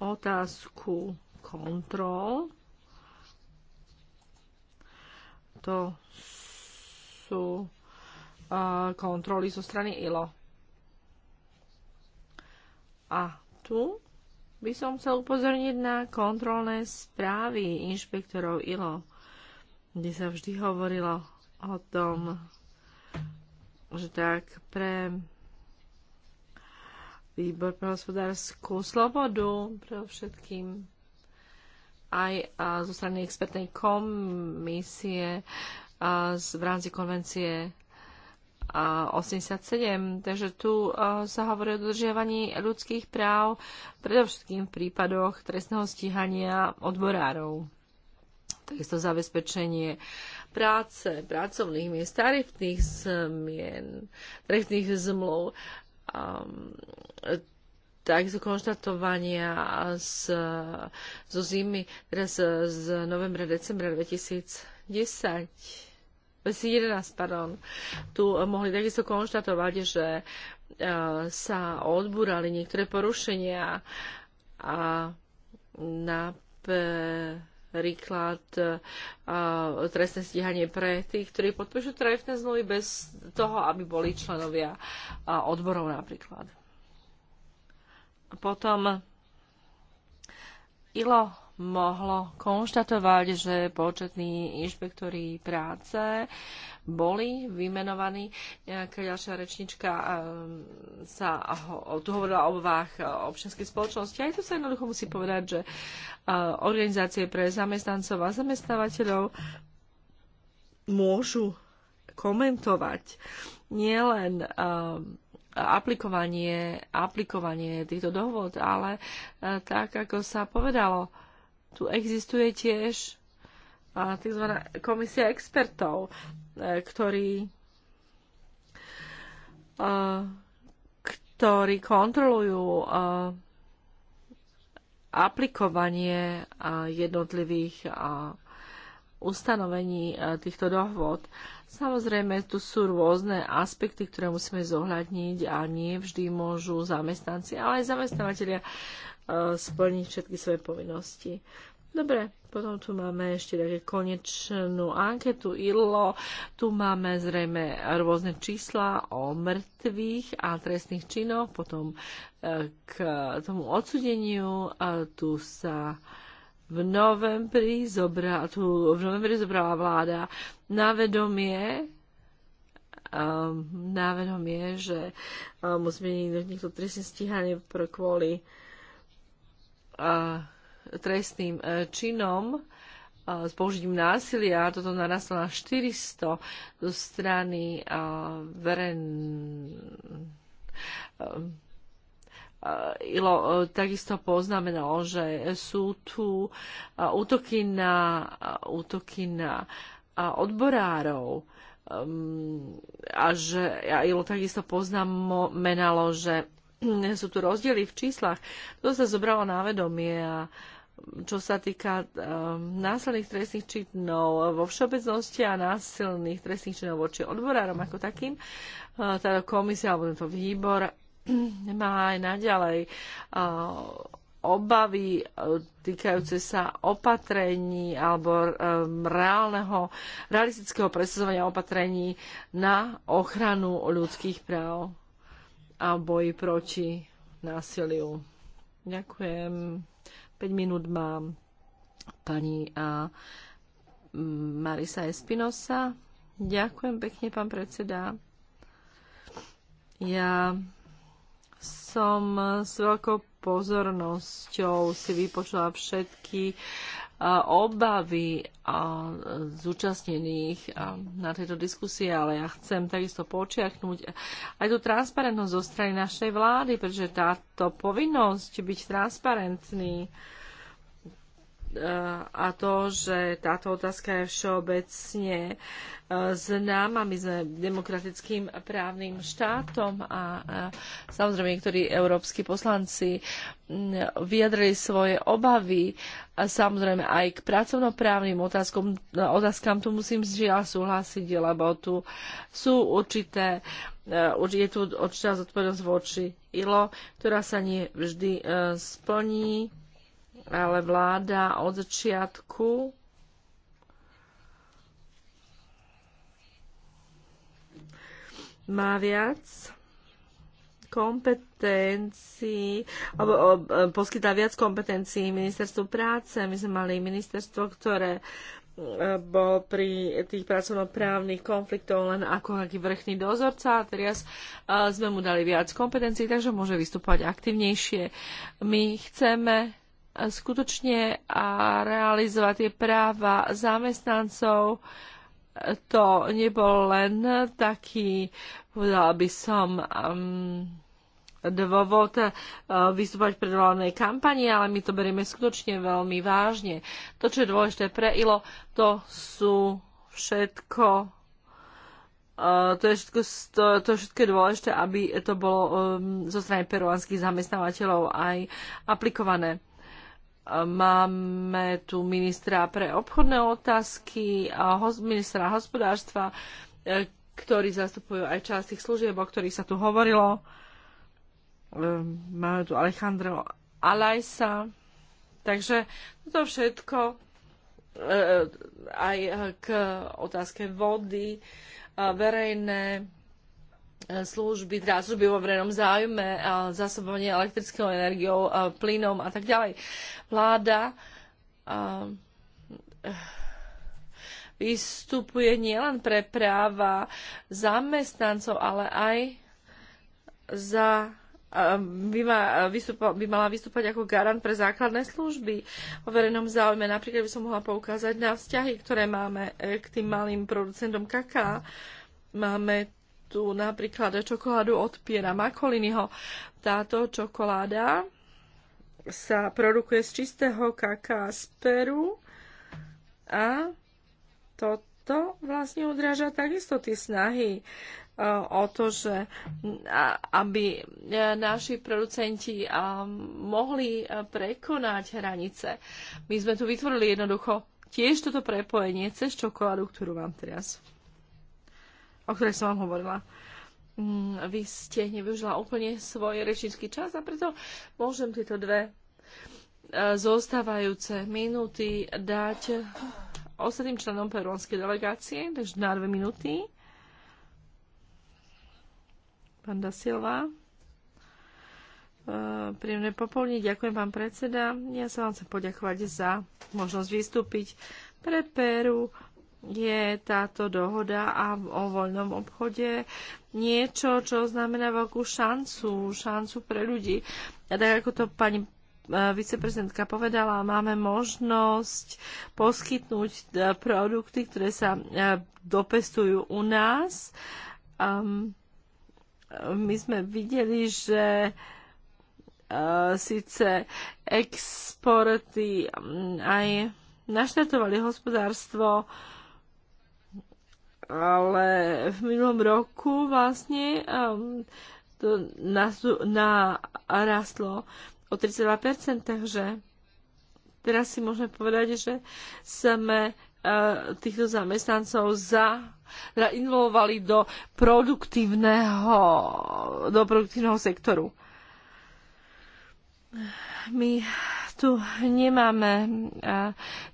otázku kontrol. To sú kontroly zo strany ILO. A tu by som chcel upozorniť na kontrolné správy inšpektorov ILO, kde sa vždy hovorilo o tom, že tak pre výbor pre hospodárskú slobodu pre všetkým aj zo strany expertnej komisie v rámci konvencie 87. Takže tu e, sa hovorí o dodržiavaní ľudských práv, predovšetkým v prípadoch trestného stíhania odborárov. Takisto zabezpečenie práce, pracovných miest, tarifných zmien, trestných zmluv, um, takisto konštatovania z, zo zimy, teraz z novembra, decembra 2010 2011, pardon, tu mohli takisto konštatovať, že e, sa odbúrali niektoré porušenia a napríklad e, trestné stíhanie pre tých, ktorí podpíšu trestné zmluvy bez toho, aby boli členovia e, odborov napríklad. Potom ILO mohlo konštatovať, že početní inšpektori práce boli vymenovaní. Nejaká ďalšia rečnička ehm, sa tu hovorila o obvách e, občianskej spoločnosti. Aj tu sa jednoducho musí povedať, že e, organizácie pre zamestnancov a zamestnávateľov môžu komentovať nielen ehm, aplikovanie, aplikovanie týchto dohôd, ale e, tak, ako sa povedalo, tu existuje tiež tzv. komisia expertov, e, ktorí e, ktorí kontrolujú e, aplikovanie jednotlivých ustanovení týchto dohôd. Samozrejme, tu sú rôzne aspekty, ktoré musíme zohľadniť a nie vždy môžu zamestnanci, ale aj zamestnávateľia E, splniť všetky svoje povinnosti. Dobre, potom tu máme ešte také konečnú anketu ILO. Tu máme zrejme rôzne čísla o mŕtvych a trestných činoch, potom e, k tomu odsudeniu. Tu sa v novembri, zobra, tu v novembri zobrala vláda na vedomie um, na vedomie, že um, musí byť niekto, niekto trestne pro kvôli trestným e, činom s použitím násilia. Toto narastlo na 400 zo strany veren... Ilo e, takisto poznamenalo, že sú tu útoky na, útoky na odborárov a že a Ilo takisto poznamenalo, že sú tu rozdiely v číslach. To sa zobralo na vedomie a čo sa týka e, násilných trestných činov vo všeobecnosti a násilných trestných činov voči odborárom ako takým, e, uh, táto komisia alebo tento výbor má aj naďalej e, obavy uh, týkajúce sa opatrení alebo um, reálneho, realistického presadzovania opatrení na ochranu ľudských práv a boj proti násiliu. Ďakujem. 5 minút mám pani a Marisa Espinosa. Ďakujem pekne, pán predseda. Ja som s veľkou pozornosťou si vypočula všetky obavy a zúčastnených na tejto diskusie, ale ja chcem takisto počiaknúť aj tú transparentnosť zo strany našej vlády, pretože táto povinnosť byť transparentný a to, že táto otázka je všeobecne e, známa. My sme demokratickým právnym štátom a samozrejme niektorí európsky poslanci vyjadrili svoje obavy a samozrejme aj k pracovnoprávnym otázkom, no, otázkam tu musím žiaľ súhlasiť, lebo tu sú určité e, je tu určitá zodpovednosť voči ILO, ktorá sa nie vždy e, splní ale vláda od začiatku má viac kompetencií, alebo poskytá viac kompetencií ministerstvu práce. My sme mali ministerstvo, ktoré e, bol pri tých pracovnoprávnych konfliktov len ako aký vrchný dozorca a teraz e, sme mu dali viac kompetencií, takže môže vystupovať aktivnejšie. My chceme skutočne a realizovať tie práva zamestnancov. To nebol len taký, povedala by som, um, dôvod uh, vystúpať pred vládnej kampani, ale my to berieme skutočne veľmi vážne. To, čo je dôležité pre ILO, to sú všetko uh, to je všetko, to, to je všetko dôležité, aby to bolo um, zo strany peruanských zamestnávateľov aj aplikované. Máme tu ministra pre obchodné otázky a ministra hospodárstva, e, ktorí zastupujú aj časť tých služieb, o ktorých sa tu hovorilo. E, máme tu Alejandro Alajsa. Takže toto všetko e, aj k otázke vody, verejné E, služby, teda služby vo verejnom záujme, a zásobovanie elektrickou energiou, e, plynom a tak ďalej. Vláda a, e, vystupuje nielen pre práva zamestnancov, ale aj za by, ma, vystupa, by mala vystúpať ako garant pre základné služby o verejnom záujme. Napríklad by som mohla poukázať na vzťahy, ktoré máme k tým malým producentom kaká. Máme tu napríklad čokoládu od Piera Makoliniho. Táto čokoláda sa produkuje z čistého kaká z Peru a toto vlastne odráža takisto tie snahy e, o to, že aby e, naši producenti mohli e, prekonať hranice. My sme tu vytvorili jednoducho tiež toto prepojenie cez čokoládu, ktorú vám teraz o ktorej som vám hovorila. Mm, vy ste nevyužila úplne svoj rečnícky čas a preto môžem tieto dve e, zostávajúce minúty dať ostatným členom peruanskej delegácie, takže na dve minúty. Pán Da Silva. E, príjemné popolní. Ďakujem, pán predseda. Ja sa vám chcem poďakovať za možnosť vystúpiť pre Peru je táto dohoda a o voľnom obchode niečo, čo znamená veľkú šancu, šancu pre ľudí. A tak ako to pani e, viceprezidentka povedala, máme možnosť poskytnúť e, produkty, ktoré sa e, dopestujú u nás. Um, my sme videli, že uh, síce exporty aj naštartovali hospodárstvo uh, ale v minulom roku vlastne um, to narastlo o 32%, takže teraz si môžeme povedať, že sme uh, týchto zamestnancov za zainvolovali do produktívneho, do produktívneho sektoru. My tu nemáme e,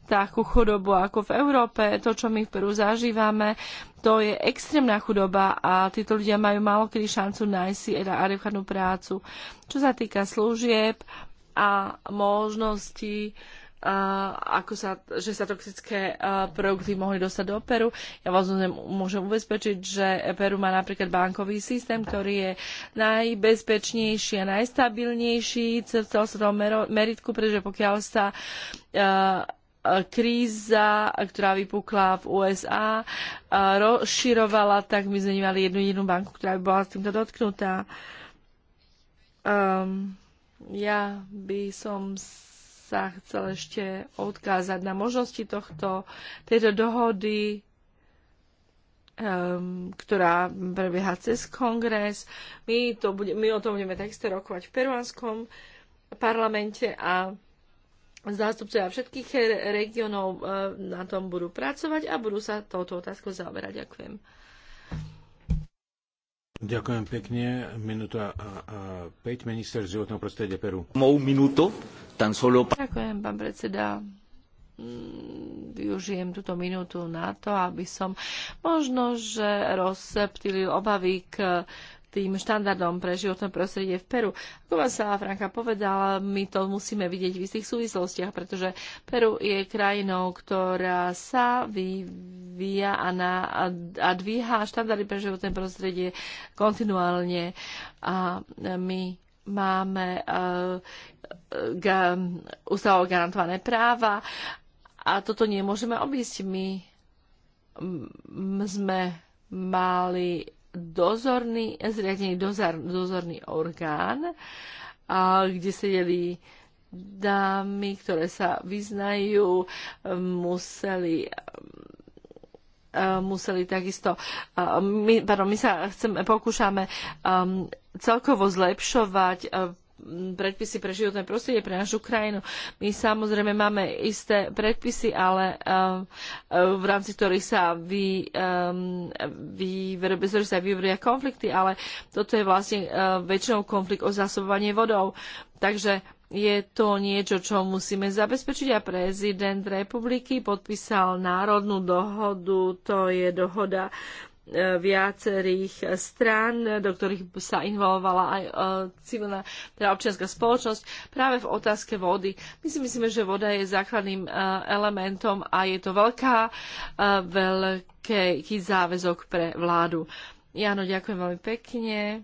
takú chudobu ako v Európe. To, čo my v Peru zažívame, to je extrémna chudoba a títo ľudia majú málo kedy šancu nájsť si e, adekvátnu prácu. Čo sa týka služieb a možností, ako sa, že sa toxické produkty mohli dostať do Peru. Ja vás môžem ubezpečiť, že Peru má napríklad bankový systém, ktorý je najbezpečnejší a najstabilnejší cez celosvetovom meritku, pretože pokiaľ sa kríza, ktorá vypukla v USA, rozširovala, tak my sme nemali jednu jednu banku, ktorá by bola s týmto dotknutá. Um, ja by som sa chcel ešte odkázať na možnosti tohto, tejto dohody, um, ktorá prebieha cez kongres. My, to bude, my o tom budeme takisto rokovať v peruánskom parlamente a zástupcovia všetkých regiónov eh, na tom budú pracovať a budú sa touto otázkou zaoberať. Ďakujem. Ďakujem pekne. Minúta a, a 5. Minister životného prostredia Peru. Mou minútu, Tam solo... Ďakujem, pán predseda mm, využijem túto minútu na to, aby som možno, že rozptýlil obavy k tým štandardom pre životné prostredie v Peru. Ako vám sa Franka povedala, my to musíme vidieť v istých súvislostiach, pretože Peru je krajinou, ktorá sa vyvíja a, na, a, a dvíha štandardy pre životné prostredie kontinuálne. A my máme uh, ga, garantované práva a toto nemôžeme obísť. My sme mali dozorný, zriadený dozor, dozorný orgán, a kde sedeli dámy, ktoré sa vyznajú, museli museli takisto, my, pardon, my sa chceme, pokúšame um, celkovo zlepšovať predpisy pre životné prostredie, pre našu krajinu. My samozrejme máme isté predpisy, ale eh, eh, v rámci ktorých sa, vy, eh, vy, sa vyvria konflikty, ale toto je vlastne väčšinou konflikt o zásobovanie vodou. Takže je to niečo, čo musíme zabezpečiť a prezident republiky podpísal národnú dohodu, to je dohoda viacerých strán, do ktorých sa involvovala aj e, civilná, teda občianská spoločnosť práve v otázke vody. My si myslíme, že voda je základným e, elementom a je to veľká, e, veľký záväzok pre vládu. Jano, ďakujem veľmi pekne.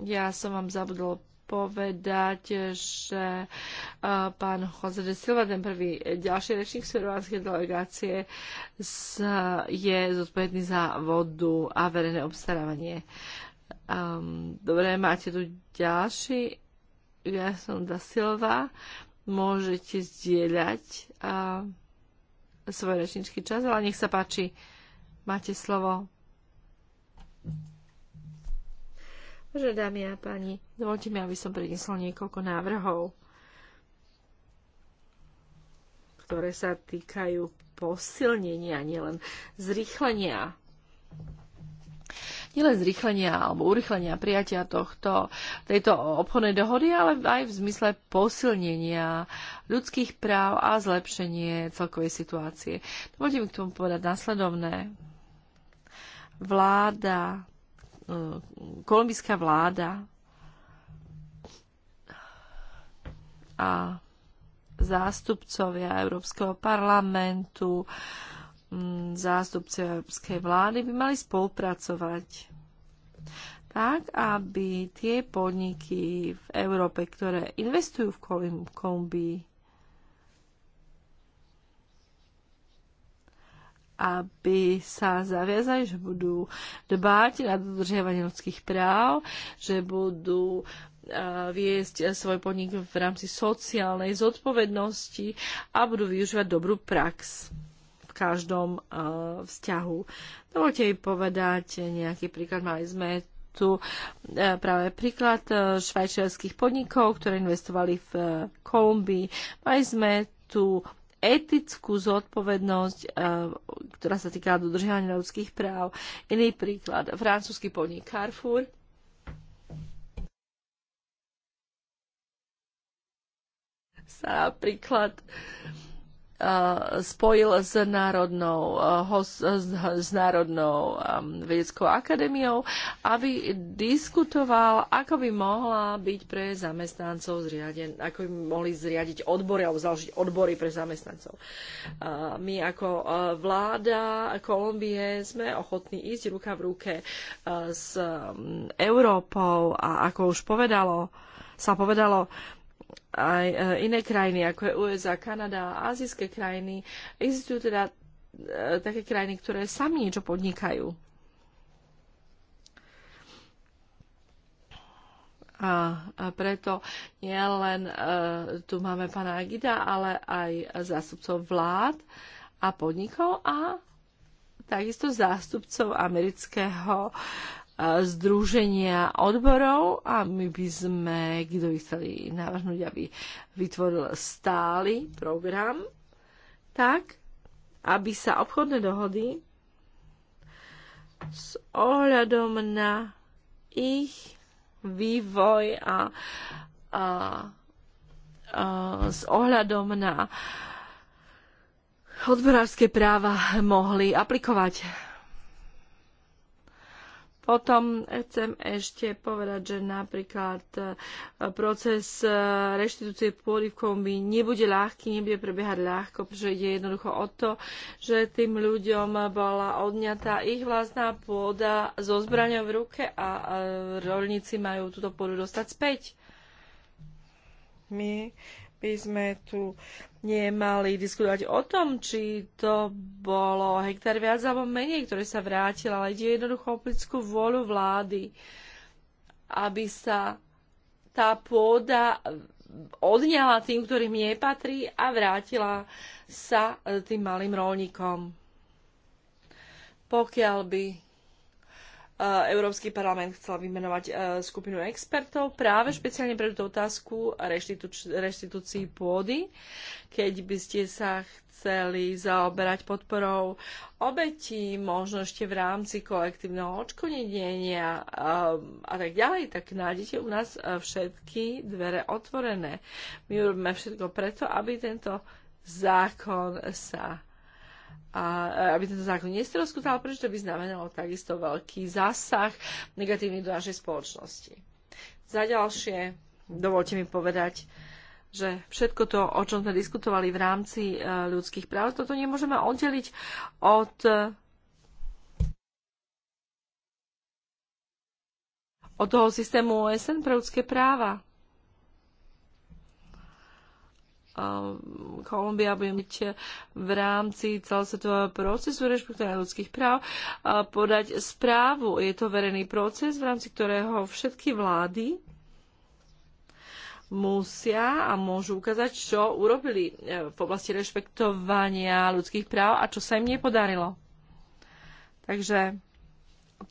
Ja som vám zabudol povedať, že eh, pán Jose de Silva, ten prvý eh, ďalší rečník z peruánskej delegácie, je zodpovedný za vodu a verejné obstarávanie. Um, dobre, máte tu ďalší. Ja som da Silva. Môžete zdieľať uh, svoj rečnícky čas, ale nech sa páči. Máte slovo. Takže, dámy a páni, dovolte mi, aby som prednesol niekoľko návrhov, ktoré sa týkajú posilnenia, nielen zrýchlenia nielen zrýchlenia alebo urychlenia prijatia tohto, tejto obchodnej dohody, ale aj v zmysle posilnenia ľudských práv a zlepšenie celkovej situácie. Dovolte mi k tomu povedať následovné. Vláda kolumbijská vláda a zástupcovia Európskeho parlamentu, mm, zástupcovia Európskej vlády by mali spolupracovať tak, aby tie podniky v Európe, ktoré investujú v Kolumbii, aby sa zaviazali, že budú dbať na dodržiavanie ľudských práv, že budú viesť svoj podnik v rámci sociálnej zodpovednosti a budú využívať dobrú prax v každom vzťahu. Dovolte mi povedať nejaký príklad. Mali sme tu e, práve príklad e, švajčiarských podnikov, ktoré investovali v e, Kolumbii. Mali sme tu etickú zodpovednosť, eh, ktorá sa týka dodržiavania ľudských práv. Iný príklad, francúzsky podnik Carrefour, sa napríklad Eh, spojil s Národnou, eh, s, s Národnou vedeckou akadémiou, aby diskutoval, ako by mohla byť pre zamestnancov zriaden, ako by mohli zriadiť odbory alebo založiť odbory pre zamestnancov. Eh, my ako vláda Kolumbie sme ochotní ísť ruka v ruke s Európou a ako už povedalo, sa povedalo, aj e, iné krajiny, ako je USA, Kanada a azijské krajiny. Existujú teda e, také krajiny, ktoré sami niečo podnikajú. A, preto nielen e, tu máme pána Agida, ale aj zástupcov vlád a podnikov a takisto zástupcov amerického E, združenia odborov a my by sme kto by chceli navrhnúť, aby vytvoril stály program tak, aby sa obchodné dohody s ohľadom na ich vývoj a, a, a s ohľadom na odborárske práva mohli aplikovať potom chcem ešte povedať, že napríklad e, proces e, reštitúcie pôdy v kombi nebude ľahký, nebude prebiehať ľahko, pretože ide jednoducho o to, že tým ľuďom bola odňatá ich vlastná pôda zo zbraňou v ruke a e, rolníci majú túto pôdu dostať späť. My by sme tu nemali diskutovať o tom, či to bolo hektár viac alebo menej, ktoré sa vrátil, ale ide jednoducho o politickú vôľu vlády, aby sa tá pôda odňala tým, ktorým nepatrí a vrátila sa e, tým malým rolníkom. Pokiaľ by Eh, Európsky parlament chcel vymenovať eh, skupinu expertov práve špeciálne pre túto otázku reštitúcii pôdy. Keď by ste sa chceli zaoberať podporou obetí, možno ešte v rámci kolektívneho odškodnenia eh, a tak ďalej, tak nájdete u nás všetky dvere otvorené. My urobíme všetko preto, aby tento zákon sa a aby tento zákon nestroskotal, pretože to by znamenalo takisto veľký zásah negatívny do našej spoločnosti. Za ďalšie, dovolte mi povedať, že všetko to, o čom sme diskutovali v rámci e, ľudských práv, toto nemôžeme oddeliť od od toho systému OSN pre ľudské práva. Kolumbia bude mať v rámci celosvetového procesu rešpektovania ľudských práv podať správu. Je to verejný proces, v rámci ktorého všetky vlády musia a môžu ukázať, čo urobili e, v oblasti rešpektovania ľudských práv a čo sa im nepodarilo. Takže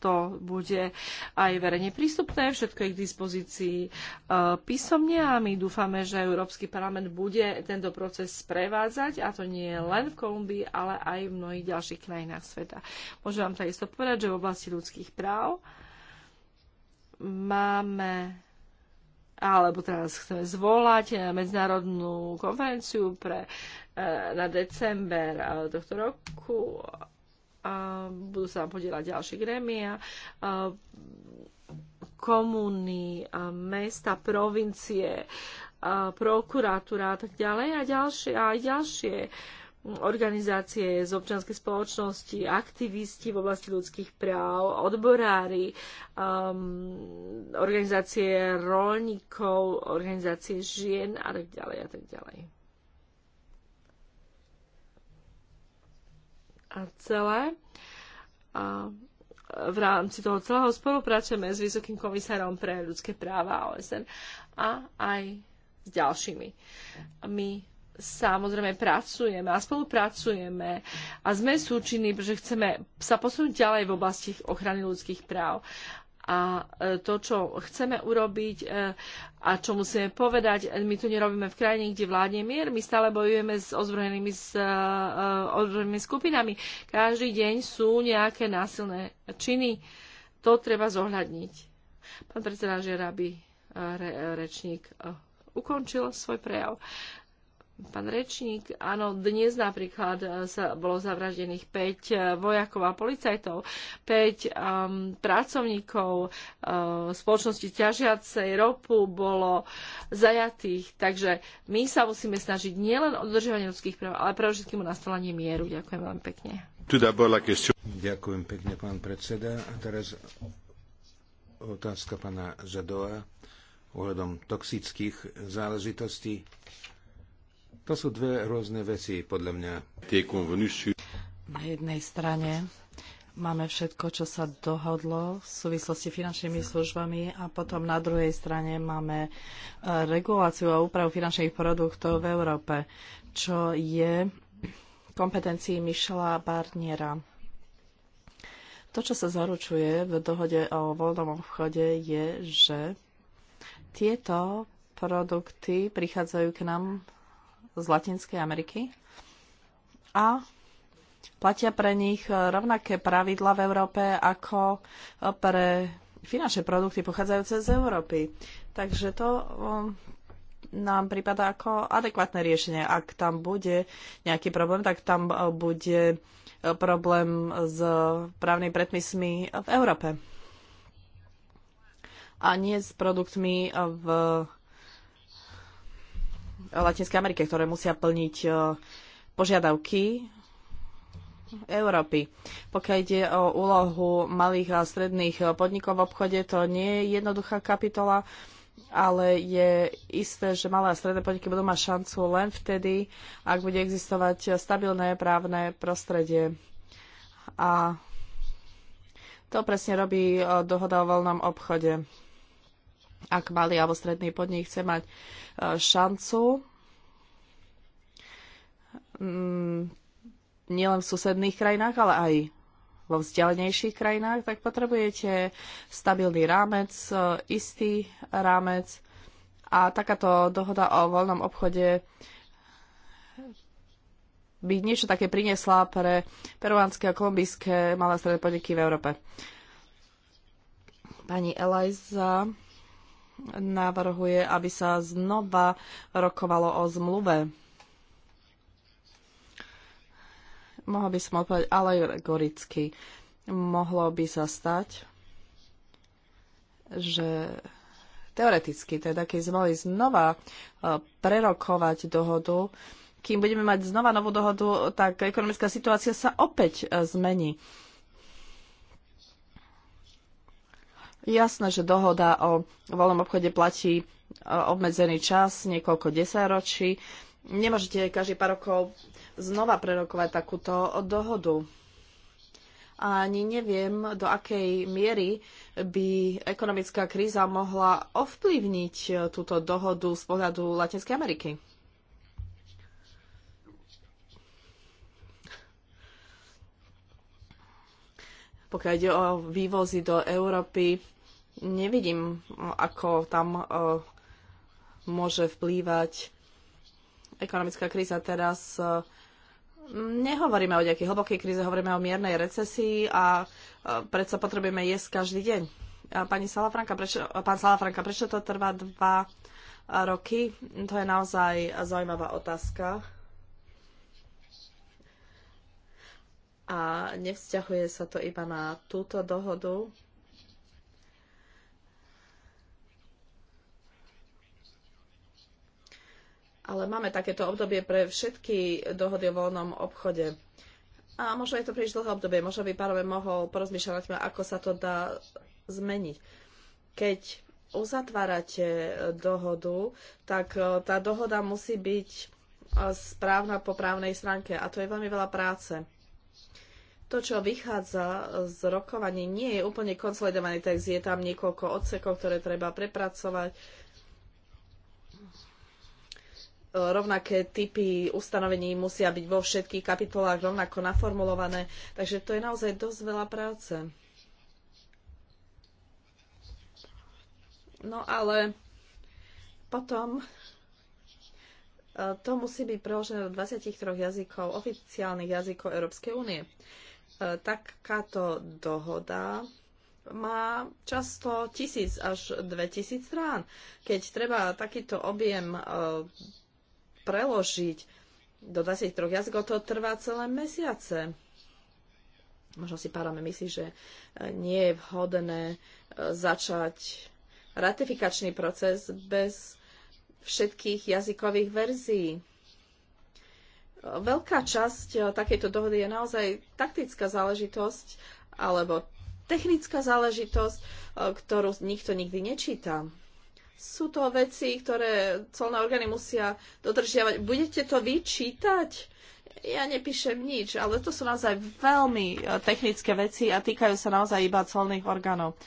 to bude aj verejne prístupné, všetko je k dispozícii e, písomne a my dúfame, že Európsky parlament bude tento proces sprevádzať a to nie len v Kolumbii, ale aj v mnohých ďalších krajinách sveta. Môžem vám takisto povedať, že v oblasti ľudských práv máme alebo teraz chceme zvolať medzinárodnú konferenciu pre, e, na december tohto roku a budú sa vám podielať ďalšie grémia, komúny, mesta, provincie, prokuratúra a tak ďalej a ďalšie, a aj ďalšie organizácie z občianskej spoločnosti, aktivisti v oblasti ľudských práv, odborári, um, organizácie rolníkov, organizácie žien a tak ďalej a tak ďalej. celé. A v rámci toho celého spolupracujeme s Vysokým komisárom pre ľudské práva OSN a aj s ďalšími. My samozrejme pracujeme a spolupracujeme a sme súčinní, pretože chceme sa posunúť ďalej v oblasti ochrany ľudských práv a e, to, čo chceme urobiť e, a čo musíme povedať, e, my tu nerobíme v krajine, kde vládne mier, my stále bojujeme s ozbrojenými, s, ozbrojenými skupinami. Každý deň sú nejaké násilné činy. To treba zohľadniť. Pán predseda Žeraby, re, rečník, ukončil svoj prejav. Pán rečník, áno, dnes napríklad eh, sa bolo zavraždených 5 eh, vojakov a policajtov, 5 um, ehm, pracovníkov uh, spoločnosti ťažiacej ropu bolo zajatých. Takže my sa musíme snažiť nielen o dodržovanie ľudských práv, ale pre všetkým o nastolenie mieru. Ďakujem veľmi pekne. Ďakujem pekne, pán predseda. A teraz otázka pána Žadoa ohľadom toxických záležitostí to sú dve rôzne veci, podľa mňa. Na jednej strane máme všetko, čo sa dohodlo v súvislosti s finančnými službami a potom na druhej strane máme e, reguláciu a úpravu finančných produktov v Európe, čo je kompetencií Michela Barniera. To, čo sa zaručuje v dohode o voľnom obchode, je, že tieto produkty prichádzajú k nám z Latinskej Ameriky a platia pre nich e, rovnaké pravidla v Európe ako e, pre finančné produkty pochádzajúce z Európy. Takže to e, nám prípada ako adekvátne riešenie. Ak tam bude nejaký problém, tak tam bude problém s právnymi predpismi v Európe a nie s produktmi v Latinskej Amerike, ktoré musia plniť e, požiadavky Európy. Pokiaľ ide o úlohu malých a stredných podnikov v obchode, to nie je jednoduchá kapitola, ale je isté, že malé a stredné podniky budú mať šancu len vtedy, ak bude existovať stabilné právne prostredie. A to presne robí e, dohoda o voľnom obchode. Ak malý alebo stredný podnik chce mať eh, šancu, mm, nielen v susedných krajinách, ale aj vo vzdialenejších krajinách, tak potrebujete stabilný rámec, eh, istý rámec a takáto dohoda o voľnom obchode by niečo také priniesla pre peruánske a kolumbijské malé stredné podniky v Európe. Pani Eliza navrhuje, aby sa znova rokovalo o zmluve. Mohol by som odpovedať alegoricky. Mohlo by sa stať, že teoreticky, teda keď sme znova e, prerokovať dohodu, kým budeme mať znova novú dohodu, tak ekonomická situácia sa opäť e, zmení. Jasné, že dohoda o voľnom obchode platí e, obmedzený čas, niekoľko desaťročí. Nemôžete každý pár rokov znova prerokovať takúto dohodu. A ani neviem, do akej miery by ekonomická kríza mohla ovplyvniť e, túto dohodu z pohľadu Latinskej Ameriky. pokiaľ ide o vývozy do Európy, nevidím, ako tam e, môže vplývať ekonomická kríza teraz. E, nehovoríme o nejakej hlbokej kríze, hovoríme o miernej recesii a e, predsa potrebujeme jesť každý deň. Pani Salafranka, prečo, pán Salafranka, prečo to trvá dva roky? To je naozaj zaujímavá otázka. A nevzťahuje sa to iba na túto dohodu, ale máme takéto obdobie pre všetky dohody o voľnom obchode. A možno je to príliš dlhé obdobie, možno by parlament mohol porozmýšľať ako sa to dá zmeniť. Keď uzatvárate dohodu, tak e, tá dohoda musí byť e, správna po právnej stránke a to je veľmi veľa práce. To, čo vychádza z rokovaní, nie je úplne konsolidovaný text. Je tam niekoľko odsekov, ktoré treba prepracovať rovnaké typy ustanovení musia byť vo všetkých kapitolách rovnako naformulované, takže to je naozaj dosť veľa práce. No ale potom e, to musí byť preložené do 23 jazykov, oficiálnych jazykov Európskej únie. E, takáto dohoda má často 1000 až 2000 strán. Keď treba takýto objem e, preložiť do 23 jazykov, to trvá celé mesiace. Možno si párame myslí, že e, nie je vhodné e, začať ratifikačný proces bez všetkých jazykových verzií. Veľká časť e, takejto dohody je naozaj taktická záležitosť alebo technická záležitosť, ktorú nikto nikdy nečíta. Sú to veci, ktoré colné orgány musia dodržiavať. Budete to vyčítať? Ja nepíšem nič, ale to sú naozaj veľmi e, technické veci a týkajú sa naozaj iba colných orgánov.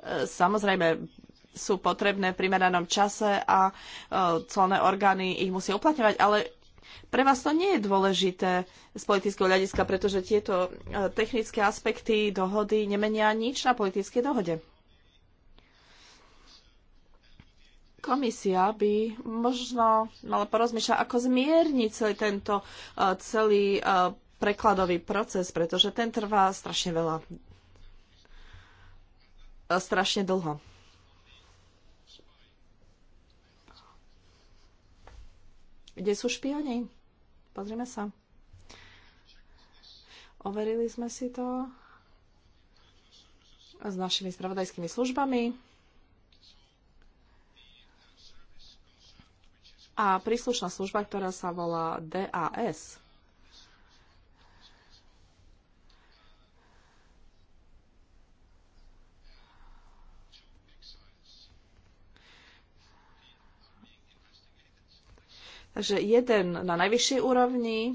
E, samozrejme, sú potrebné v primeranom čase a e, colné orgány ich musia uplatňovať, ale pre vás to nie je dôležité z politického hľadiska, pretože tieto technické aspekty dohody nemenia nič na politickej dohode. Komisia by možno mala porozmýšľať, ako zmierniť celý tento e, celý e, prekladový proces, pretože ten trvá strašne veľa. E, strašne dlho. Kde sú špioni? Pozrime sa. Overili sme si to s našimi spravodajskými službami. a príslušná služba, ktorá sa volá DAS. Takže jeden na najvyššej úrovni, e,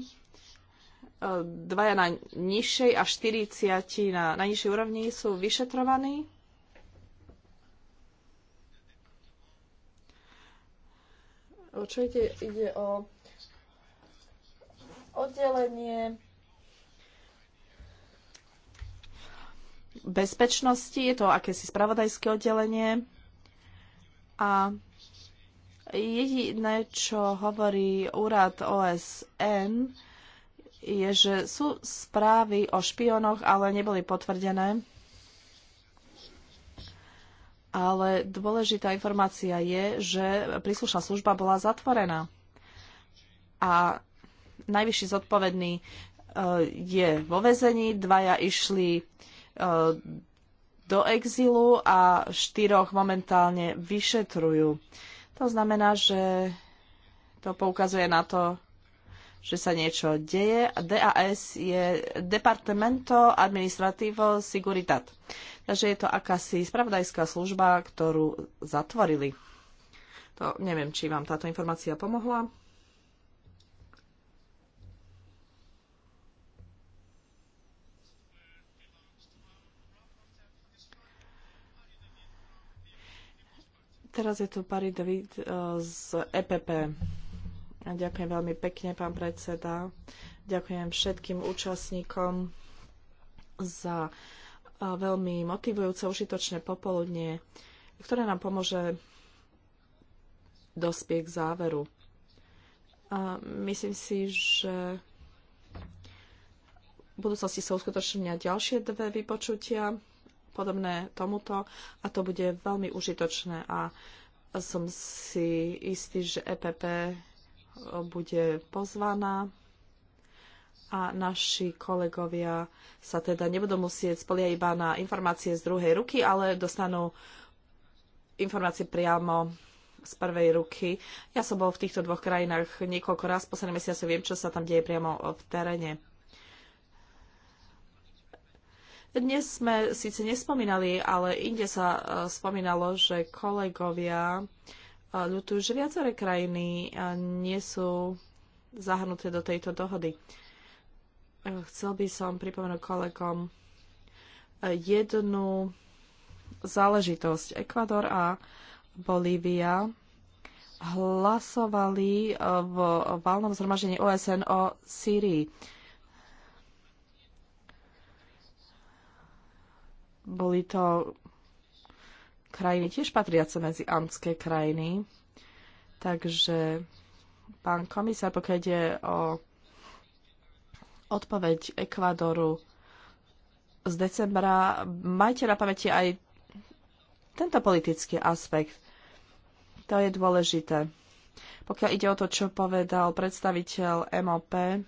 dvaja na nižšej a 40 na najnižšej úrovni sú vyšetrovaní. Určite ide o oddelenie bezpečnosti, je to akési spravodajské oddelenie a jediné, čo hovorí úrad OSN, je, že sú správy o špionoch, ale neboli potvrdené ale dôležitá informácia je, že príslušná služba bola zatvorená. A najvyšší zodpovedný e, je vo vezení, dvaja išli e, do exilu a štyroch momentálne vyšetrujú. To znamená, že to poukazuje na to, že sa niečo deje. DAS je Departamento Administrativo Siguritat. Takže je to akási spravodajská služba, ktorú zatvorili. To neviem, či vám táto informácia pomohla. Teraz je tu Pari David eh, z EPP. Ďakujem veľmi pekne, pán predseda. Ďakujem všetkým účastníkom za veľmi motivujúce, užitočné popoludnie, ktoré nám pomôže dospieť k záveru. A myslím si, že v budúcnosti sa uskutočnia ďalšie dve vypočutia podobné tomuto a to bude veľmi užitočné a som si istý, že EPP bude pozvaná a naši kolegovia sa teda nebudú musieť spoliať iba na informácie z druhej ruky, ale dostanú informácie priamo z prvej ruky. Ja som bol v týchto dvoch krajinách niekoľko raz, posledné mesiace viem, čo sa tam deje priamo v teréne. Dnes sme síce nespomínali, ale inde sa e, spomínalo, že kolegovia ľutujú, že viaceré krajiny nie sú zahrnuté do tejto dohody. Chcel by som pripomenúť kolegom e, jednu záležitosť. Ekvador a Bolívia hlasovali e, v valnom zhromaždení OSN o Syrii. Boli to krajiny tiež patriace medzi amtské krajiny. Takže, pán komisár, pokiaľ ide o odpoveď Ekvadoru z decembra, majte na pamäti aj tento politický aspekt. To je dôležité. Pokiaľ ide o to, čo povedal predstaviteľ MOP,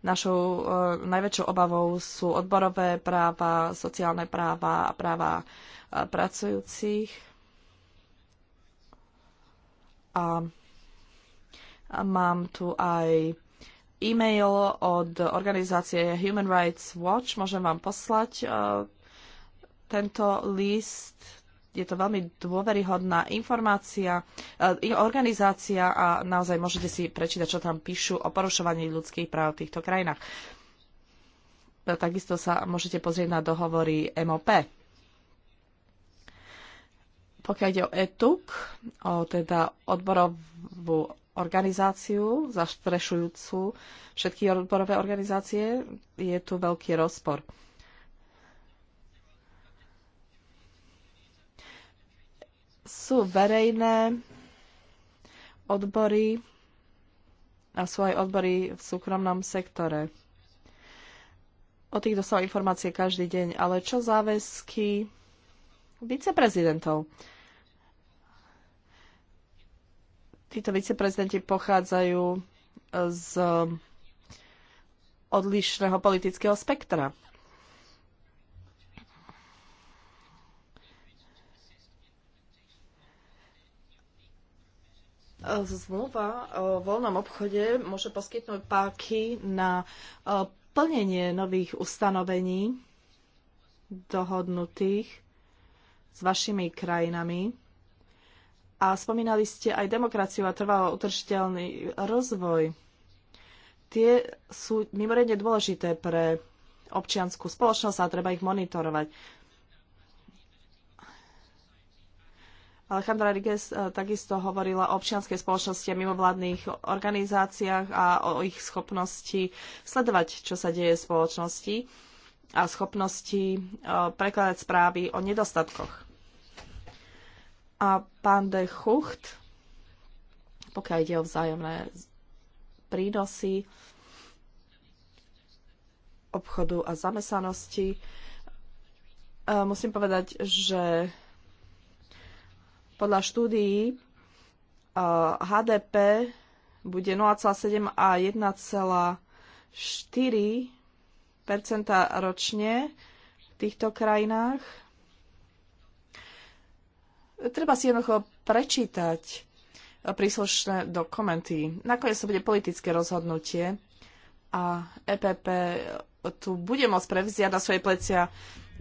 Našou e, najväčšou obavou sú odborové práva, sociálne práva a práva e, pracujúcich. A mám tu aj e-mail od organizácie Human Rights Watch. Môžem vám poslať e, tento list je to veľmi dôveryhodná informácia, e, ich organizácia a naozaj môžete si prečítať, čo tam píšu o porušovaní ľudských práv v týchto krajinách. E, takisto sa môžete pozrieť na dohovory MOP. Pokiaľ ide o ETUK, o teda odborovú organizáciu, zastrešujúcu všetky odborové organizácie, je tu veľký rozpor sú verejné odbory a sú aj odbory v súkromnom sektore. O tých dostávam informácie každý deň, ale čo záväzky viceprezidentov? Títo viceprezidenti pochádzajú z odlišného politického spektra. E, zmluva o voľnom obchode môže poskytnúť páky na e, plnenie nových ustanovení dohodnutých s vašimi krajinami. A spomínali ste aj demokraciu a trvalo utržiteľný rozvoj. Tie sú mimoriadne dôležité pre občianskú spoločnosť a treba ich monitorovať. Alejandra Rodriguez eh, takisto hovorila o občianskej spoločnosti a mimovládnych organizáciách a o ich schopnosti sledovať, čo sa deje v spoločnosti a schopnosti eh, prekladať správy o nedostatkoch. A pán de Chucht, pokiaľ ide o vzájomné prínosy obchodu a zamestnanosti, eh, musím povedať, že podľa štúdií e, HDP bude 0,7 a 1,4 ročne v týchto krajinách. Treba si jednoducho prečítať príslušné dokumenty. Nakoniec to bude politické rozhodnutie a EPP tu bude môcť prevziať na svoje plecia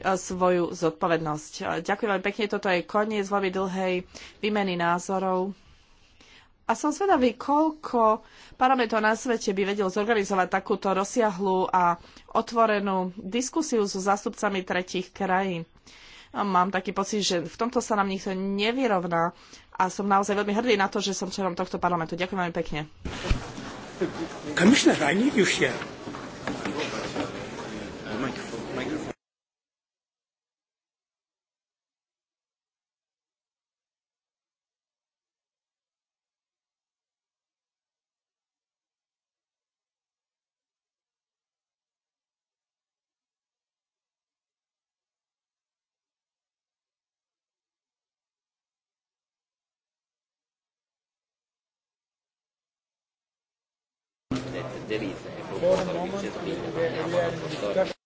svoju zodpovednosť. Ďakujem veľmi pekne, toto je koniec veľmi dlhej výmeny názorov. A som zvedavý, koľko parametrov na svete by vedel zorganizovať takúto rozsiahlu a otvorenú diskusiu so zástupcami tretich krajín. A mám taký pocit, že v tomto sa nám nikto nevyrovná a som naozaj veľmi hrdý na to, že som členom tohto parlamentu. Ďakujem veľmi pekne. caracteriza, Tenerife e proposta alla vincitrice Anna Pastori.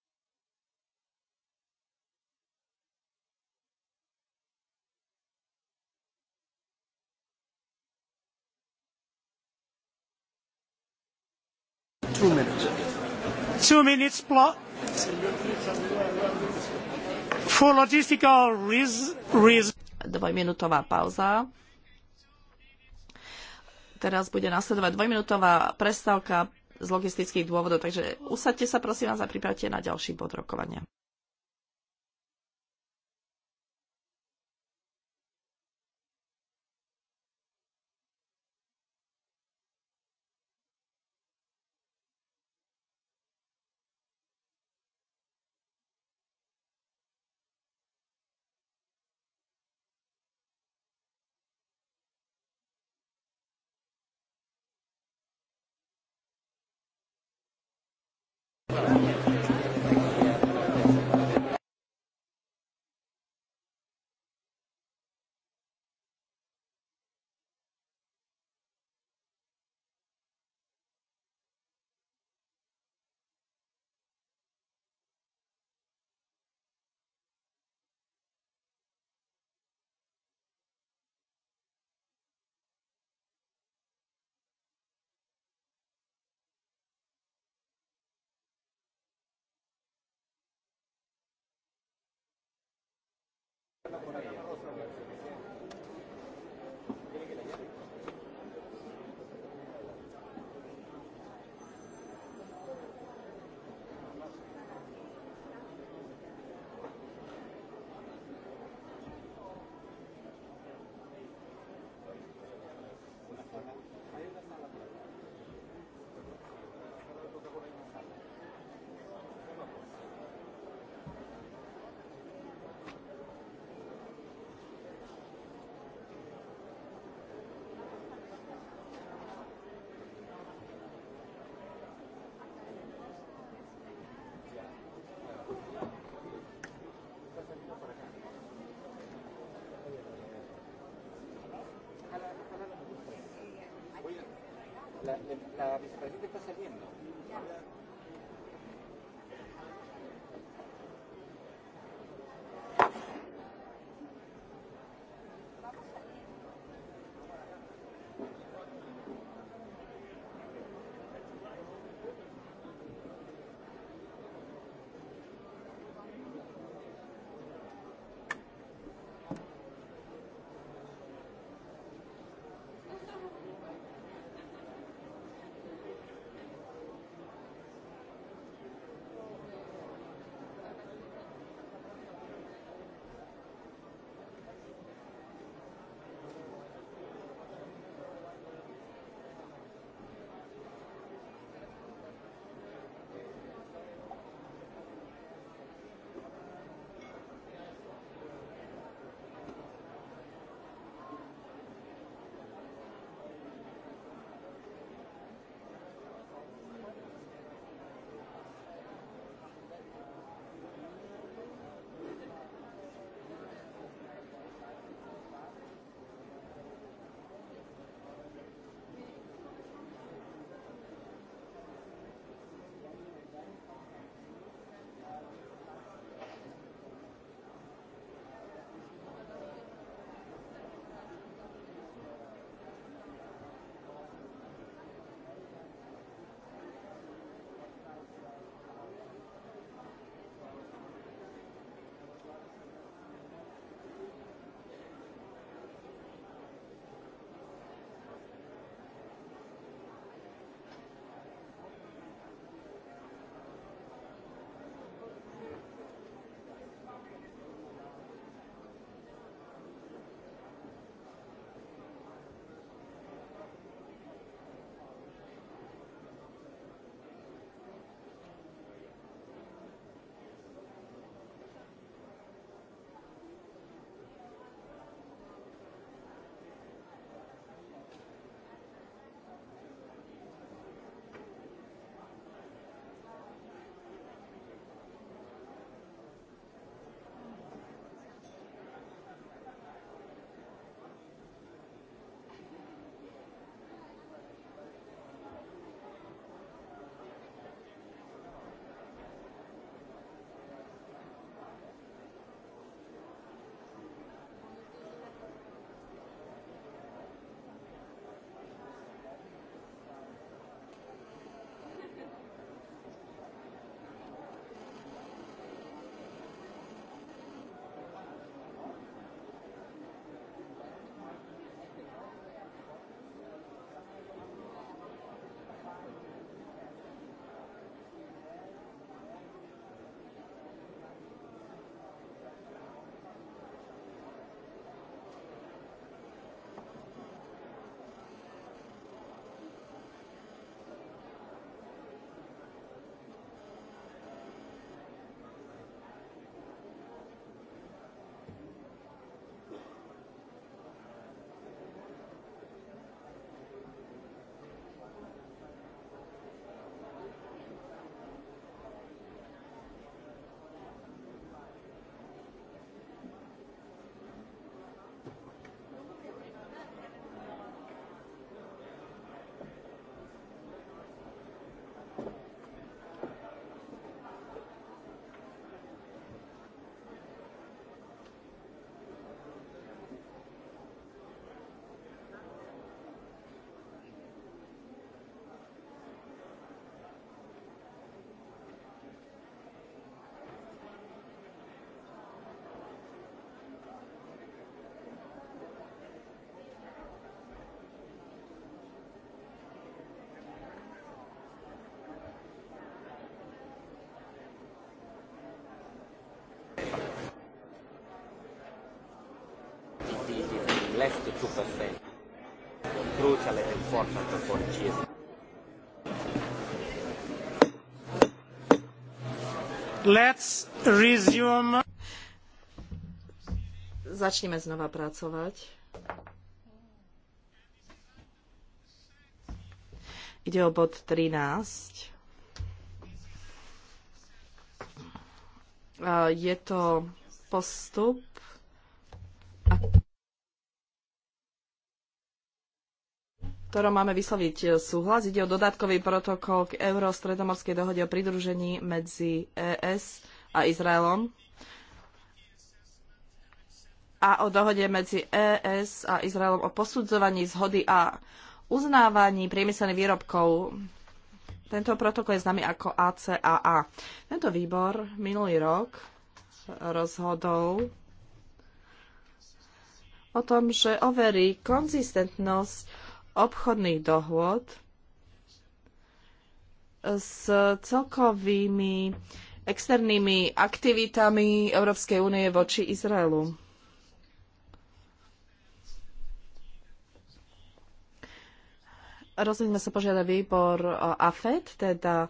Two minutes. Two minutes plot. For logistical reasons. Dvojminútová pauza teraz bude nasledovať dvojminútová prestávka z logistických dôvodov. Takže usadte sa prosím vás a pripravte na ďalší bod rokovania. la, la, la vicepresidenta está saliendo. Ya. less than 2%. Crucial and important for cheese. Let's resume. Začneme znova pracovať. Ide o bod 13. Je to postup ktorom máme vysloviť eh, súhlas. Ide o dodatkový protokol k Eurostredomorskej dohode o pridružení medzi ES a Izraelom a o dohode medzi ES a Izraelom o posudzovaní zhody a uznávaní priemyselných výrobkov. Tento protokol je známy ako ACAA. Tento výbor minulý rok rozhodol o tom, že overí konzistentnosť obchodných dohôd s celkovými externými aktivitami Európskej únie voči Izraelu. Rozhodne sa požiada výbor AFED, teda e,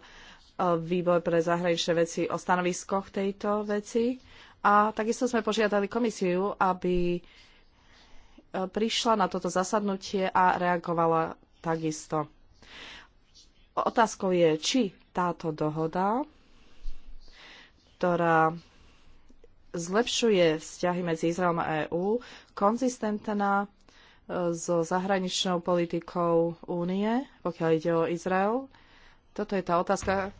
výbor pre zahraničné veci o stanoviskoch tejto veci. A takisto sme požiadali komisiu, aby prišla na toto zasadnutie a reagovala takisto. Otázkou je, či táto dohoda, ktorá zlepšuje vzťahy medzi Izraelom a EÚ, konzistentná e, so zahraničnou politikou únie, pokiaľ ide o Izrael? Toto je tá otázka,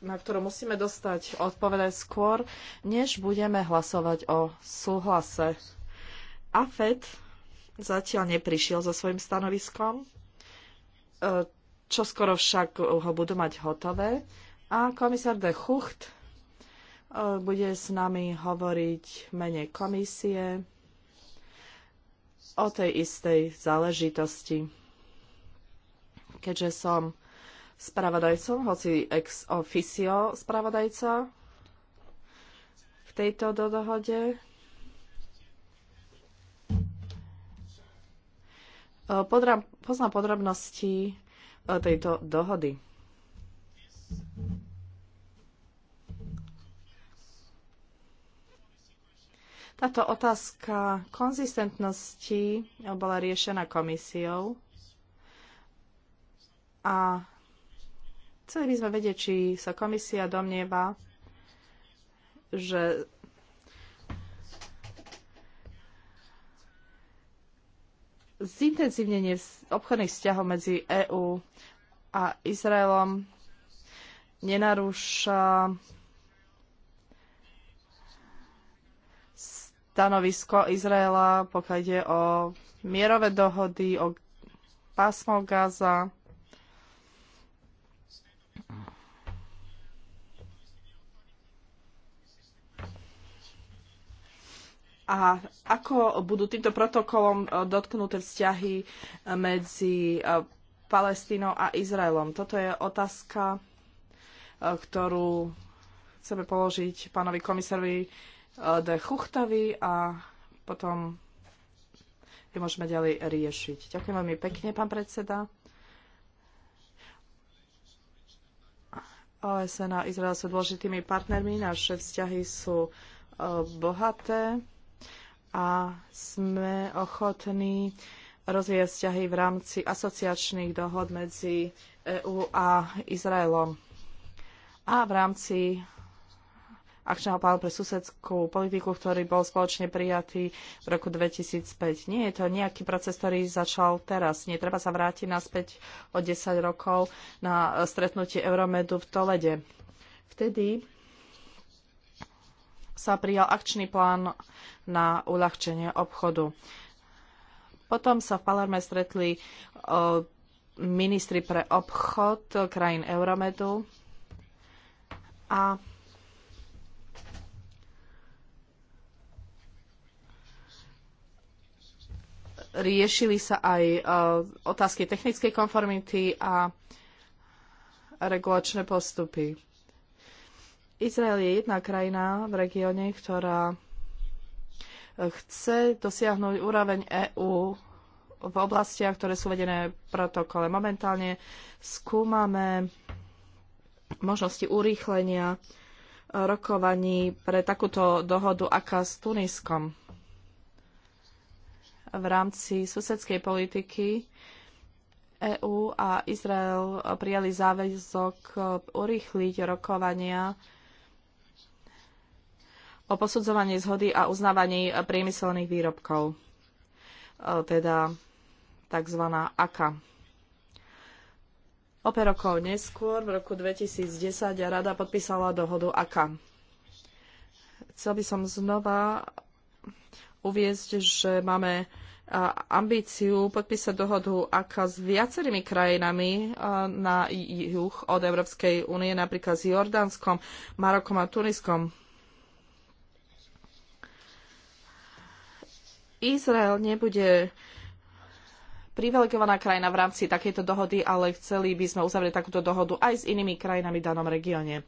na ktorú musíme dostať odpovede skôr, než budeme hlasovať o súhlase. AFED zatiaľ neprišiel so svojím stanoviskom. E, čo skoro však ho budú mať hotové. A komisár de Chucht e, bude s nami hovoriť mene komisie o tej istej záležitosti. Keďže som spravodajcom, hoci ex officio spravodajca v tejto dohode, poznám podrobnosti e, tejto dohody. Táto otázka konzistentnosti bola riešená komisiou a chceli by sme vedieť, či sa komisia domnieva, že zintenzívnenie obchodných vzťahov medzi EÚ a Izraelom nenarúša stanovisko Izraela, pokiaľ ide o mierové dohody, o pásmo Gaza a ako budú týmto protokolom e, dotknuté vzťahy e, medzi e, Palestínou a Izraelom? Toto je otázka, ktorú chceme položiť pánovi komisárovi de Chuchtavi a potom ju môžeme ďalej riešiť. Ďakujem veľmi pekne, pán predseda. OSN a Izrael sú dôležitými partnermi, naše vzťahy sú bohaté a sme ochotní rozvíjať vzťahy v rámci asociačných dohod medzi EÚ a Izraelom a v rámci akčného plánu pre susedskú politiku, ktorý bol spoločne prijatý v roku 2005. Nie je to nejaký proces, ktorý začal teraz. Nie treba sa vrátiť naspäť o 10 rokov na stretnutie Euromedu v Tolede. Vtedy sa prijal akčný plán na uľahčenie obchodu. Potom sa v Palerme stretli e, ministri pre obchod krajín Euromedu a riešili sa aj e, otázky technickej konformity a regulačné postupy. Izrael je jedna krajina v regióne, ktorá eh, chce dosiahnuť úroveň EÚ v oblastiach, ktoré sú vedené v protokole. Momentálne skúmame možnosti urýchlenia eh, rokovaní pre takúto dohodu, aká s Tuniskom. V rámci susedskej politiky EÚ a Izrael eh, prijali záväzok urýchliť rokovania o posudzovaní zhody a uznávaní priemyselných výrobkov, e, teda tzv. AKA. O rokov neskôr, v roku 2010, rada podpísala dohodu AKA. Chcel by som znova uviezť, že máme e, ambíciu podpísať dohodu AKA s viacerými krajinami e, na juh od Európskej únie, napríklad s Jordánskom, Marokom a Tuniskom. Izrael nebude privilegovaná krajina v rámci takejto dohody, ale chceli by sme uzavrieť takúto dohodu aj s inými krajinami v danom regióne.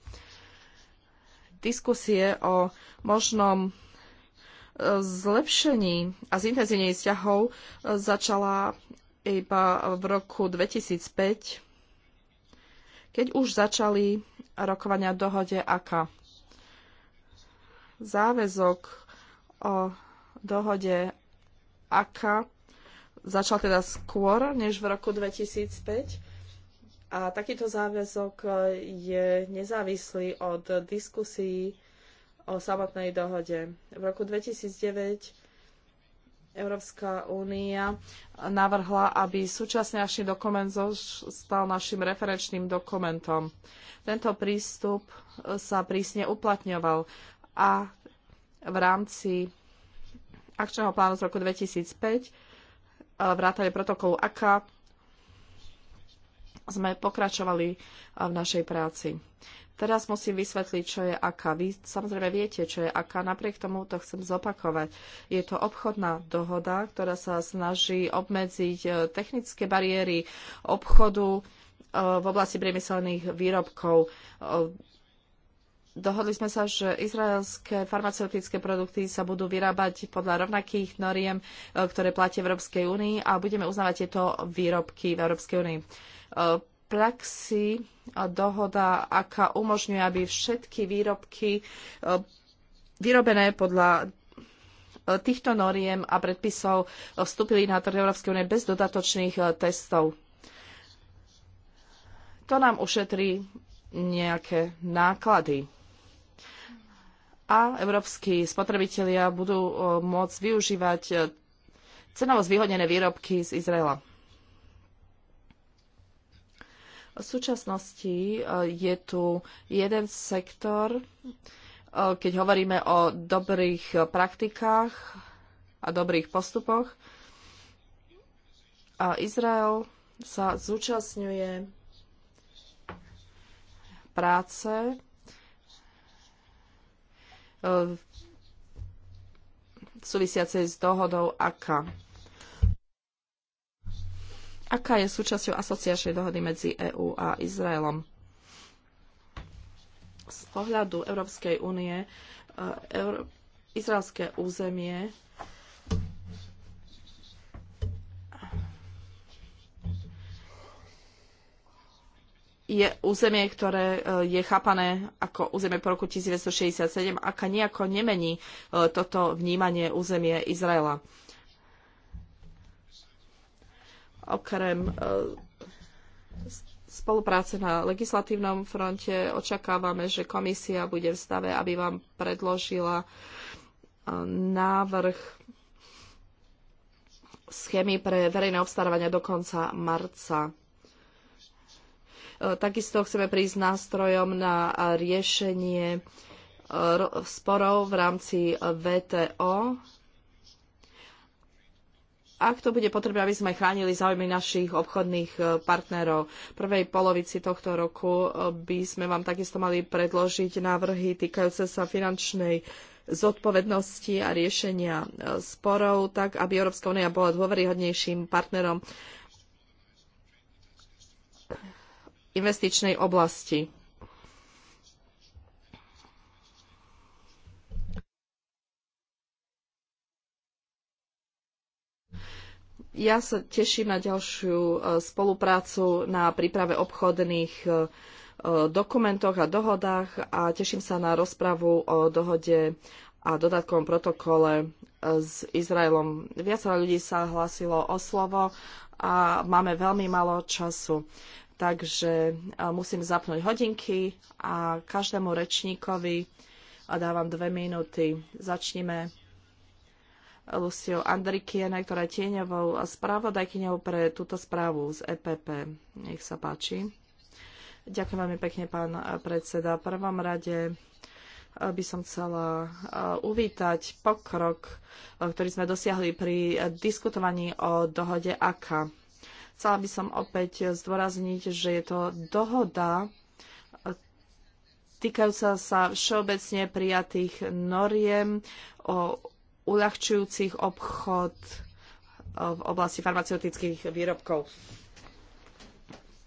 Diskusie o možnom e, zlepšení a zintenzívnení vzťahov e, začala iba v roku 2005, keď už začali rokovania dohode AKA. Záväzok o dohode aká začal teda skôr než v roku 2005. A takýto záväzok e, je nezávislý od diskusí o samotnej dohode. V roku 2009 Európska únia navrhla, aby súčasne našý dokument stal našim referenčným dokumentom. Tento prístup e, sa prísne uplatňoval a v rámci akčného plánu z roku 2005, e, vrátane protokolu AKA, sme pokračovali e, v našej práci. Teraz musím vysvetliť, čo je AKA. Vy samozrejme viete, čo je AKA, napriek tomu to chcem zopakovať. Je to obchodná dohoda, ktorá sa snaží obmedziť e, technické bariéry obchodu v oblasti priemyselných výrobkov. Dohodli sme sa, že izraelské farmaceutické produkty sa budú vyrábať podľa rovnakých noriem, e, ktoré platia v Európskej únii a budeme uznávať tieto výrobky v Európskej únii. V e, praxi dohoda, aká umožňuje, aby všetky výrobky e, vyrobené podľa týchto noriem a predpisov vstúpili na trh Európskej únie bez dodatočných testov. To nám ušetrí nejaké náklady a európsky spotrebitelia budú e, môcť využívať e, cenovo zvýhodnené výrobky z Izraela. V súčasnosti e, je tu jeden sektor, keď hovoríme o dobrých praktikách a dobrých postupoch. A Izrael sa zúčastňuje práce E, súvisiacej s dohodou AKA. AKA je súčasťou asociačnej dohody medzi EÚ a Izraelom. Z pohľadu Európskej únie e, izraelské územie je územie, ktoré e, je chápané ako územie po roku 1967, aká nejako nemení e, toto vnímanie územie Izraela. Okrem e, spolupráce na legislatívnom fronte očakávame, že komisia bude v stave, aby vám predložila návrh schémy pre verejné obstarávania do konca marca E, takisto chceme prísť nástrojom na riešenie e, sporov v rámci e, VTO. Ak to bude potrebné, aby sme chránili záujmy našich obchodných partnerov, v prvej polovici tohto roku by sme vám takisto mali predložiť návrhy týkajúce sa finančnej zodpovednosti a riešenia sporov, tak aby Európska únia bola dôveryhodnejším partnerom investičnej oblasti. Ja sa teším na ďalšiu e, spoluprácu na príprave obchodných e, e, dokumentoch a dohodách a teším sa na rozpravu o dohode a dodatkovom protokole s Izraelom. Viacero ľudí sa hlásilo o slovo a máme veľmi málo času takže musím zapnúť hodinky a každému rečníkovi a dávam dve minúty. Začneme Luciou Andrikiene, ktorá je tieňovou spravodajkyňou pre túto správu z EPP. Nech sa páči. Ďakujem veľmi pekne, pán predseda. V prvom rade by som chcela uvítať pokrok, ktorý sme dosiahli pri diskutovaní o dohode AKA Chcela by som opäť zdôrazniť, že je to dohoda e, týkajúca sa všeobecne prijatých noriem o uľahčujúcich obchod e, v oblasti farmaceutických výrobkov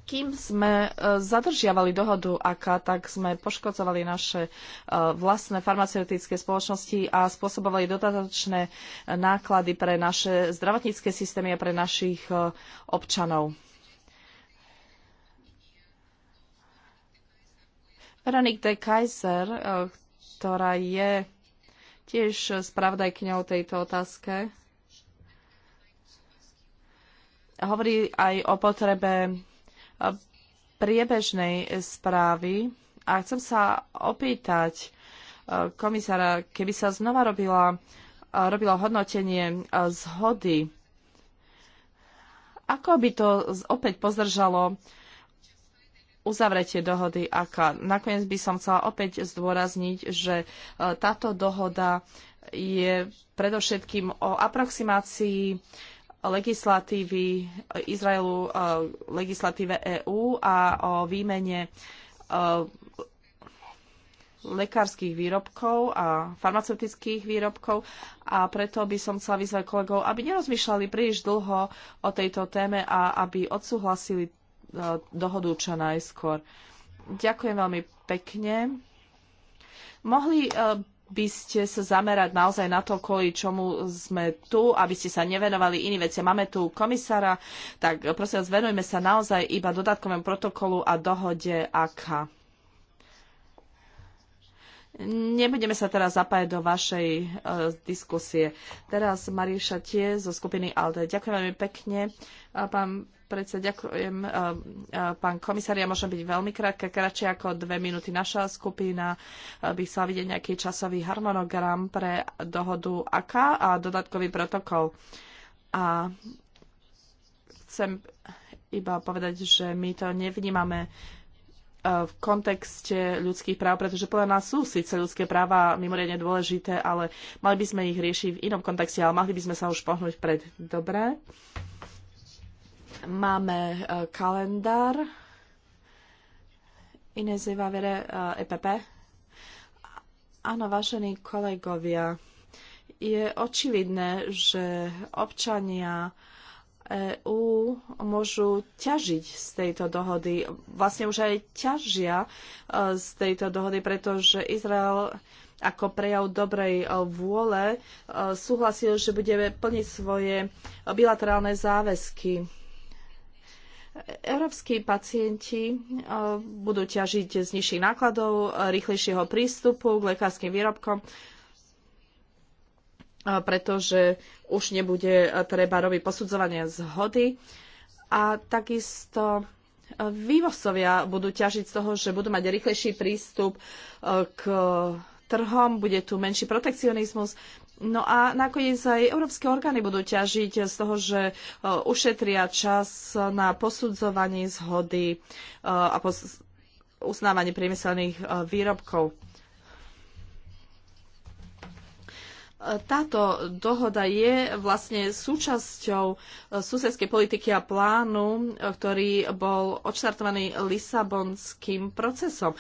kým sme e, zadržiavali dohodu AKA, tak sme poškodzovali naše e, vlastné farmaceutické spoločnosti a spôsobovali dodatočné e, náklady pre naše zdravotnícke systémy a pre našich občanov. Veronique de Kaiser, ktorá je tiež spravdajkňou tejto otázke, hovorí aj o potrebe priebežnej správy a chcem sa opýtať e, komisára, keby sa znova robila, e, robilo hodnotenie e, zhody, ako by to opäť pozdržalo uzavretie dohody AK. Nakoniec by som chcela opäť zdôrazniť, že táto dohoda je predovšetkým o aproximácii legislatívy Izraelu, e, legislatíve EÚ a o výmene e, lekárskych výrobkov a farmaceutických výrobkov a preto by som chcela vyzvať kolegov, aby nerozmýšľali príliš dlho o tejto téme a aby odsúhlasili e, dohodu čo najskôr. Ďakujem veľmi pekne. Mohli by ste sa zamerať naozaj na to, kvôli čomu sme tu, aby ste sa nevenovali iným veciam. Máme tu komisára, tak prosím vás, venujme sa naozaj iba dodatkovému protokolu a dohode AK. Nebudeme sa teraz zapájať do vašej uh, diskusie. Teraz Maríša Tie zo skupiny ALDE. Ďakujem veľmi pekne, pán predseda, ďakujem. Pán komisár, ja môžem byť veľmi krátka, kratšie ako dve minúty. Naša skupina by sa vidieť nejaký časový harmonogram pre dohodu AKA a dodatkový protokol. A chcem iba povedať, že my to nevnímame v kontexte ľudských práv, pretože podľa nás sú síce ľudské práva mimoriadne dôležité, ale mali by sme ich riešiť v inom kontexte, ale mali by sme sa už pohnúť pred. dobré. Máme e, kalendár Inés Ivavere, EPP. E Áno, vážení kolegovia, je očividné, že občania EÚ môžu ťažiť z tejto dohody. Vlastne už aj ťažia e, z tejto dohody, pretože Izrael ako prejav dobrej vôle súhlasil, že budeme plniť svoje bilaterálne záväzky Európsky pacienti e, budú ťažiť z nižších nákladov, rýchlejšieho prístupu k lekárskym výrobkom, e, pretože už nebude treba robiť posudzovanie zhody. A takisto e, vývozcovia budú ťažiť z toho, že budú mať rýchlejší prístup k trhom, bude tu menší protekcionizmus No a nakoniec aj európske orgány budú ťažiť z toho, že e, ušetria čas na posudzovanie zhody e, a uznávanie priemyselných e, výrobkov. Táto dohoda je vlastne súčasťou susedskej politiky a plánu, ktorý bol odštartovaný Lisabonským procesom.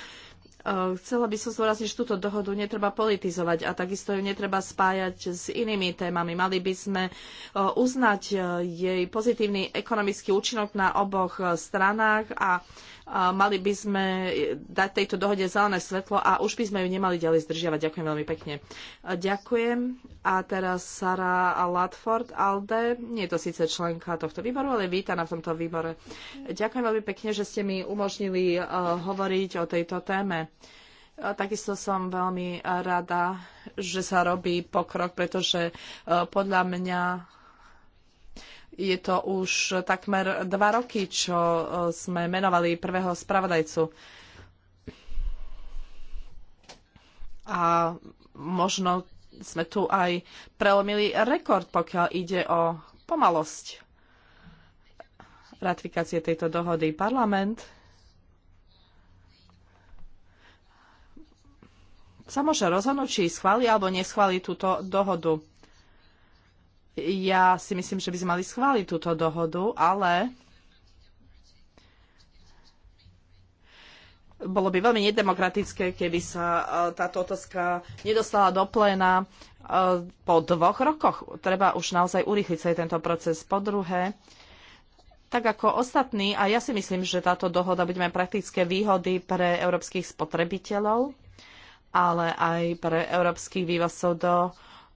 Eh, chcela by som zdôrazniť, že túto dohodu netreba politizovať a takisto ju netreba spájať s inými témami. Mali by sme eh, uznať eh, jej pozitívny ekonomický účinok na oboch stranách a Mali by sme dať tejto dohode zelené svetlo a už by sme ju nemali ďalej zdržiavať. Ďakujem veľmi pekne. Ďakujem. A teraz Sara Latford Alde. Nie je to síce členka tohto výboru, ale víta v tomto výbore. Ďakujem veľmi pekne, že ste mi umožnili e, hovoriť o tejto téme. E, takisto som veľmi rada, že sa robí pokrok, pretože e, podľa mňa je to už takmer dva roky, čo e, sme menovali prvého spravodajcu. A možno sme tu aj prelomili rekord, pokiaľ ide o pomalosť ratifikácie tejto dohody. Parlament sa môže rozhodnúť, či schváli alebo neschváli túto dohodu. Ja si myslím, že by sme mali schváliť túto dohodu, ale bolo by veľmi nedemokratické, keby sa e, táto otázka nedostala do pléna e, po dvoch rokoch. Treba už naozaj urýchliť sa tento proces. Po druhé, tak ako ostatní, a ja si myslím, že táto dohoda bude mať praktické výhody pre európskych spotrebiteľov, ale aj pre európskych vývozcov do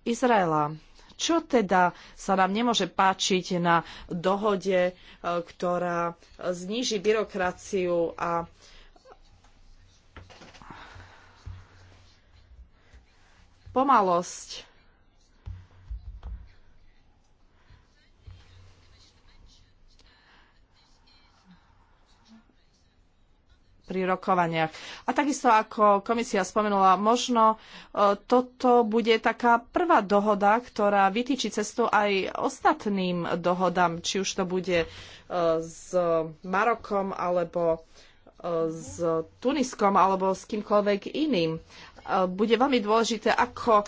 Izraela. Čo teda sa nám nemôže páčiť na dohode, e, ktorá zníži byrokraciu a pomalosť pri rokovaniach. A takisto ako komisia spomenula, možno e, toto bude taká prvá dohoda, ktorá vytýči cestu aj ostatným dohodám, či už to bude e, s Marokom alebo e, s Tuniskom alebo s kýmkoľvek iným. Bude veľmi dôležité, ako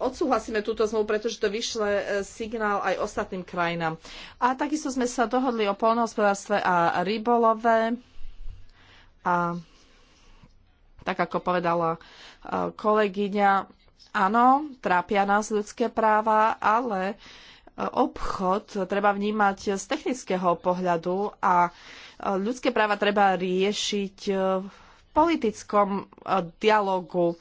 odsúhlasíme túto zmluvu, pretože to vyšle signál aj ostatným krajinám. A takisto sme sa dohodli o polnohospodárstve a rybolove a tak ako povedala e, kolegyňa, áno, trápia nás ľudské práva, ale e, obchod treba vnímať z technického pohľadu a e, ľudské práva treba riešiť v politickom dialogu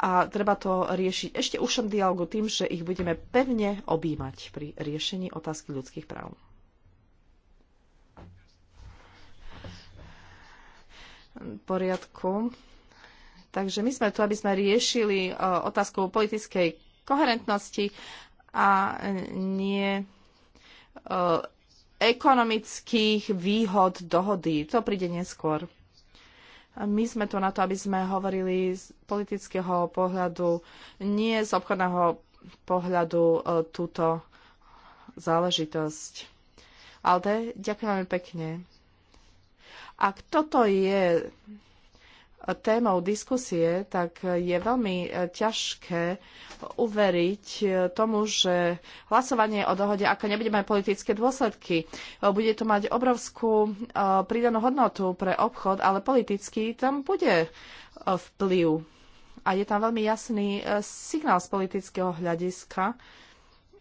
a treba to riešiť ešte ušom dialogu tým, že ich budeme pevne objímať pri riešení otázky ľudských práv. poriadku. Takže my sme tu, aby sme riešili e, otázku politickej koherentnosti a nie e, ekonomických výhod dohody. To príde neskôr. My sme tu na to, aby sme hovorili z politického pohľadu, nie z obchodného pohľadu e, túto záležitosť. Alde, ďakujem veľmi pekne. Ak toto je témou diskusie, tak je veľmi e, ťažké uveriť e, tomu, že hlasovanie o dohode, aké nebude mať politické dôsledky, e, bude to mať obrovskú pridanú hodnotu pre obchod, ale politicky tam bude vplyv. A je tam veľmi jasný signál z politického hľadiska,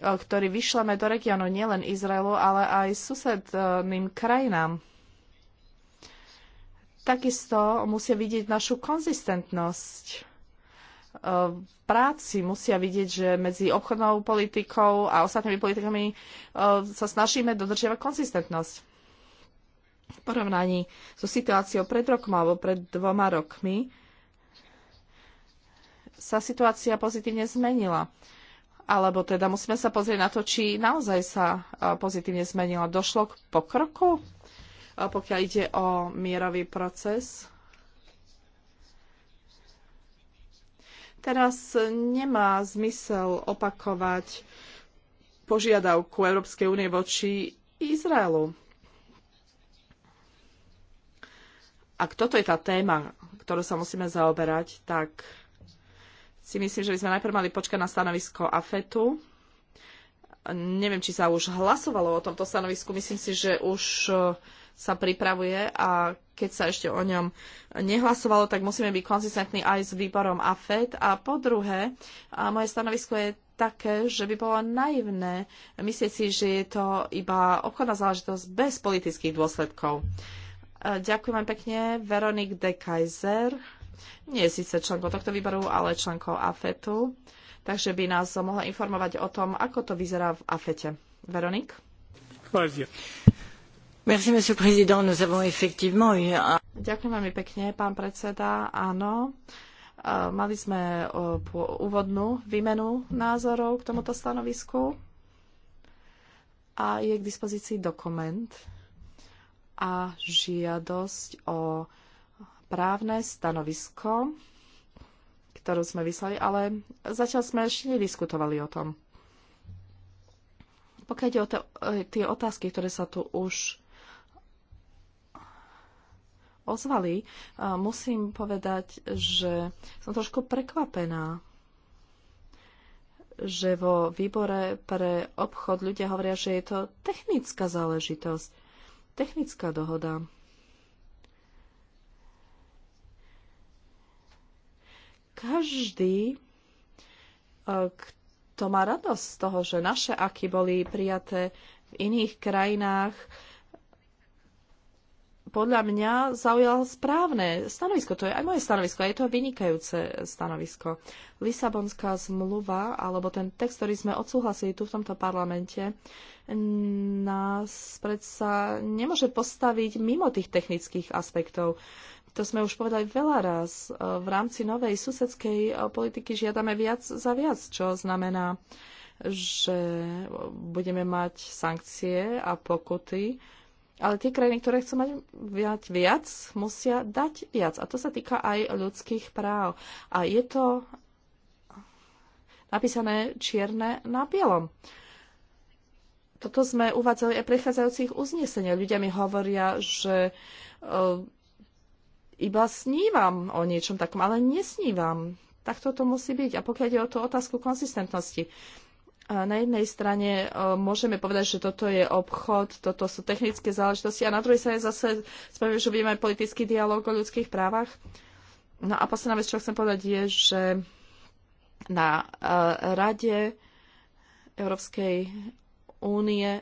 ktorý vyšleme do regiónu nielen Izraelu, ale aj susedným krajinám takisto musia vidieť našu konzistentnosť e, v práci musia vidieť, že medzi obchodnou politikou a ostatnými politikami e, sa snažíme dodržiavať konzistentnosť. V porovnaní so situáciou pred rokom alebo pred dvoma rokmi sa situácia pozitívne zmenila. Alebo teda musíme sa pozrieť na to, či naozaj sa e, pozitívne zmenila. Došlo k pokroku pokiaľ ide o mierový proces. Teraz nemá zmysel opakovať požiadavku Európskej únie voči Izraelu. Ak toto je tá téma, ktorú sa musíme zaoberať, tak si myslím, že by sme najprv mali počkať na stanovisko AFETu. Neviem, či sa už hlasovalo o tomto stanovisku. Myslím si, že už uh, sa pripravuje a keď sa ešte o ňom nehlasovalo, tak musíme byť konzistentní aj s výborom AFED. A po druhé, a moje stanovisko je také, že by bolo naivné myslieť si, že je to iba obchodná záležitosť bez politických dôsledkov. Ďakujem pekne. Veronik de Kaiser. Nie je síce členkou tohto výboru, ale členkou AFETu. Takže by nás mohla informovať o tom, ako to vyzerá v AFETe. Veronik? Ďakujem veľmi pekne, pán predseda. Áno, eh, mali sme eh, úvodnú výmenu názorov k tomuto stanovisku a je k dispozícii dokument a žiadosť o právne stanovisko, ktorú sme vyslali, ale zatiaľ sme ešte nediskutovali o tom. Pokiaľ ide o tie otázky, ktoré sa tu už ozvali. A musím povedať, že som trošku prekvapená, že vo výbore pre obchod ľudia hovoria, že je to technická záležitosť, technická dohoda. Každý, e, kto má radosť z toho, že naše aky boli prijaté v iných krajinách, podľa mňa zaujal správne stanovisko. To je aj moje stanovisko a je to vynikajúce stanovisko. Lisabonská zmluva, alebo ten text, ktorý sme odsúhlasili tu v tomto parlamente, nás predsa nemôže postaviť mimo tých technických aspektov. To sme už povedali veľa raz. V rámci novej susedskej politiky žiadame viac za viac, čo znamená, že budeme mať sankcie a pokuty, ale tie krajiny, ktoré chcú mať viac, viac, musia dať viac. A to sa týka aj ľudských práv. A je to napísané čierne na bielom. Toto sme uvádzali aj prechádzajúcich uznesenia. Ľudia mi hovoria, že e, iba snívam o niečom takom, ale nesnívam. Tak toto musí byť. A pokiaľ je o tú otázku konsistentnosti, na jednej strane e, môžeme povedať, že toto je obchod, toto sú technické záležitosti a na druhej strane zase spravíme, že budeme mať politický dialog o ľudských právach. No a posledná vec, čo chcem povedať, je, že na e, Rade Európskej únie, e,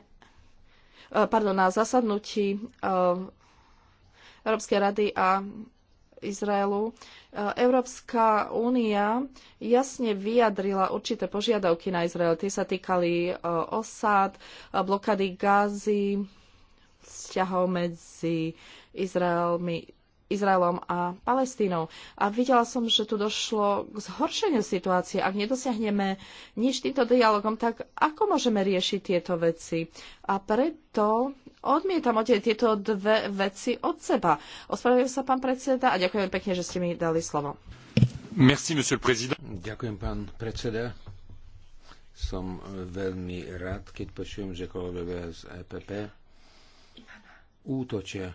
pardon, na zasadnutí Európskej rady a Izraelu. E, Európska únia jasne vyjadrila určité požiadavky na Izrael. Tie sa týkali e, osad, e, blokady Gázy, vzťahov medzi Izraelmi, Izraelom a Palestínou. A videla som, že tu došlo k zhoršeniu situácie. Ak nedosiahneme nič týmto dialogom, tak ako môžeme riešiť tieto veci? A preto odmietam od tieto dve veci od seba. Ospravedlňujem sa, pán predseda, a ďakujem pekne, že ste mi dali slovo. Merci, monsieur le président. Ďakujem, pán predseda. Som veľmi rád, keď počujem, že kolegovia z EPP útočia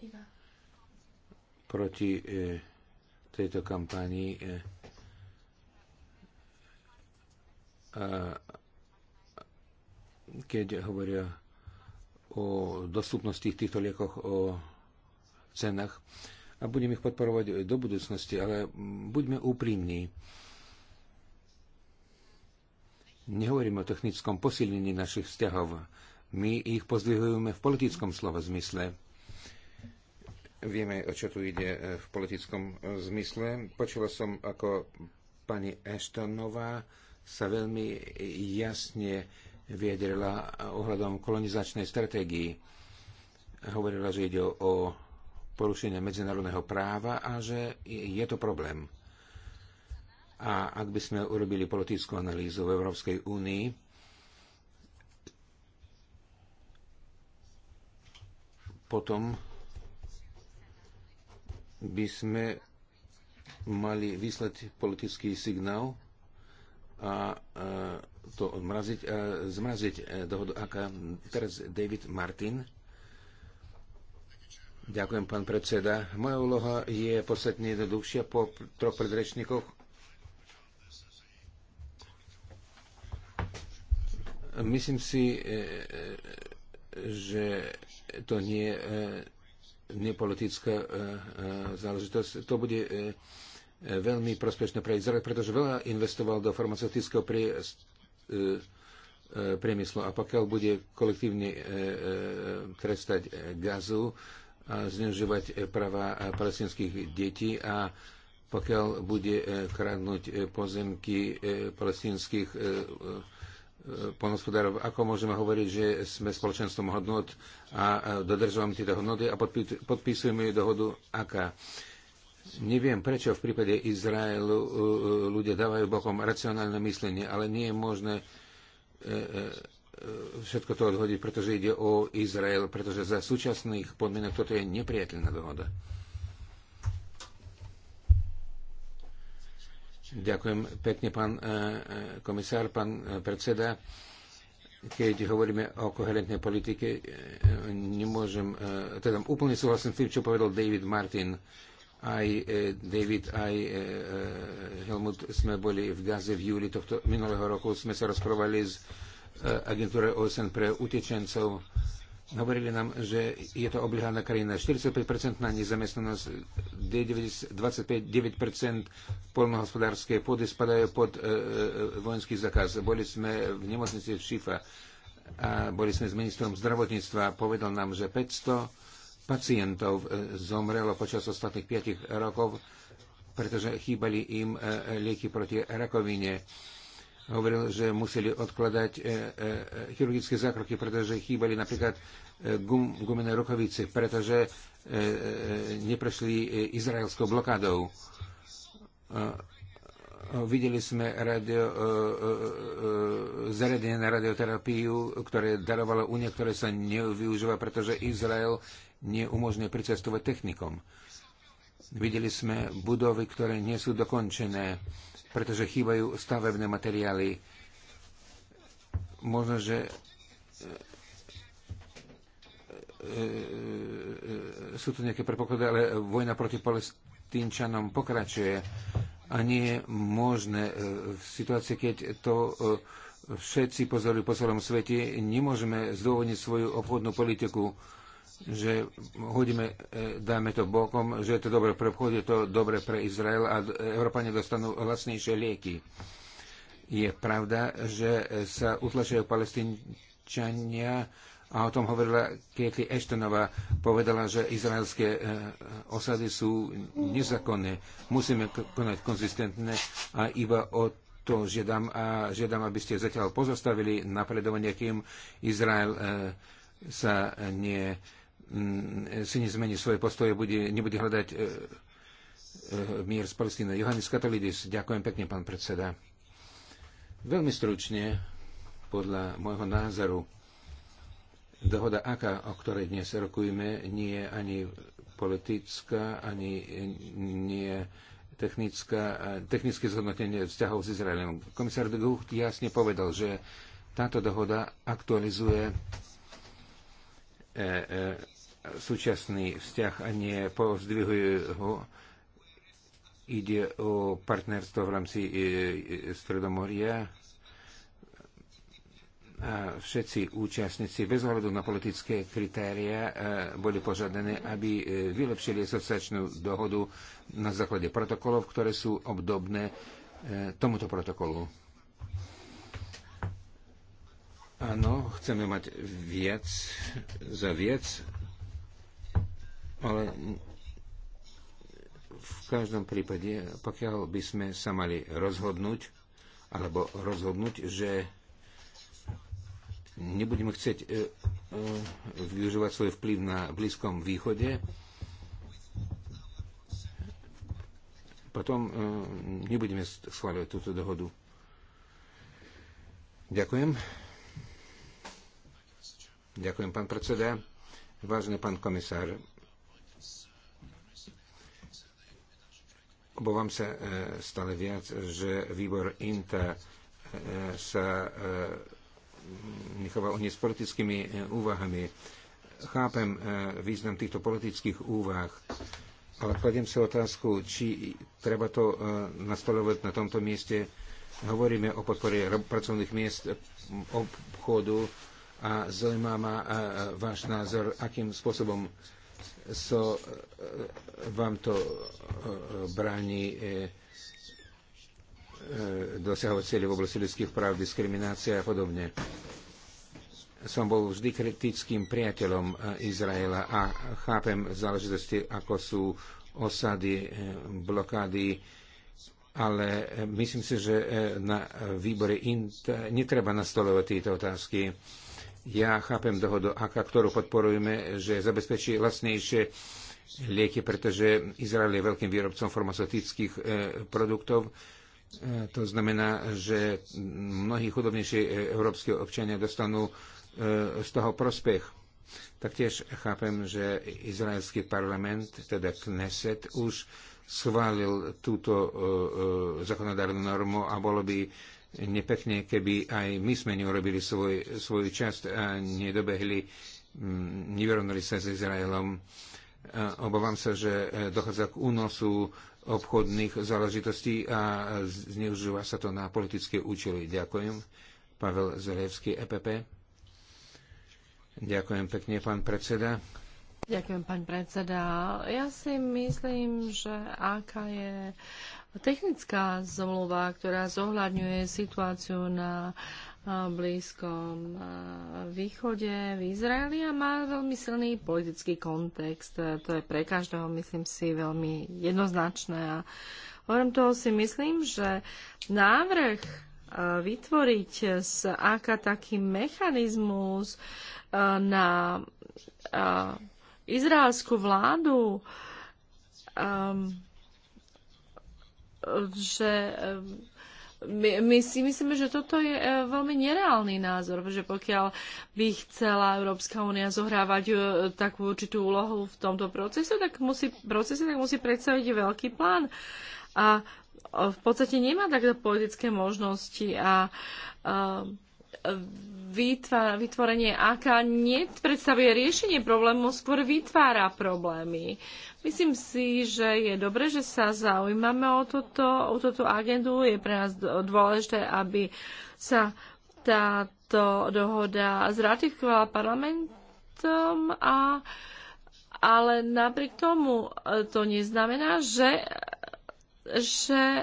Ivan proti e, tejto kampanii e, keď hovoria o dostupnosti týchto liekoch, o cenách a budeme ich podporovať do budúcnosti, ale buďme úprimní. Nehovoríme o technickom posilnení našich vzťahov. My ich pozdvihujeme v politickom slova zmysle. Vieme, o čo tu ide e, v politickom e, zmysle. Počula som, ako pani Eštonová sa veľmi jasne viedrila ohľadom kolonizačnej stratégii. Hovorila, že ide o porušenie medzinárodného práva a že je to problém. A ak by sme urobili politickú analýzu v Európskej únii, potom by sme mali vyslať politický signál a, e, to odmraziť e, e, a zmraziť dohodu aká teraz David Martin. Ďakujem, pán predseda. Moja úloha je podstatne jednoduchšia po troch predrečníkoch. Myslím si, že to nie je nepolitická e, e, záležitosť. To bude e, veľmi prospešné pre Izrael, pretože veľa investoval do farmaceutického priemyslu. A pokiaľ bude kolektívne trestať gazu a zneužívať práva palestinských detí a pokiaľ bude kradnúť pozemky palestinských E, polnospodárov. Ako môžeme hovoriť, že sme spoločenstvom hodnot a e, dodržujeme tieto hodnoty a podpisujeme dohodu aká? Neviem, prečo v prípade Izraelu e, ľudia dávajú bokom racionálne myslenie, ale nie je možné všetko to odhodiť, pretože ide o Izrael, pretože za súčasných podmienok toto je nepriateľná dohoda. Ďakujem pekne, pán e, e, komisár, pán e, predseda. Keď hovoríme o koherentnej politike, nemôžem, teda úplne súhlasím s tým, čo povedal David Martin. Aj David, aj Helmut sme boli v Gaze v júli tohto minulého roku. Sme sa rozprávali s agentúrou OSN pre utečencov hovorili nám, že je to obligálna krajina. 45% na nezamestnanosť, 25-9% polnohospodárskej pôdy spadajú pod e, e, e vojenský zakaz. Boli sme v nemocnici v Šifa a boli sme s ministrom zdravotníctva. Povedal nám, že 500 pacientov e, zomrelo počas ostatných 5 rokov, pretože chýbali im lieky proti rakovine hovoril, že museli odkladať e, e, e, chirurgické zákroky, pretože chýbali napríklad gum, gumené rukavice, pretože neprešli izraelskou blokádou. Videli sme radio, zariadenie na radioterapiu, ktoré darovalo Unia, ktoré sa nevyužíva, pretože Izrael neumožňuje pricestovať technikom. Videli sme budovy, ktoré nie sú dokončené pretože chýbajú stavebné materiály. Možno, že e, e, e, sú tu nejaké prepoklady, ale vojna proti palestínčanom pokračuje a nie je možné v situácii, keď to všetci pozorujú po celom svete, nemôžeme zdôvodniť svoju obchodnú politiku že hodíme, e, dáme to bokom, že je to dobre pre obchod, je to dobre pre Izrael a Európania dostanú lacnejšie lieky. Je pravda, že e, sa utlačajú palestinčania a o tom hovorila Katie Ashtonová. Povedala, že izraelské e, osady sú nezákonné. Musíme konať konzistentné a iba o to žiadam a žiadam, aby ste zatiaľ pozostavili napredovanie, kým Izrael sa nie Mm, si nezmení svoje postoje, bude, nebude hľadať e, e, mier z Palestíny. Johannes Katolidis, ďakujem pekne, pán predseda. Veľmi stručne, podľa môjho názoru, dohoda AKA, o ktorej dnes rokujeme, nie je ani politická, ani nie technická, technické zhodnotenie vzťahov s Izraelom. Komisár de Gucht jasne povedal, že táto dohoda aktualizuje e, e, súčasný vzťah a nie pozdvihuje ho. Ide o partnerstvo v rámci e, e, Stredomoria a všetci účastníci bez ohľadu na politické kritéria e, boli požiadané, aby vylepšili asociačnú dohodu na základe protokolov, ktoré sú obdobné tomuto protokolu. Áno, chceme mať viac za viac ale v každom prípade, pokiaľ by sme sa mali rozhodnúť, alebo rozhodnúť, že nebudeme chcieť e, e, využívať svoj vplyv na Blízkom východe, potom e, nebudeme schváľovať túto dohodu. Ďakujem. Ďakujem, pán predseda. Vážený pán komisár, Obávam sa e, stále viac, že výbor INTA e, sa e, necháva nie s politickými úvahami. Chápem význam týchto politických úvah, ale kladiem si otázku, či treba to nastolovať na tomto mieste. Hovoríme o podpore pracovných miest, obchodu a zaujímavá váš názor, akým spôsobom so e, e, vám to e, bráni dosahovať cieľe v oblasti ľudských práv, diskriminácia a podobne. Som bol vždy kritickým priateľom Izraela a chápem záležitosti, ako sú osady, blokády, ale myslím si, že na výbore netreba nastolovať tieto otázky ja chápem dohodu aká, ktorú podporujeme, že zabezpečí lacnejšie lieky, pretože Izrael je veľkým výrobcom farmaceutických e, produktov. E, to znamená, že mnohí chudobnejší e, európske občania dostanú z toho prospech. Taktiež chápem, že izraelský parlament, teda Kneset, už schválil túto zákonodárnu normu a bolo by nepekne, keby aj my sme neurobili svoj, svoju časť a nedobehli, mm, nevyrovnali sa s Izraelom. Obávam sa, že e, dochádza k únosu obchodných záležitostí a zneužíva sa to na politické účely. Ďakujem. Pavel Zelievský, EPP. Ďakujem pekne, pán predseda. Ďakujem, pán predseda. Ja si myslím, že aká je uh, technická zmluva, ktorá zohľadňuje situáciu na Blízkom východe v Izraeli a má veľmi silný politický kontext. To je pre každého, myslím si, veľmi jednoznačné. A hovorím toho si myslím, že návrh vytvoriť z aká taký mechanizmus na izraelskú vládu um, že my, my si myslíme, že toto je e, veľmi nereálny názor, že pokiaľ by chcela Európska únia zohrávať e, takú určitú úlohu v tomto procese, tak musí, procese, tak musí predstaviť veľký plán. A e, v podstate nemá takto politické možnosti a, a vytvorenie AK nepredstavuje riešenie problému, skôr vytvára problémy. Myslím si, že je dobre, že sa zaujímame o, toto, o túto agendu. Je pre nás dôležité, aby sa táto dohoda zratifikovala parlamentom a ale napriek tomu e, to neznamená, že že e,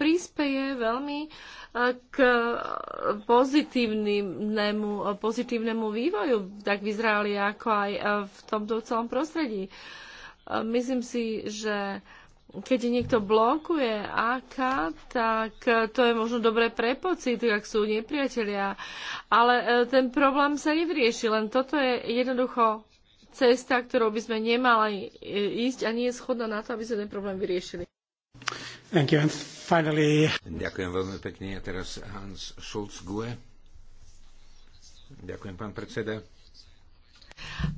príspeje veľmi e, k pozitívnemu, pozitívnemu vývoju, tak v Izraeli, ako aj e, v tomto celom prostredí. Myslím si, že keď niekto blokuje AK, tak to je možno dobré pre pocit, ak sú nepriatelia. Ale ten problém sa nevrieši. len toto je jednoducho cesta, ktorou by sme nemali ísť a nie je schodná na to, aby sme ten problém vyriešili. Thank you. And finally... Ďakujem veľmi pekne. A teraz Hans Schulz Gue. Ďakujem, pán predseda.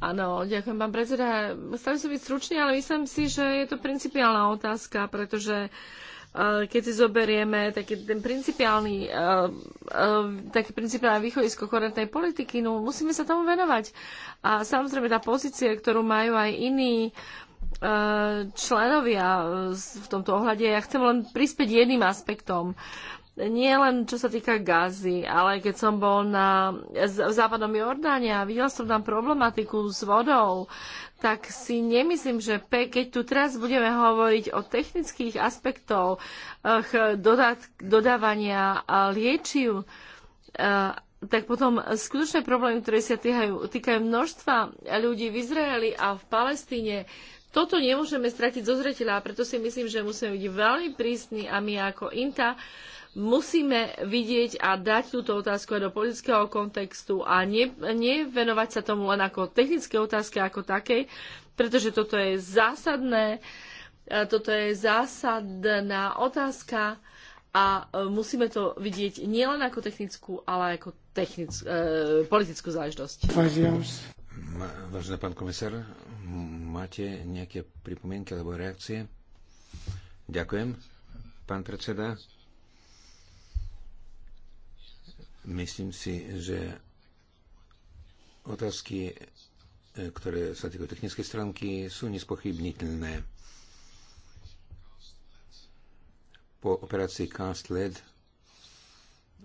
Áno, ďakujem, pán predseda. Stavím sa byť stručný, ale myslím si, že je to principiálna otázka, pretože eh, keď si zoberieme taký ten principiálny, eh, eh, také principiálne východisko korentnej politiky, no musíme sa tomu venovať. A samozrejme tá pozícia, ktorú majú aj iní členovia e, v tomto ohľade. Ja chcem len prispieť jedným aspektom. Nie len čo sa týka gazy, ale keď som bol na, v západnom Jordáne a videl som tam problematiku s vodou, tak si nemyslím, že pe, keď tu teraz budeme hovoriť o technických aspektoch dodávania liečiv, e, tak potom skutočné problémy, ktoré sa týkajú, týkajú množstva ľudí v Izraeli a v Palestíne, toto nemôžeme stratiť zo zretela a preto si myslím, že musíme byť veľmi prísni a my ako INTA musíme vidieť a dať túto otázku aj do politického kontextu a ne, nevenovať sa tomu len ako technické otázke ako takej, pretože toto je zásadné, e, toto je zásadná otázka a e, musíme to vidieť nielen ako technickú, ale ako technickú, e, politickú záležitosť. Vážený pán komisár, máte nejaké pripomienky alebo reakcie? Ďakujem. Pán predseda, myslím si, že otázky, e, ktoré sa týkajú technickej stránky, sú nespochybniteľné. Po operácii Cast LED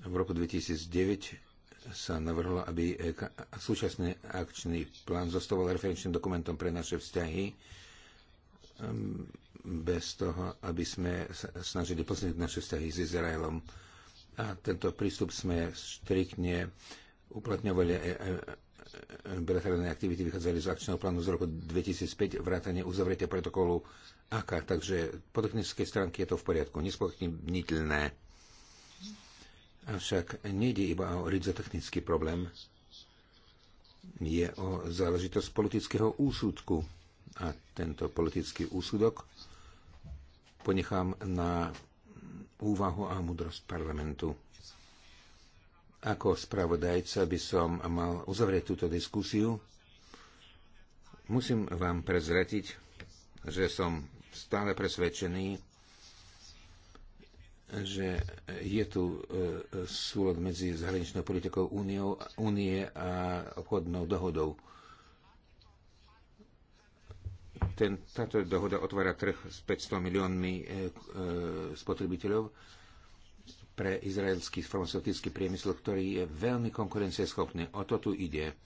v roku 2009 sa navrhlo, aby e, súčasný akčný plán zostoval referenčným dokumentom pre naše vzťahy um, bez toho, aby sme snažili posledniť naše vzťahy s Izraelom. A tento prístup sme striktne uplatňovali e, e, bilaterálne aktivity vychádzali z akčného plánu z roku 2005, vrátanie uzavretia protokolu AKA, takže po technickej stránke je to v poriadku, nespochybniteľné Avšak nejde iba o ridzotechnický problém. Je o záležitosť politického úsudku. A tento politický úsudok ponechám na úvahu a múdrosť parlamentu. Ako spravodajca by som mal uzavrieť túto diskusiu. Musím vám prezretiť, že som stále presvedčený, že je tu e, súlad medzi zahraničnou politikou únie a obchodnou dohodou. Ten, táto dohoda otvára trh s 500 miliónmi e, e, spotrebiteľov pre izraelský farmaceutický priemysel, ktorý je veľmi konkurencieschopný. O to tu ide.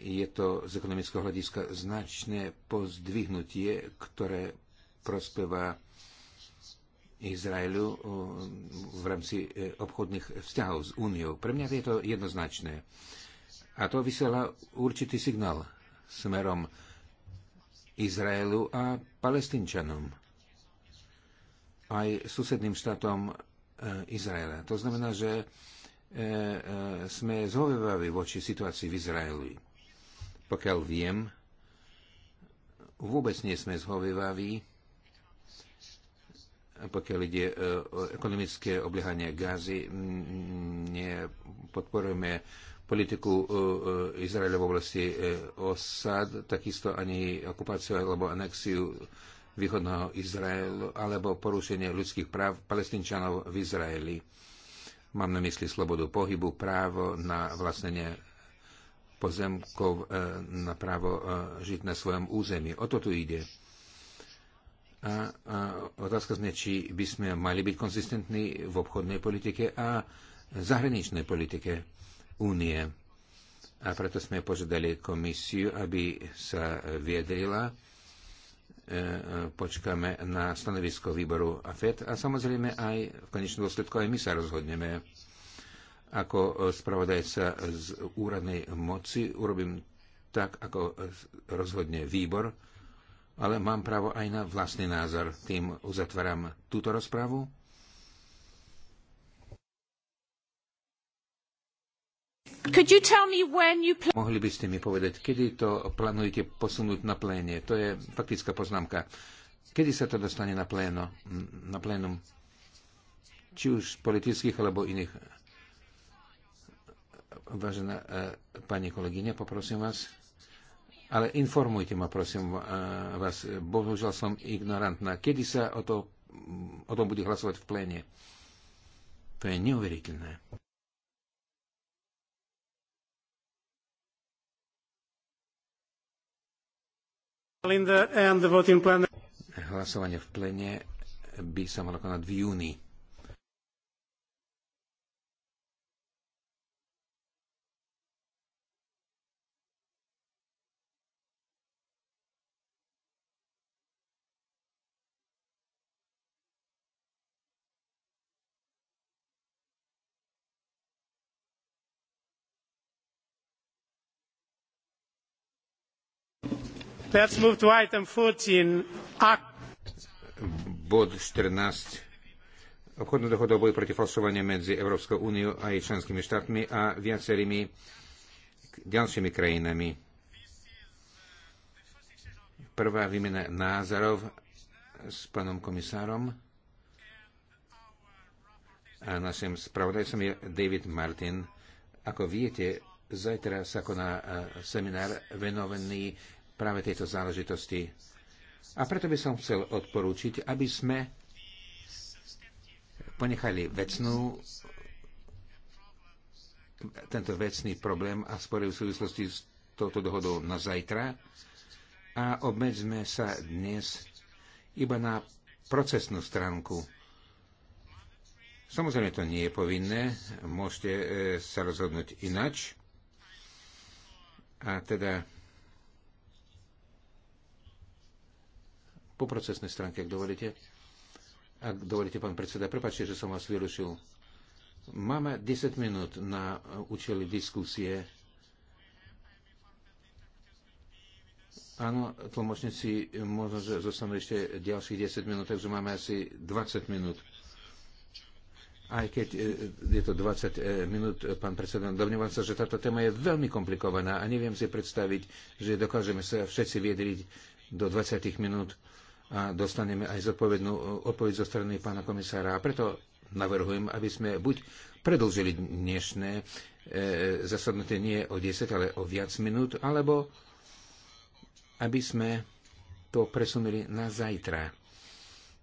Je to z ekonomického hľadiska značné pozdvihnutie, ktoré prospeva Izraelu eh, v rámci eh, obchodných vzťahov s Úniou. Pre mňa je to jednoznačné. A to vysiela určitý signál smerom Izraelu a palestinčanom, aj susedným štátom eh, Izraela. To znamená, že sme zhovevaví voči situácii v Izraeli. Pokiaľ viem, vôbec nie sme zhovevaví pokiaľ ide e, o ekonomické obliehanie Gázy, nepodporujeme politiku e, e, Izraela v oblasti osad, takisto ani okupáciu alebo anexiu východného Izraelu alebo porušenie ľudských práv palestinčanov v Izraeli. Mám na mysli slobodu pohybu, právo na vlastnenie pozemkov, na právo žiť na svojom území. O to tu ide a, a otázka znie, či by sme mali byť konzistentní v obchodnej politike a zahraničnej politike únie. A preto sme požiadali komisiu, aby sa viedrila. E, počkáme na stanovisko výboru AFED a samozrejme aj v konečnom dôsledku aj my sa rozhodneme. Ako spravodajca z úradnej moci urobím tak, ako rozhodne výbor ale mám právo aj na vlastný názor. Tým uzatváram túto rozprávu. Mohli by ste mi povedať, kedy to plánujete posunúť na pléne? To je faktická poznámka. Kedy sa to dostane na, pléno, na plénum? Či už politických alebo iných. Vážená e, pani kolegyňa, poprosím vás. Ale informujte ma, prosím e, vás, bohužiaľ som ignorantná. Kedy sa o, to, o tom bude hlasovať v pléne? To je neuveriteľné. Hlasovanie v plene by sa malo konať v júni. Let's move to item 14. Bod 14. Obchodná dohoda o boji proti falsovaniu medzi Európskou úniou a jej členskými štátmi a viacerými ďalšími krajinami. Prvá výmena názorov s pánom komisárom a našim spravodajcom je David Martin. Ako viete, zajtra sa koná e, seminár venovaný práve tejto záležitosti. A preto by som chcel odporúčiť, aby sme ponechali vecnú tento vecný problém a spory v súvislosti s touto dohodou na zajtra a obmedzme sa dnes iba na procesnú stránku. Samozrejme, to nie je povinné, môžete eh, sa rozhodnúť inač. A teda po procesnej stránke, ak dovolíte. Ak dovolíte, pán predseda, prepáčte, že som vás vyrušil. Máme 10 minút na účely diskusie. Áno, tlmočníci možno, že zostanú ešte ďalších 10 minút, takže máme asi 20 minút. Aj keď e, je to 20 e, minút, pán predseda, domnievam sa, že táto téma je veľmi komplikovaná a neviem si predstaviť, že dokážeme sa všetci viedriť do 20 minút a dostaneme aj zodpovednú e, odpoveď zo strany pána komisára. A preto navrhujem, aby sme buď predlžili dnešné e, zasadnutie nie o 10, ale o viac minút, alebo aby sme to presunuli na zajtra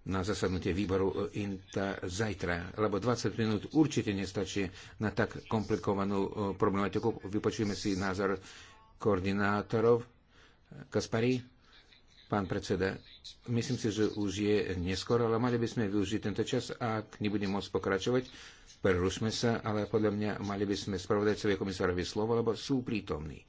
na zasadnutie výboru INTA zajtra, lebo 20 minút určite nestačí na tak komplikovanú e, problematiku. Vypočujeme si názor koordinátorov. Kaspari, pán predseda, Myslím si, že už je neskoro, ale mali by sme využiť tento čas. Ak nebudem môcť pokračovať, prerušme sa, ale podľa mňa mali by sme spravodajcovi komisárovi slovo, lebo sú prítomní.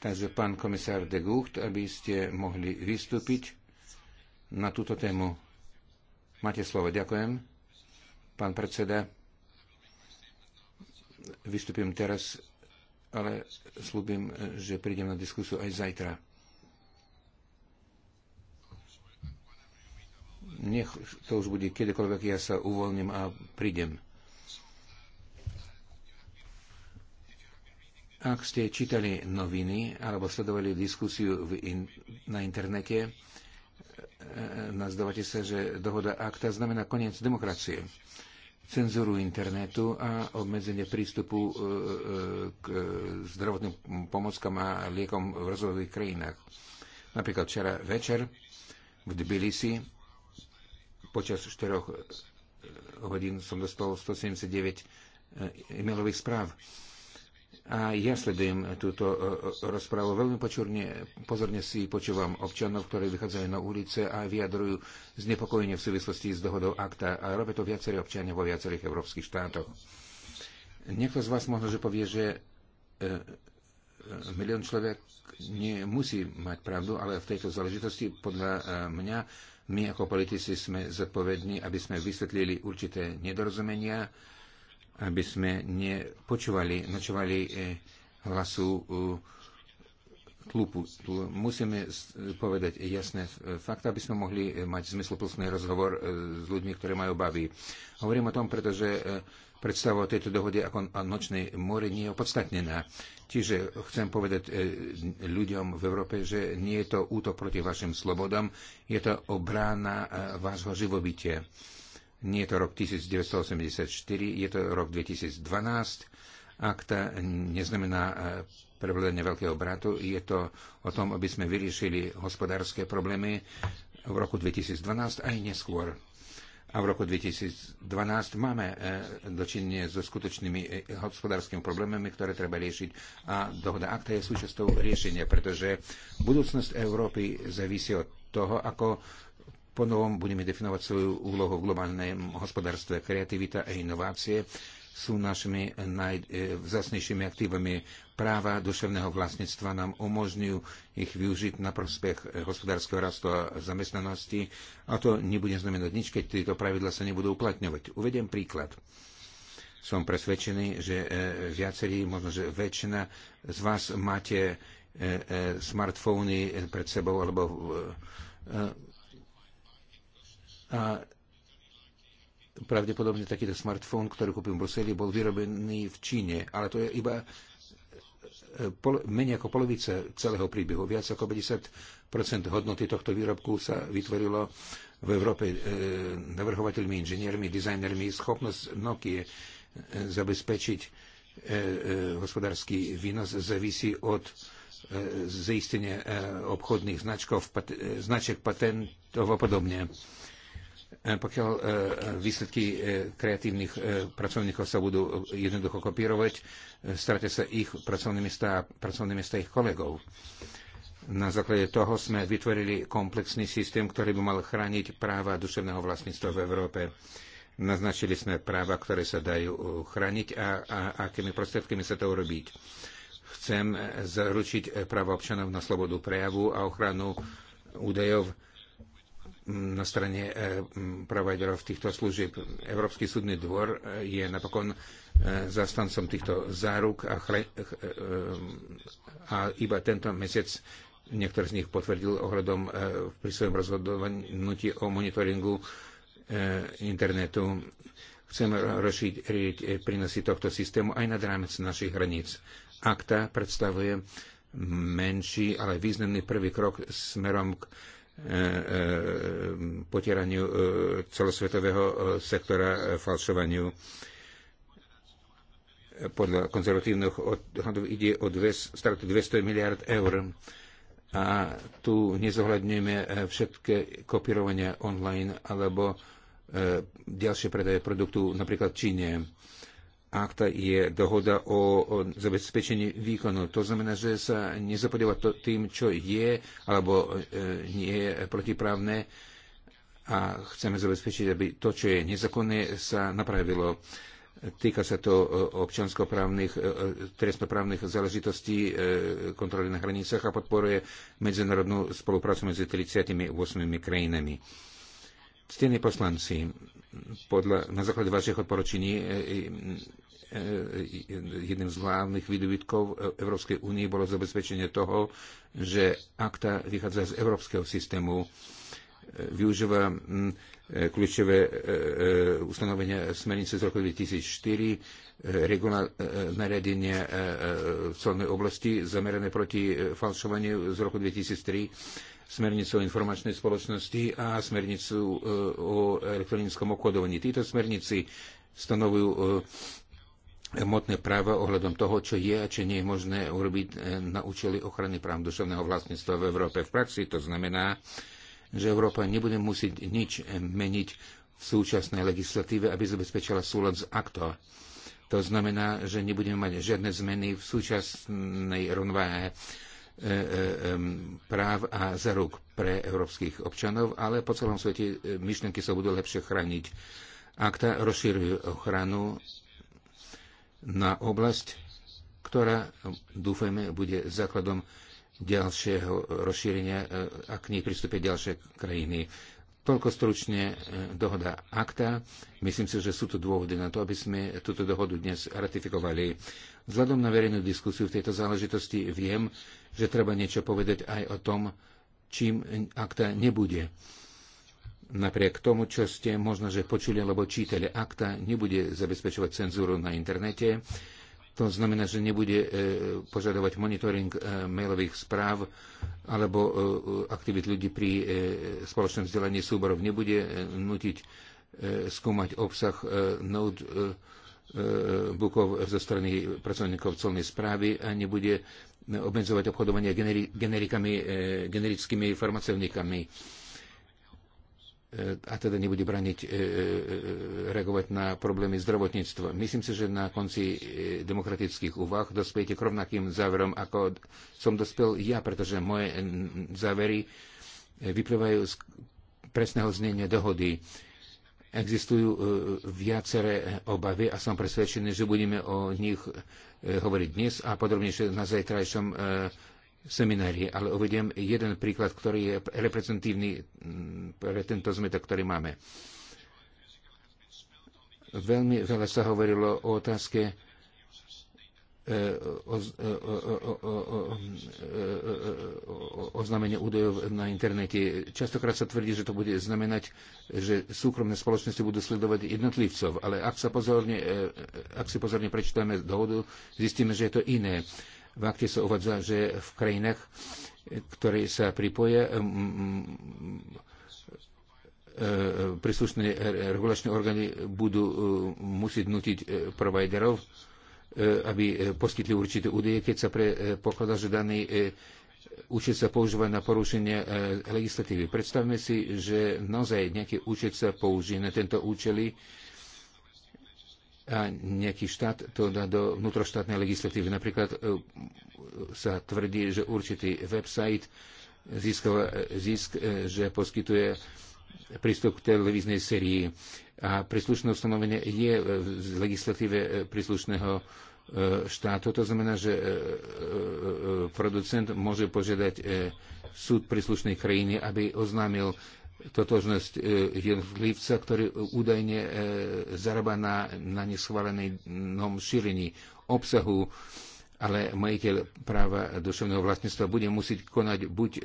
Takže pán komisár de Gucht, aby ste mohli vystúpiť na túto tému. Máte slovo, ďakujem. Pán predseda. Vystúpim teraz, ale slúbim, že prídem na diskusiu aj zajtra. Nech to už bude kedykoľvek, ja sa uvoľním a prídem. Ak ste čítali noviny alebo sledovali diskusiu v in, na internete, e, e, nazdávate sa, že dohoda akta znamená koniec demokracie cenzuru internetu a obmedzenie prístupu e, e, k zdravotným pomockám a liekom v rozvojových krajinách. Napríklad včera večer v Tbilisi počas 4 e, hodín som dostal 179 e-mailových správ. A ja sledujem eh, túto eh, eh, rozprávu. Veľmi počurne, pozorne si počúvam občanov, ktorí vychádzajú na ulice a vyjadrujú znepokojenie v súvislosti s dohodou akta. A robia to viacerí občania vo viacerých európskych štátoch. Niekto z vás možno, že povie, že milión človek nemusí mať pravdu, ale v tejto záležitosti podľa mňa my ako politici sme zodpovední, aby sme vysvetlili určité nedorozumenia, aby sme nepočúvali, načúvali e, hlasu e, tlupu. Musíme povedať jasné fakty, aby sme mohli e, mať zmysluplný rozhovor s ľuďmi, ktorí majú obavy. Hovorím o tom, pretože predstava o tejto dohode ako o nočnej more nie je opodstatnená. Čiže chcem povedať ľuďom v Európe, že nie je to útok proti vašim slobodám, je to obrána vášho živobytia. Nie je to rok 1984, je to rok 2012. Akta neznamená e, prevládanie veľkého bratu, je to o tom, aby sme vyriešili hospodárske problémy v roku 2012 aj neskôr. A v roku 2012 máme e, dočinenie so skutočnými e, hospodárskymi problémami, ktoré treba riešiť. A dohoda akta je súčasťou riešenia, pretože budúcnosť Európy závisí od toho, ako Ponovom budeme definovať svoju úlohu v globálnom hospodárstve. Kreativita a inovácie sú našimi najvzácnejšími e, aktívami. Práva duševného vlastníctva nám umožňujú ich využiť na prospech e, hospodárskeho rastu a zamestnanosti a to nebude znamenať nič, keď tieto pravidla sa nebudú uplatňovať. Uvediem príklad. Som presvedčený, že e, viacerí, možno že väčšina z vás máte smartfóny pred sebou alebo a pravdepodobne takýto smartfón, ktorý kúpim v Bruseli, bol vyrobený v Číne, ale to je iba e, pol, menej ako polovica celého príbehu. Viac ako 50 hodnoty tohto výrobku sa vytvorilo v Európe e, navrhovateľmi, inžiniermi, dizajnermi. Schopnosť Nokia e, zabezpečiť e, e, hospodársky výnos závisí od e, zaistenia e, obchodných značkov, pat, e, značiek patentov a podobne. E, E, pokiaľ e, výsledky e, kreatívnych pracovníkov sa budú jednoducho kopírovať, stratia sa ich pracovné miesta a pracovné miesta ich kolegov. Na základe toho sme vytvorili komplexný systém, ktorý by mal chrániť práva duševného vlastníctva v Európe. Naznačili sme práva, ktoré sa dajú chrániť a, a akými prostriedkami sa to urobiť. Chcem zaručiť práva občanov na slobodu prejavu a ochranu údajov na strane eh, providerov týchto služieb. Európsky súdny dvor eh, je napokon eh, zastancom týchto záruk a, chle- a iba tento mesiac niektorý z nich potvrdil ohľadom pri svojom rozhodovaní o monitoringu internetu. Chceme rozšíriť prínosy tohto systému aj nad rámec našich hraníc. Akta predstavuje menší, ale významný prvý krok smerom k E, e, potieraniu e, celosvetového sektora falšovaniu. Podľa konzervatívnych odhadov ide o stratu 200 miliard eur. A tu nezohľadňujeme všetké kopírovania online alebo ďalšie predaje produktu napríklad v Číne akta je dohoda o, zabezpečení výkonu. To znamená, že sa nezapodieva to tým, čo je alebo e, nie je protiprávne a chceme zabezpečiť, aby to, čo je nezakonné, sa napravilo. Týka sa to e, občanskoprávnych, e, e, trestnoprávnych záležitostí, kontroly na hranicách a podporuje medzinárodnú spoluprácu medzi 38 krajinami. Ctení poslanci, podľa, na základe vašich odporočení Eh, jedným z hlavných výdobytkov e- Európskej únie bolo zabezpečenie toho, že akta vychádza z európskeho systému, eh, využíva mm, eh, kľúčové ustanovenia smernice z roku 2004, regula nariadenia v celnej oblasti zamerané proti falšovaniu z roku 2003, smernicu o informačnej spoločnosti a smernicu o elektronickom obchodovaní. Títo smernici stanovujú hmotné práva ohľadom toho, čo je a čo nie je možné urobiť e, na účely ochrany práv duševného vlastníctva v Európe. V praxi to znamená, že Európa nebude musieť nič e, meniť v súčasnej legislatíve, aby zabezpečila súlad s akto. To znamená, že nebudeme mať žiadne zmeny v súčasnej rovnováhe e, práv a zaruk pre európskych občanov, ale po celom svete myšlenky sa budú lepšie chrániť. Akta rozširujú ochranu na oblasť, ktorá, dúfajme, bude základom ďalšieho rozšírenia, e, a k nej pristúpia ďalšie krajiny. Toľko stručne e, dohoda akta. Myslím si, že sú tu dôvody na to, aby sme túto dohodu dnes ratifikovali. Vzhľadom na verejnú diskusiu v tejto záležitosti viem, že treba niečo povedať aj o tom, čím akta nebude. Napriek tomu, čo ste možno, že počuli alebo čítali, akta nebude zabezpečovať cenzúru na internete. To znamená, že nebude e, požadovať monitoring e, mailových správ alebo e, aktivit ľudí pri spoločnom vzdelaní súborov. Nebude nutiť skúmať obsah notebookov bukov zo strany pracovníkov colnej správy a nebude obmedzovať obchodovanie generikami, generickými farmaceutikami E, a teda nebude braniť e, e, e, reagovať na problémy zdravotníctva. Myslím si, že na konci demokratických úvah dospiete k rovnakým záverom, ako som dospel ja, pretože moje závery vyplývajú z presného znenia dohody. Existujú viaceré obavy a som presvedčený, že budeme o nich hovoriť dnes a podrobnejšie na zajtrajšom seminárie, ale uvediem jeden príklad, ktorý je reprezentívny mm, pre tento zmetok, ktorý máme. Veľmi veľa sa hovorilo o otázke e, e, oznámenia údajov na internete. Častokrát sa tvrdí, že to bude znamenať, že súkromné spoločnosti budú sledovať jednotlivcov, ale ak, sa pozorne, e, ak si pozorne prečítame dohodu, zistíme, že je to iné. V akte sa uvádza, že v krajinách, ktoré sa pripoja, e, príslušné regulačné orgány budú e, musieť nutiť e, providerov, aby poskytli určité údaje, keď sa pokladá, že daný účet sa používa na porušenie legislatívy. Predstavme si, že naozaj nejaký účet sa použije na tento účely a nejaký štát to dá do vnútroštátnej legislatívy. Napríklad e, sa tvrdí, že určitý website získava zisk, e, že poskytuje prístup k televíznej sérii. A príslušné ustanovenie je v legislatíve e, príslušného štátu. To znamená, že producent môže požiadať súd príslušnej krajiny, aby oznámil totožnosť e, jednotlivca, ktorý údajne e, zarába na, na neschválenom šírení obsahu, ale majiteľ práva duševného vlastníctva bude musieť konať buď e,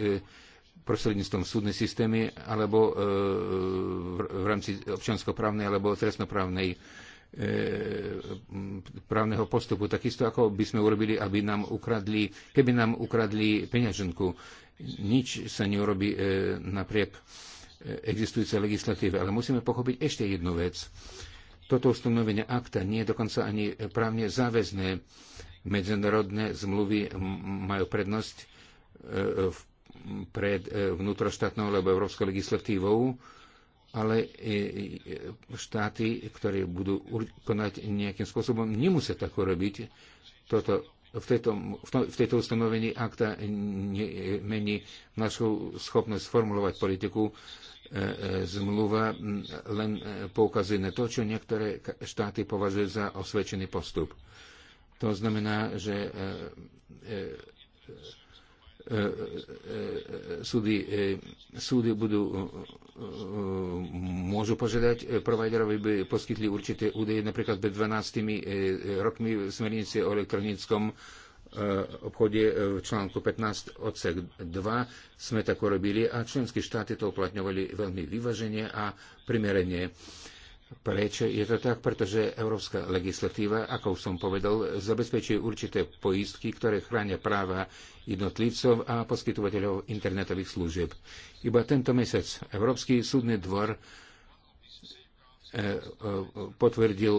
prostredníctvom súdnej systémy, alebo v rámci občanskoprávnej alebo trestnoprávnej právneho postupu. Takisto ako by sme urobili, aby nám ukradli, keby nám ukradli peňaženku. Nič sa neurobi napriek existujúcej legislatíve. Ale musíme pochopiť ešte jednu vec. Toto ustanovenie akta nie je dokonca ani právne záväzné. Medzinárodné zmluvy majú prednosť e, pred e, vnútroštátnou alebo európskou legislatívou, ale e, štáty, ktoré budú konať nejakým spôsobom, nemusia tak robiť. Toto v tejto, v, to, v tejto ustanovení akta mení našu schopnosť formulovať politiku, zmluva len e, poukazuje na to, čo niektoré štáty považujú za osvedčený postup. To znamená, že e, e, súdy, súdy budú, môžu požiadať providerovi, by poskytli určité údaje, napríklad pred 12 rokmi v smernici o elektronickom Eh, obchode eh, v článku 15 odsek 2 sme tak urobili a členské štáty to uplatňovali veľmi vyvaženie a primerenie. Prečo je to tak? Pretože európska legislatíva, ako som povedal, zabezpečuje určité poistky, ktoré chránia práva jednotlivcov a poskytovateľov internetových služieb. Iba tento mesiac Európsky súdny dvor eh, potvrdil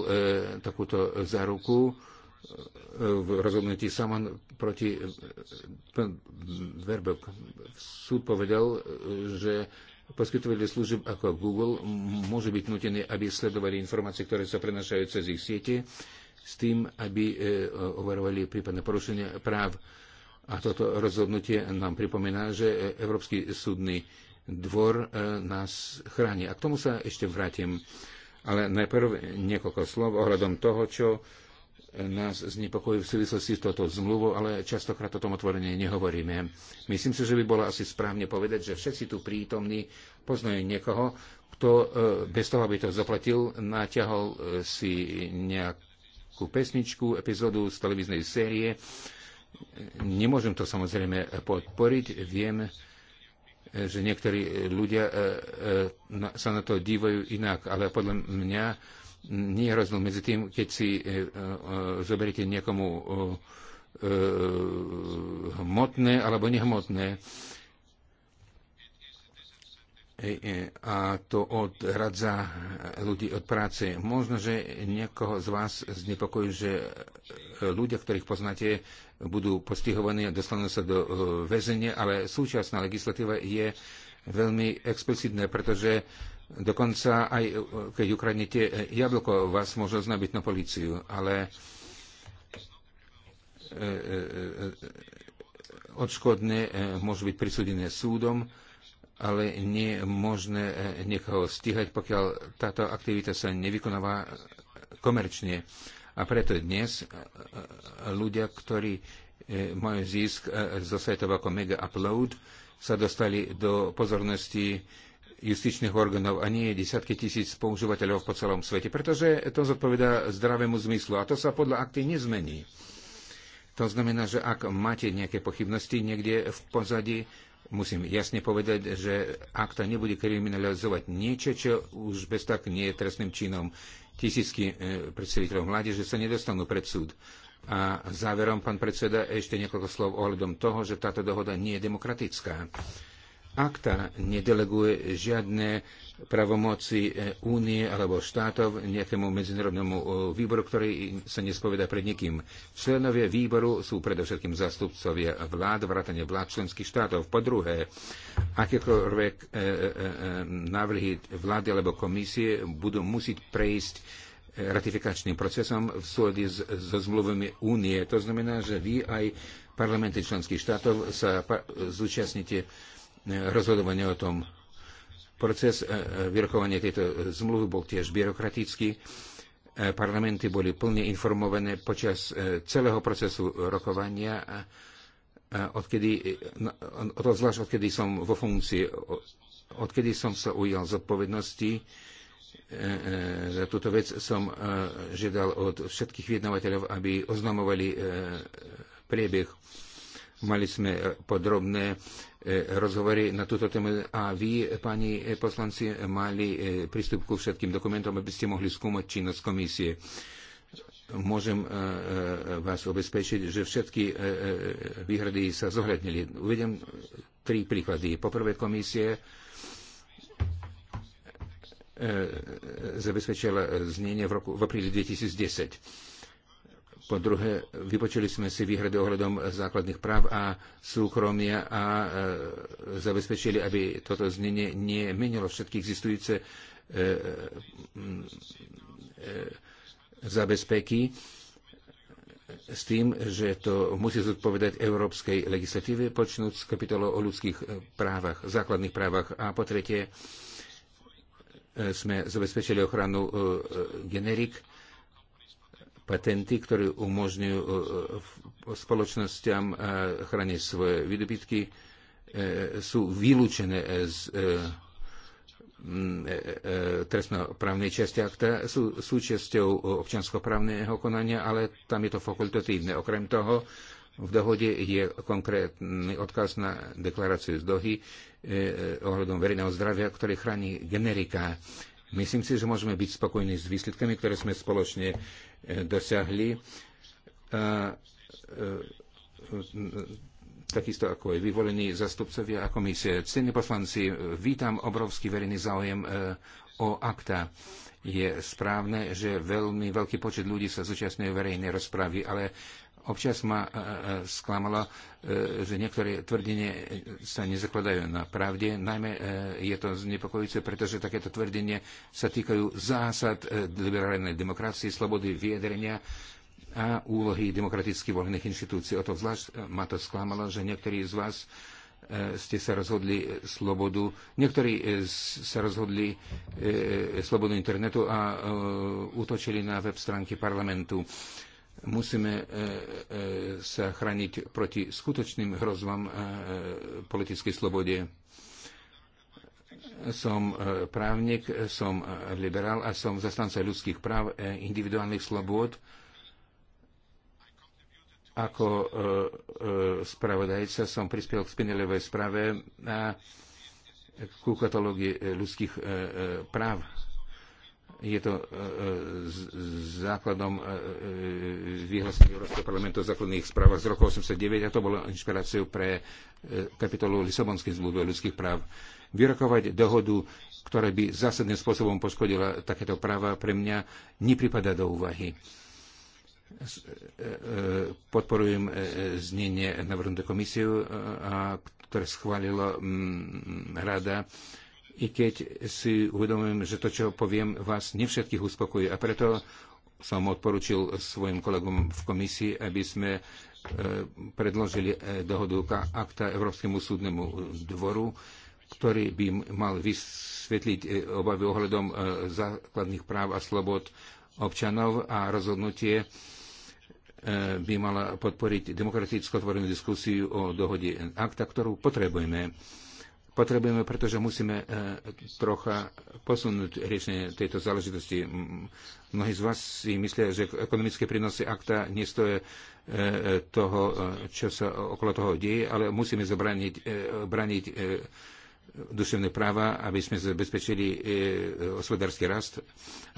takúto záruku v rozhodnutí Saman proti Verbok. Súd povedal, že poskytovateľ služieb ako Google môžu byť nutení, aby sledovali informácie, ktoré sa prenašajú cez ich siete, s tým, aby e, overovali prípadné porušenie práv. A toto rozhodnutie nám pripomína, že Európsky súdny dvor e, nás chráni. A k tomu sa ešte vrátim. Ale najprv niekoľko slov ohľadom toho, čo nás znepokojí v súvislosti s touto zmluvou, ale častokrát o tom otvorene nehovoríme. Myslím si, že by bolo asi správne povedať, že všetci tu prítomní poznajú niekoho, kto e, bez toho, aby to zaplatil, natiahol e, si nejakú pesničku, epizódu z televíznej série. Nemôžem to samozrejme podporiť. Viem, e, že niektorí ľudia sa na to dívajú inak, ale podľa mňa nie je rozdiel medzi tým, keď si e, e, zoberiete niekomu e, hmotné alebo nehmotné a to odradza ľudí od práce. Možno, že niekoho z vás znepokojí, že ľudia, ktorých poznáte, budú postihovaní a dostanú sa do väzenia, ale súčasná legislatíva je veľmi explicitné, pretože Dokonca aj e, keď ukradnete e, jablko, vás môže oznámiť na políciu, ale e, odškodné môže byť prisúdené súdom, ale nie je možné niekoho stíhať, pokiaľ táto aktivita sa nevykonáva komerčne. A preto dnes ľudia, ktorí majú zisk zo sajtov ako Mega Upload, sa dostali do pozornosti justičných orgánov a nie desiatky tisíc používateľov po celom svete, pretože to zodpoveda zdravému zmyslu a to sa podľa akty nezmení. To znamená, že ak máte nejaké pochybnosti niekde v pozadí, musím jasne povedať, že akta nebude kriminalizovať niečo, čo už bez tak nie je trestným činom. Tisícky e, predstaviteľov mládeže sa nedostanú pred súd. A záverom, pán predseda, ešte niekoľko slov ohľadom toho, že táto dohoda nie je demokratická akta nedeleguje žiadne pravomoci e, únie alebo štátov nejakému medzinárodnému e, výboru, ktorý sa nespoveda pred nikým. Členovia výboru sú predovšetkým zastupcovia vlád, vrátane vlád členských štátov. Po druhé, akékoľvek e, e, e návrhy vlády alebo komisie budú musieť prejsť ratifikačným procesom v súlade so zmluvami únie. To znamená, že vy aj parlamenty členských štátov sa zúčastnite rozhodovanie o tom. Proces e, e, vyrokovania tejto zmluvy bol tiež byrokratický. E, parlamenty boli plne informované počas celého procesu rokovania, odkedy, no, to zvlášť odkedy som vo funkcii, odkedy som sa ujal zodpovednosti, za túto vec som žiadal od všetkých vyjednávateľov, aby oznamovali priebeh Mali sme eh, podrobné eh, rozhovory na túto tému a vy, pani eh, poslanci, mali prístup ku všetkým dokumentom, aby ste mohli skúmať činnosť komisie. Môžem vás ubezpečiť, že všetky výhrady sa zohľadnili. Uvedem tri príklady. Poprvé, komisie zabezpečila znenie v, roku, v apríli 2010 po druhé, vypočuli sme si výhrady ohľadom základných práv a súkromia a e, zabezpečili, aby toto znenie nemenilo všetky existujúce e, e, zabezpeky s tým, že to musí zodpovedať európskej legislatíve, počnúť s kapitolou o ľudských právach, základných právach. A po tretie, sme zabezpečili ochranu generik patenty, ktoré umožňujú e, e, spoločnosťam e, chrániť svoje výdobytky, sú vylúčené z trestnoprávnej časti akta, sú súčasťou občanskoprávneho konania, ale tam je to fakultatívne. Okrem toho, v dohode je konkrétny odkaz na deklaráciu z dohy ohľadom verejného zdravia, ktorý chráni generika. Myslím si, že môžeme byť spokojní s výsledkami, ktoré sme spoločne dosiahli. A, e, takisto ako aj vyvolení zastupcovia a komisie. Cenní poslanci, vítam obrovský verejný záujem e, o akta. Je správne, že veľmi veľký počet ľudí sa zúčastňuje verejnej rozpravy, ale Občas ma e, e, e, sklamalo, že niektoré tvrdenie sa nezakladajú na pravde. Najmä je to znepokojúce, pretože takéto tvrdenie sa týkajú zásad liberálnej demokracie, slobody vyjadrenia a úlohy demokraticky volených inštitúcií. O to zvlášť ma to sklamalo, že niektorí z vás ste sa rozhodli slobodu, niektorí sa rozhodli slobodu internetu a útočili na web stránky parlamentu. Musíme e, e, sa chrániť proti skutočným hrozbám e, politickej slobode. Som právnik, som liberál a som zastanca ľudských práv, individuálnych slobod. ako spravodajca som prispel k Spinelevej správe a ku katalógii ľudských práv je to e, e, základom e, vyhlásenia Európskeho parlamentu o základných správach z roku 89 a to bolo inšpiráciou pre kapitolu Lisabonskej zmluvy o ľudských práv. Vyrokovať dohodu, ktorá by zásadným spôsobom poškodila takéto práva, pre mňa nepripada do úvahy. Podporujem znenie navrhnuté komisiu, ktoré schválila mm, rada i keď si uvedomujem, že to, čo poviem, vás nevšetkých uspokojí. A preto som odporučil svojim kolegom v komisii, aby sme e, predložili e, dohodu akta Európskemu súdnemu dvoru, ktorý by mal vysvetliť e, obavy ohľadom základných práv a slobod občanov a rozhodnutie by mala podporiť demokraticko otvorenú diskusiu o dohode akta, ktorú potrebujeme potrebujeme, pretože musíme e, trocha posunúť riešenie tejto záležitosti. Mnohí z vás si myslia, že ekonomické prínosy akta nestoje e, toho, e, čo sa okolo toho deje, ale musíme zabraniť braniť duševné práva, aby sme zabezpečili hospodársky rast.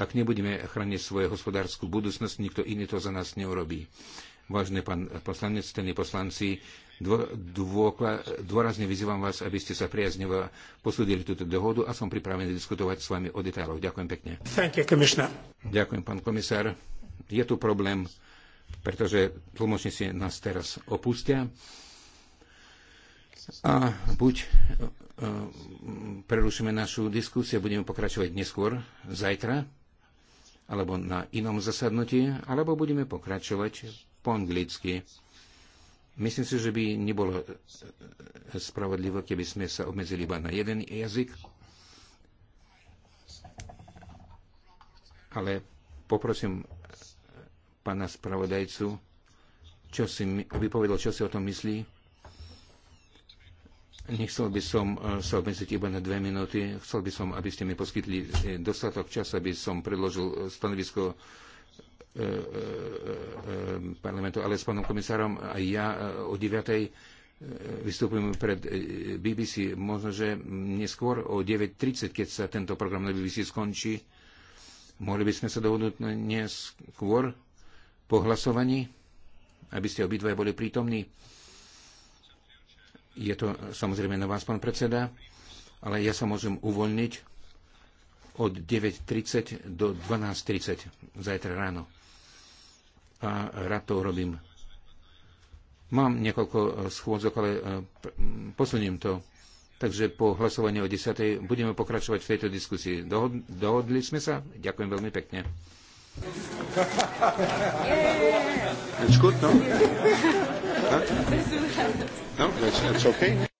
Ak nebudeme chrániť svoju hospodárskú budúcnosť, nikto iný to za nás neurobí. Vážny pán poslanec, tení poslanci, dôrazne vyzývam vás, aby ste sa priaznevo posúdili túto dohodu a som pripravený diskutovať s vami o detáloch. Ďakujem pekne. Thank you, Ďakujem, pán komisár. Je tu problém, pretože tlmočníci nás teraz opustia a buď uh, prerušíme našu diskusiu, budeme pokračovať neskôr, zajtra, alebo na inom zasadnutí, alebo budeme pokračovať po anglicky. Myslím si, že by nebolo e, e, spravodlivo, keby sme sa obmedzili iba na jeden jazyk. Ale poprosím e, pána spravodajcu, čo si, mi, povedal, čo si o tom myslí. Nechcel by som sa obmedziť iba na dve minúty. Chcel by som, aby ste mi poskytli dostatok času, aby som predložil stanovisko E, e, e, parlamentu, ale s pánom komisárom a ja o 9. vystupujem pred BBC. Možno, že neskôr o 9.30, keď sa tento program na BBC skončí, mohli by sme sa dohodnúť neskôr po hlasovaní, aby ste obidvaja boli prítomní. Je to samozrejme na vás, pán predseda, ale ja sa môžem uvoľniť od 9.30 do 12.30 zajtra ráno a rád to urobím. Mám niekoľko e, schôdzok, ale e, posuniem to. Takže po hlasovaní o 10. budeme pokračovať v tejto diskusii. Dohod dohodli sme sa? Ďakujem veľmi pekne. Yeah. It's good, no? Huh? no, that's, that's okay.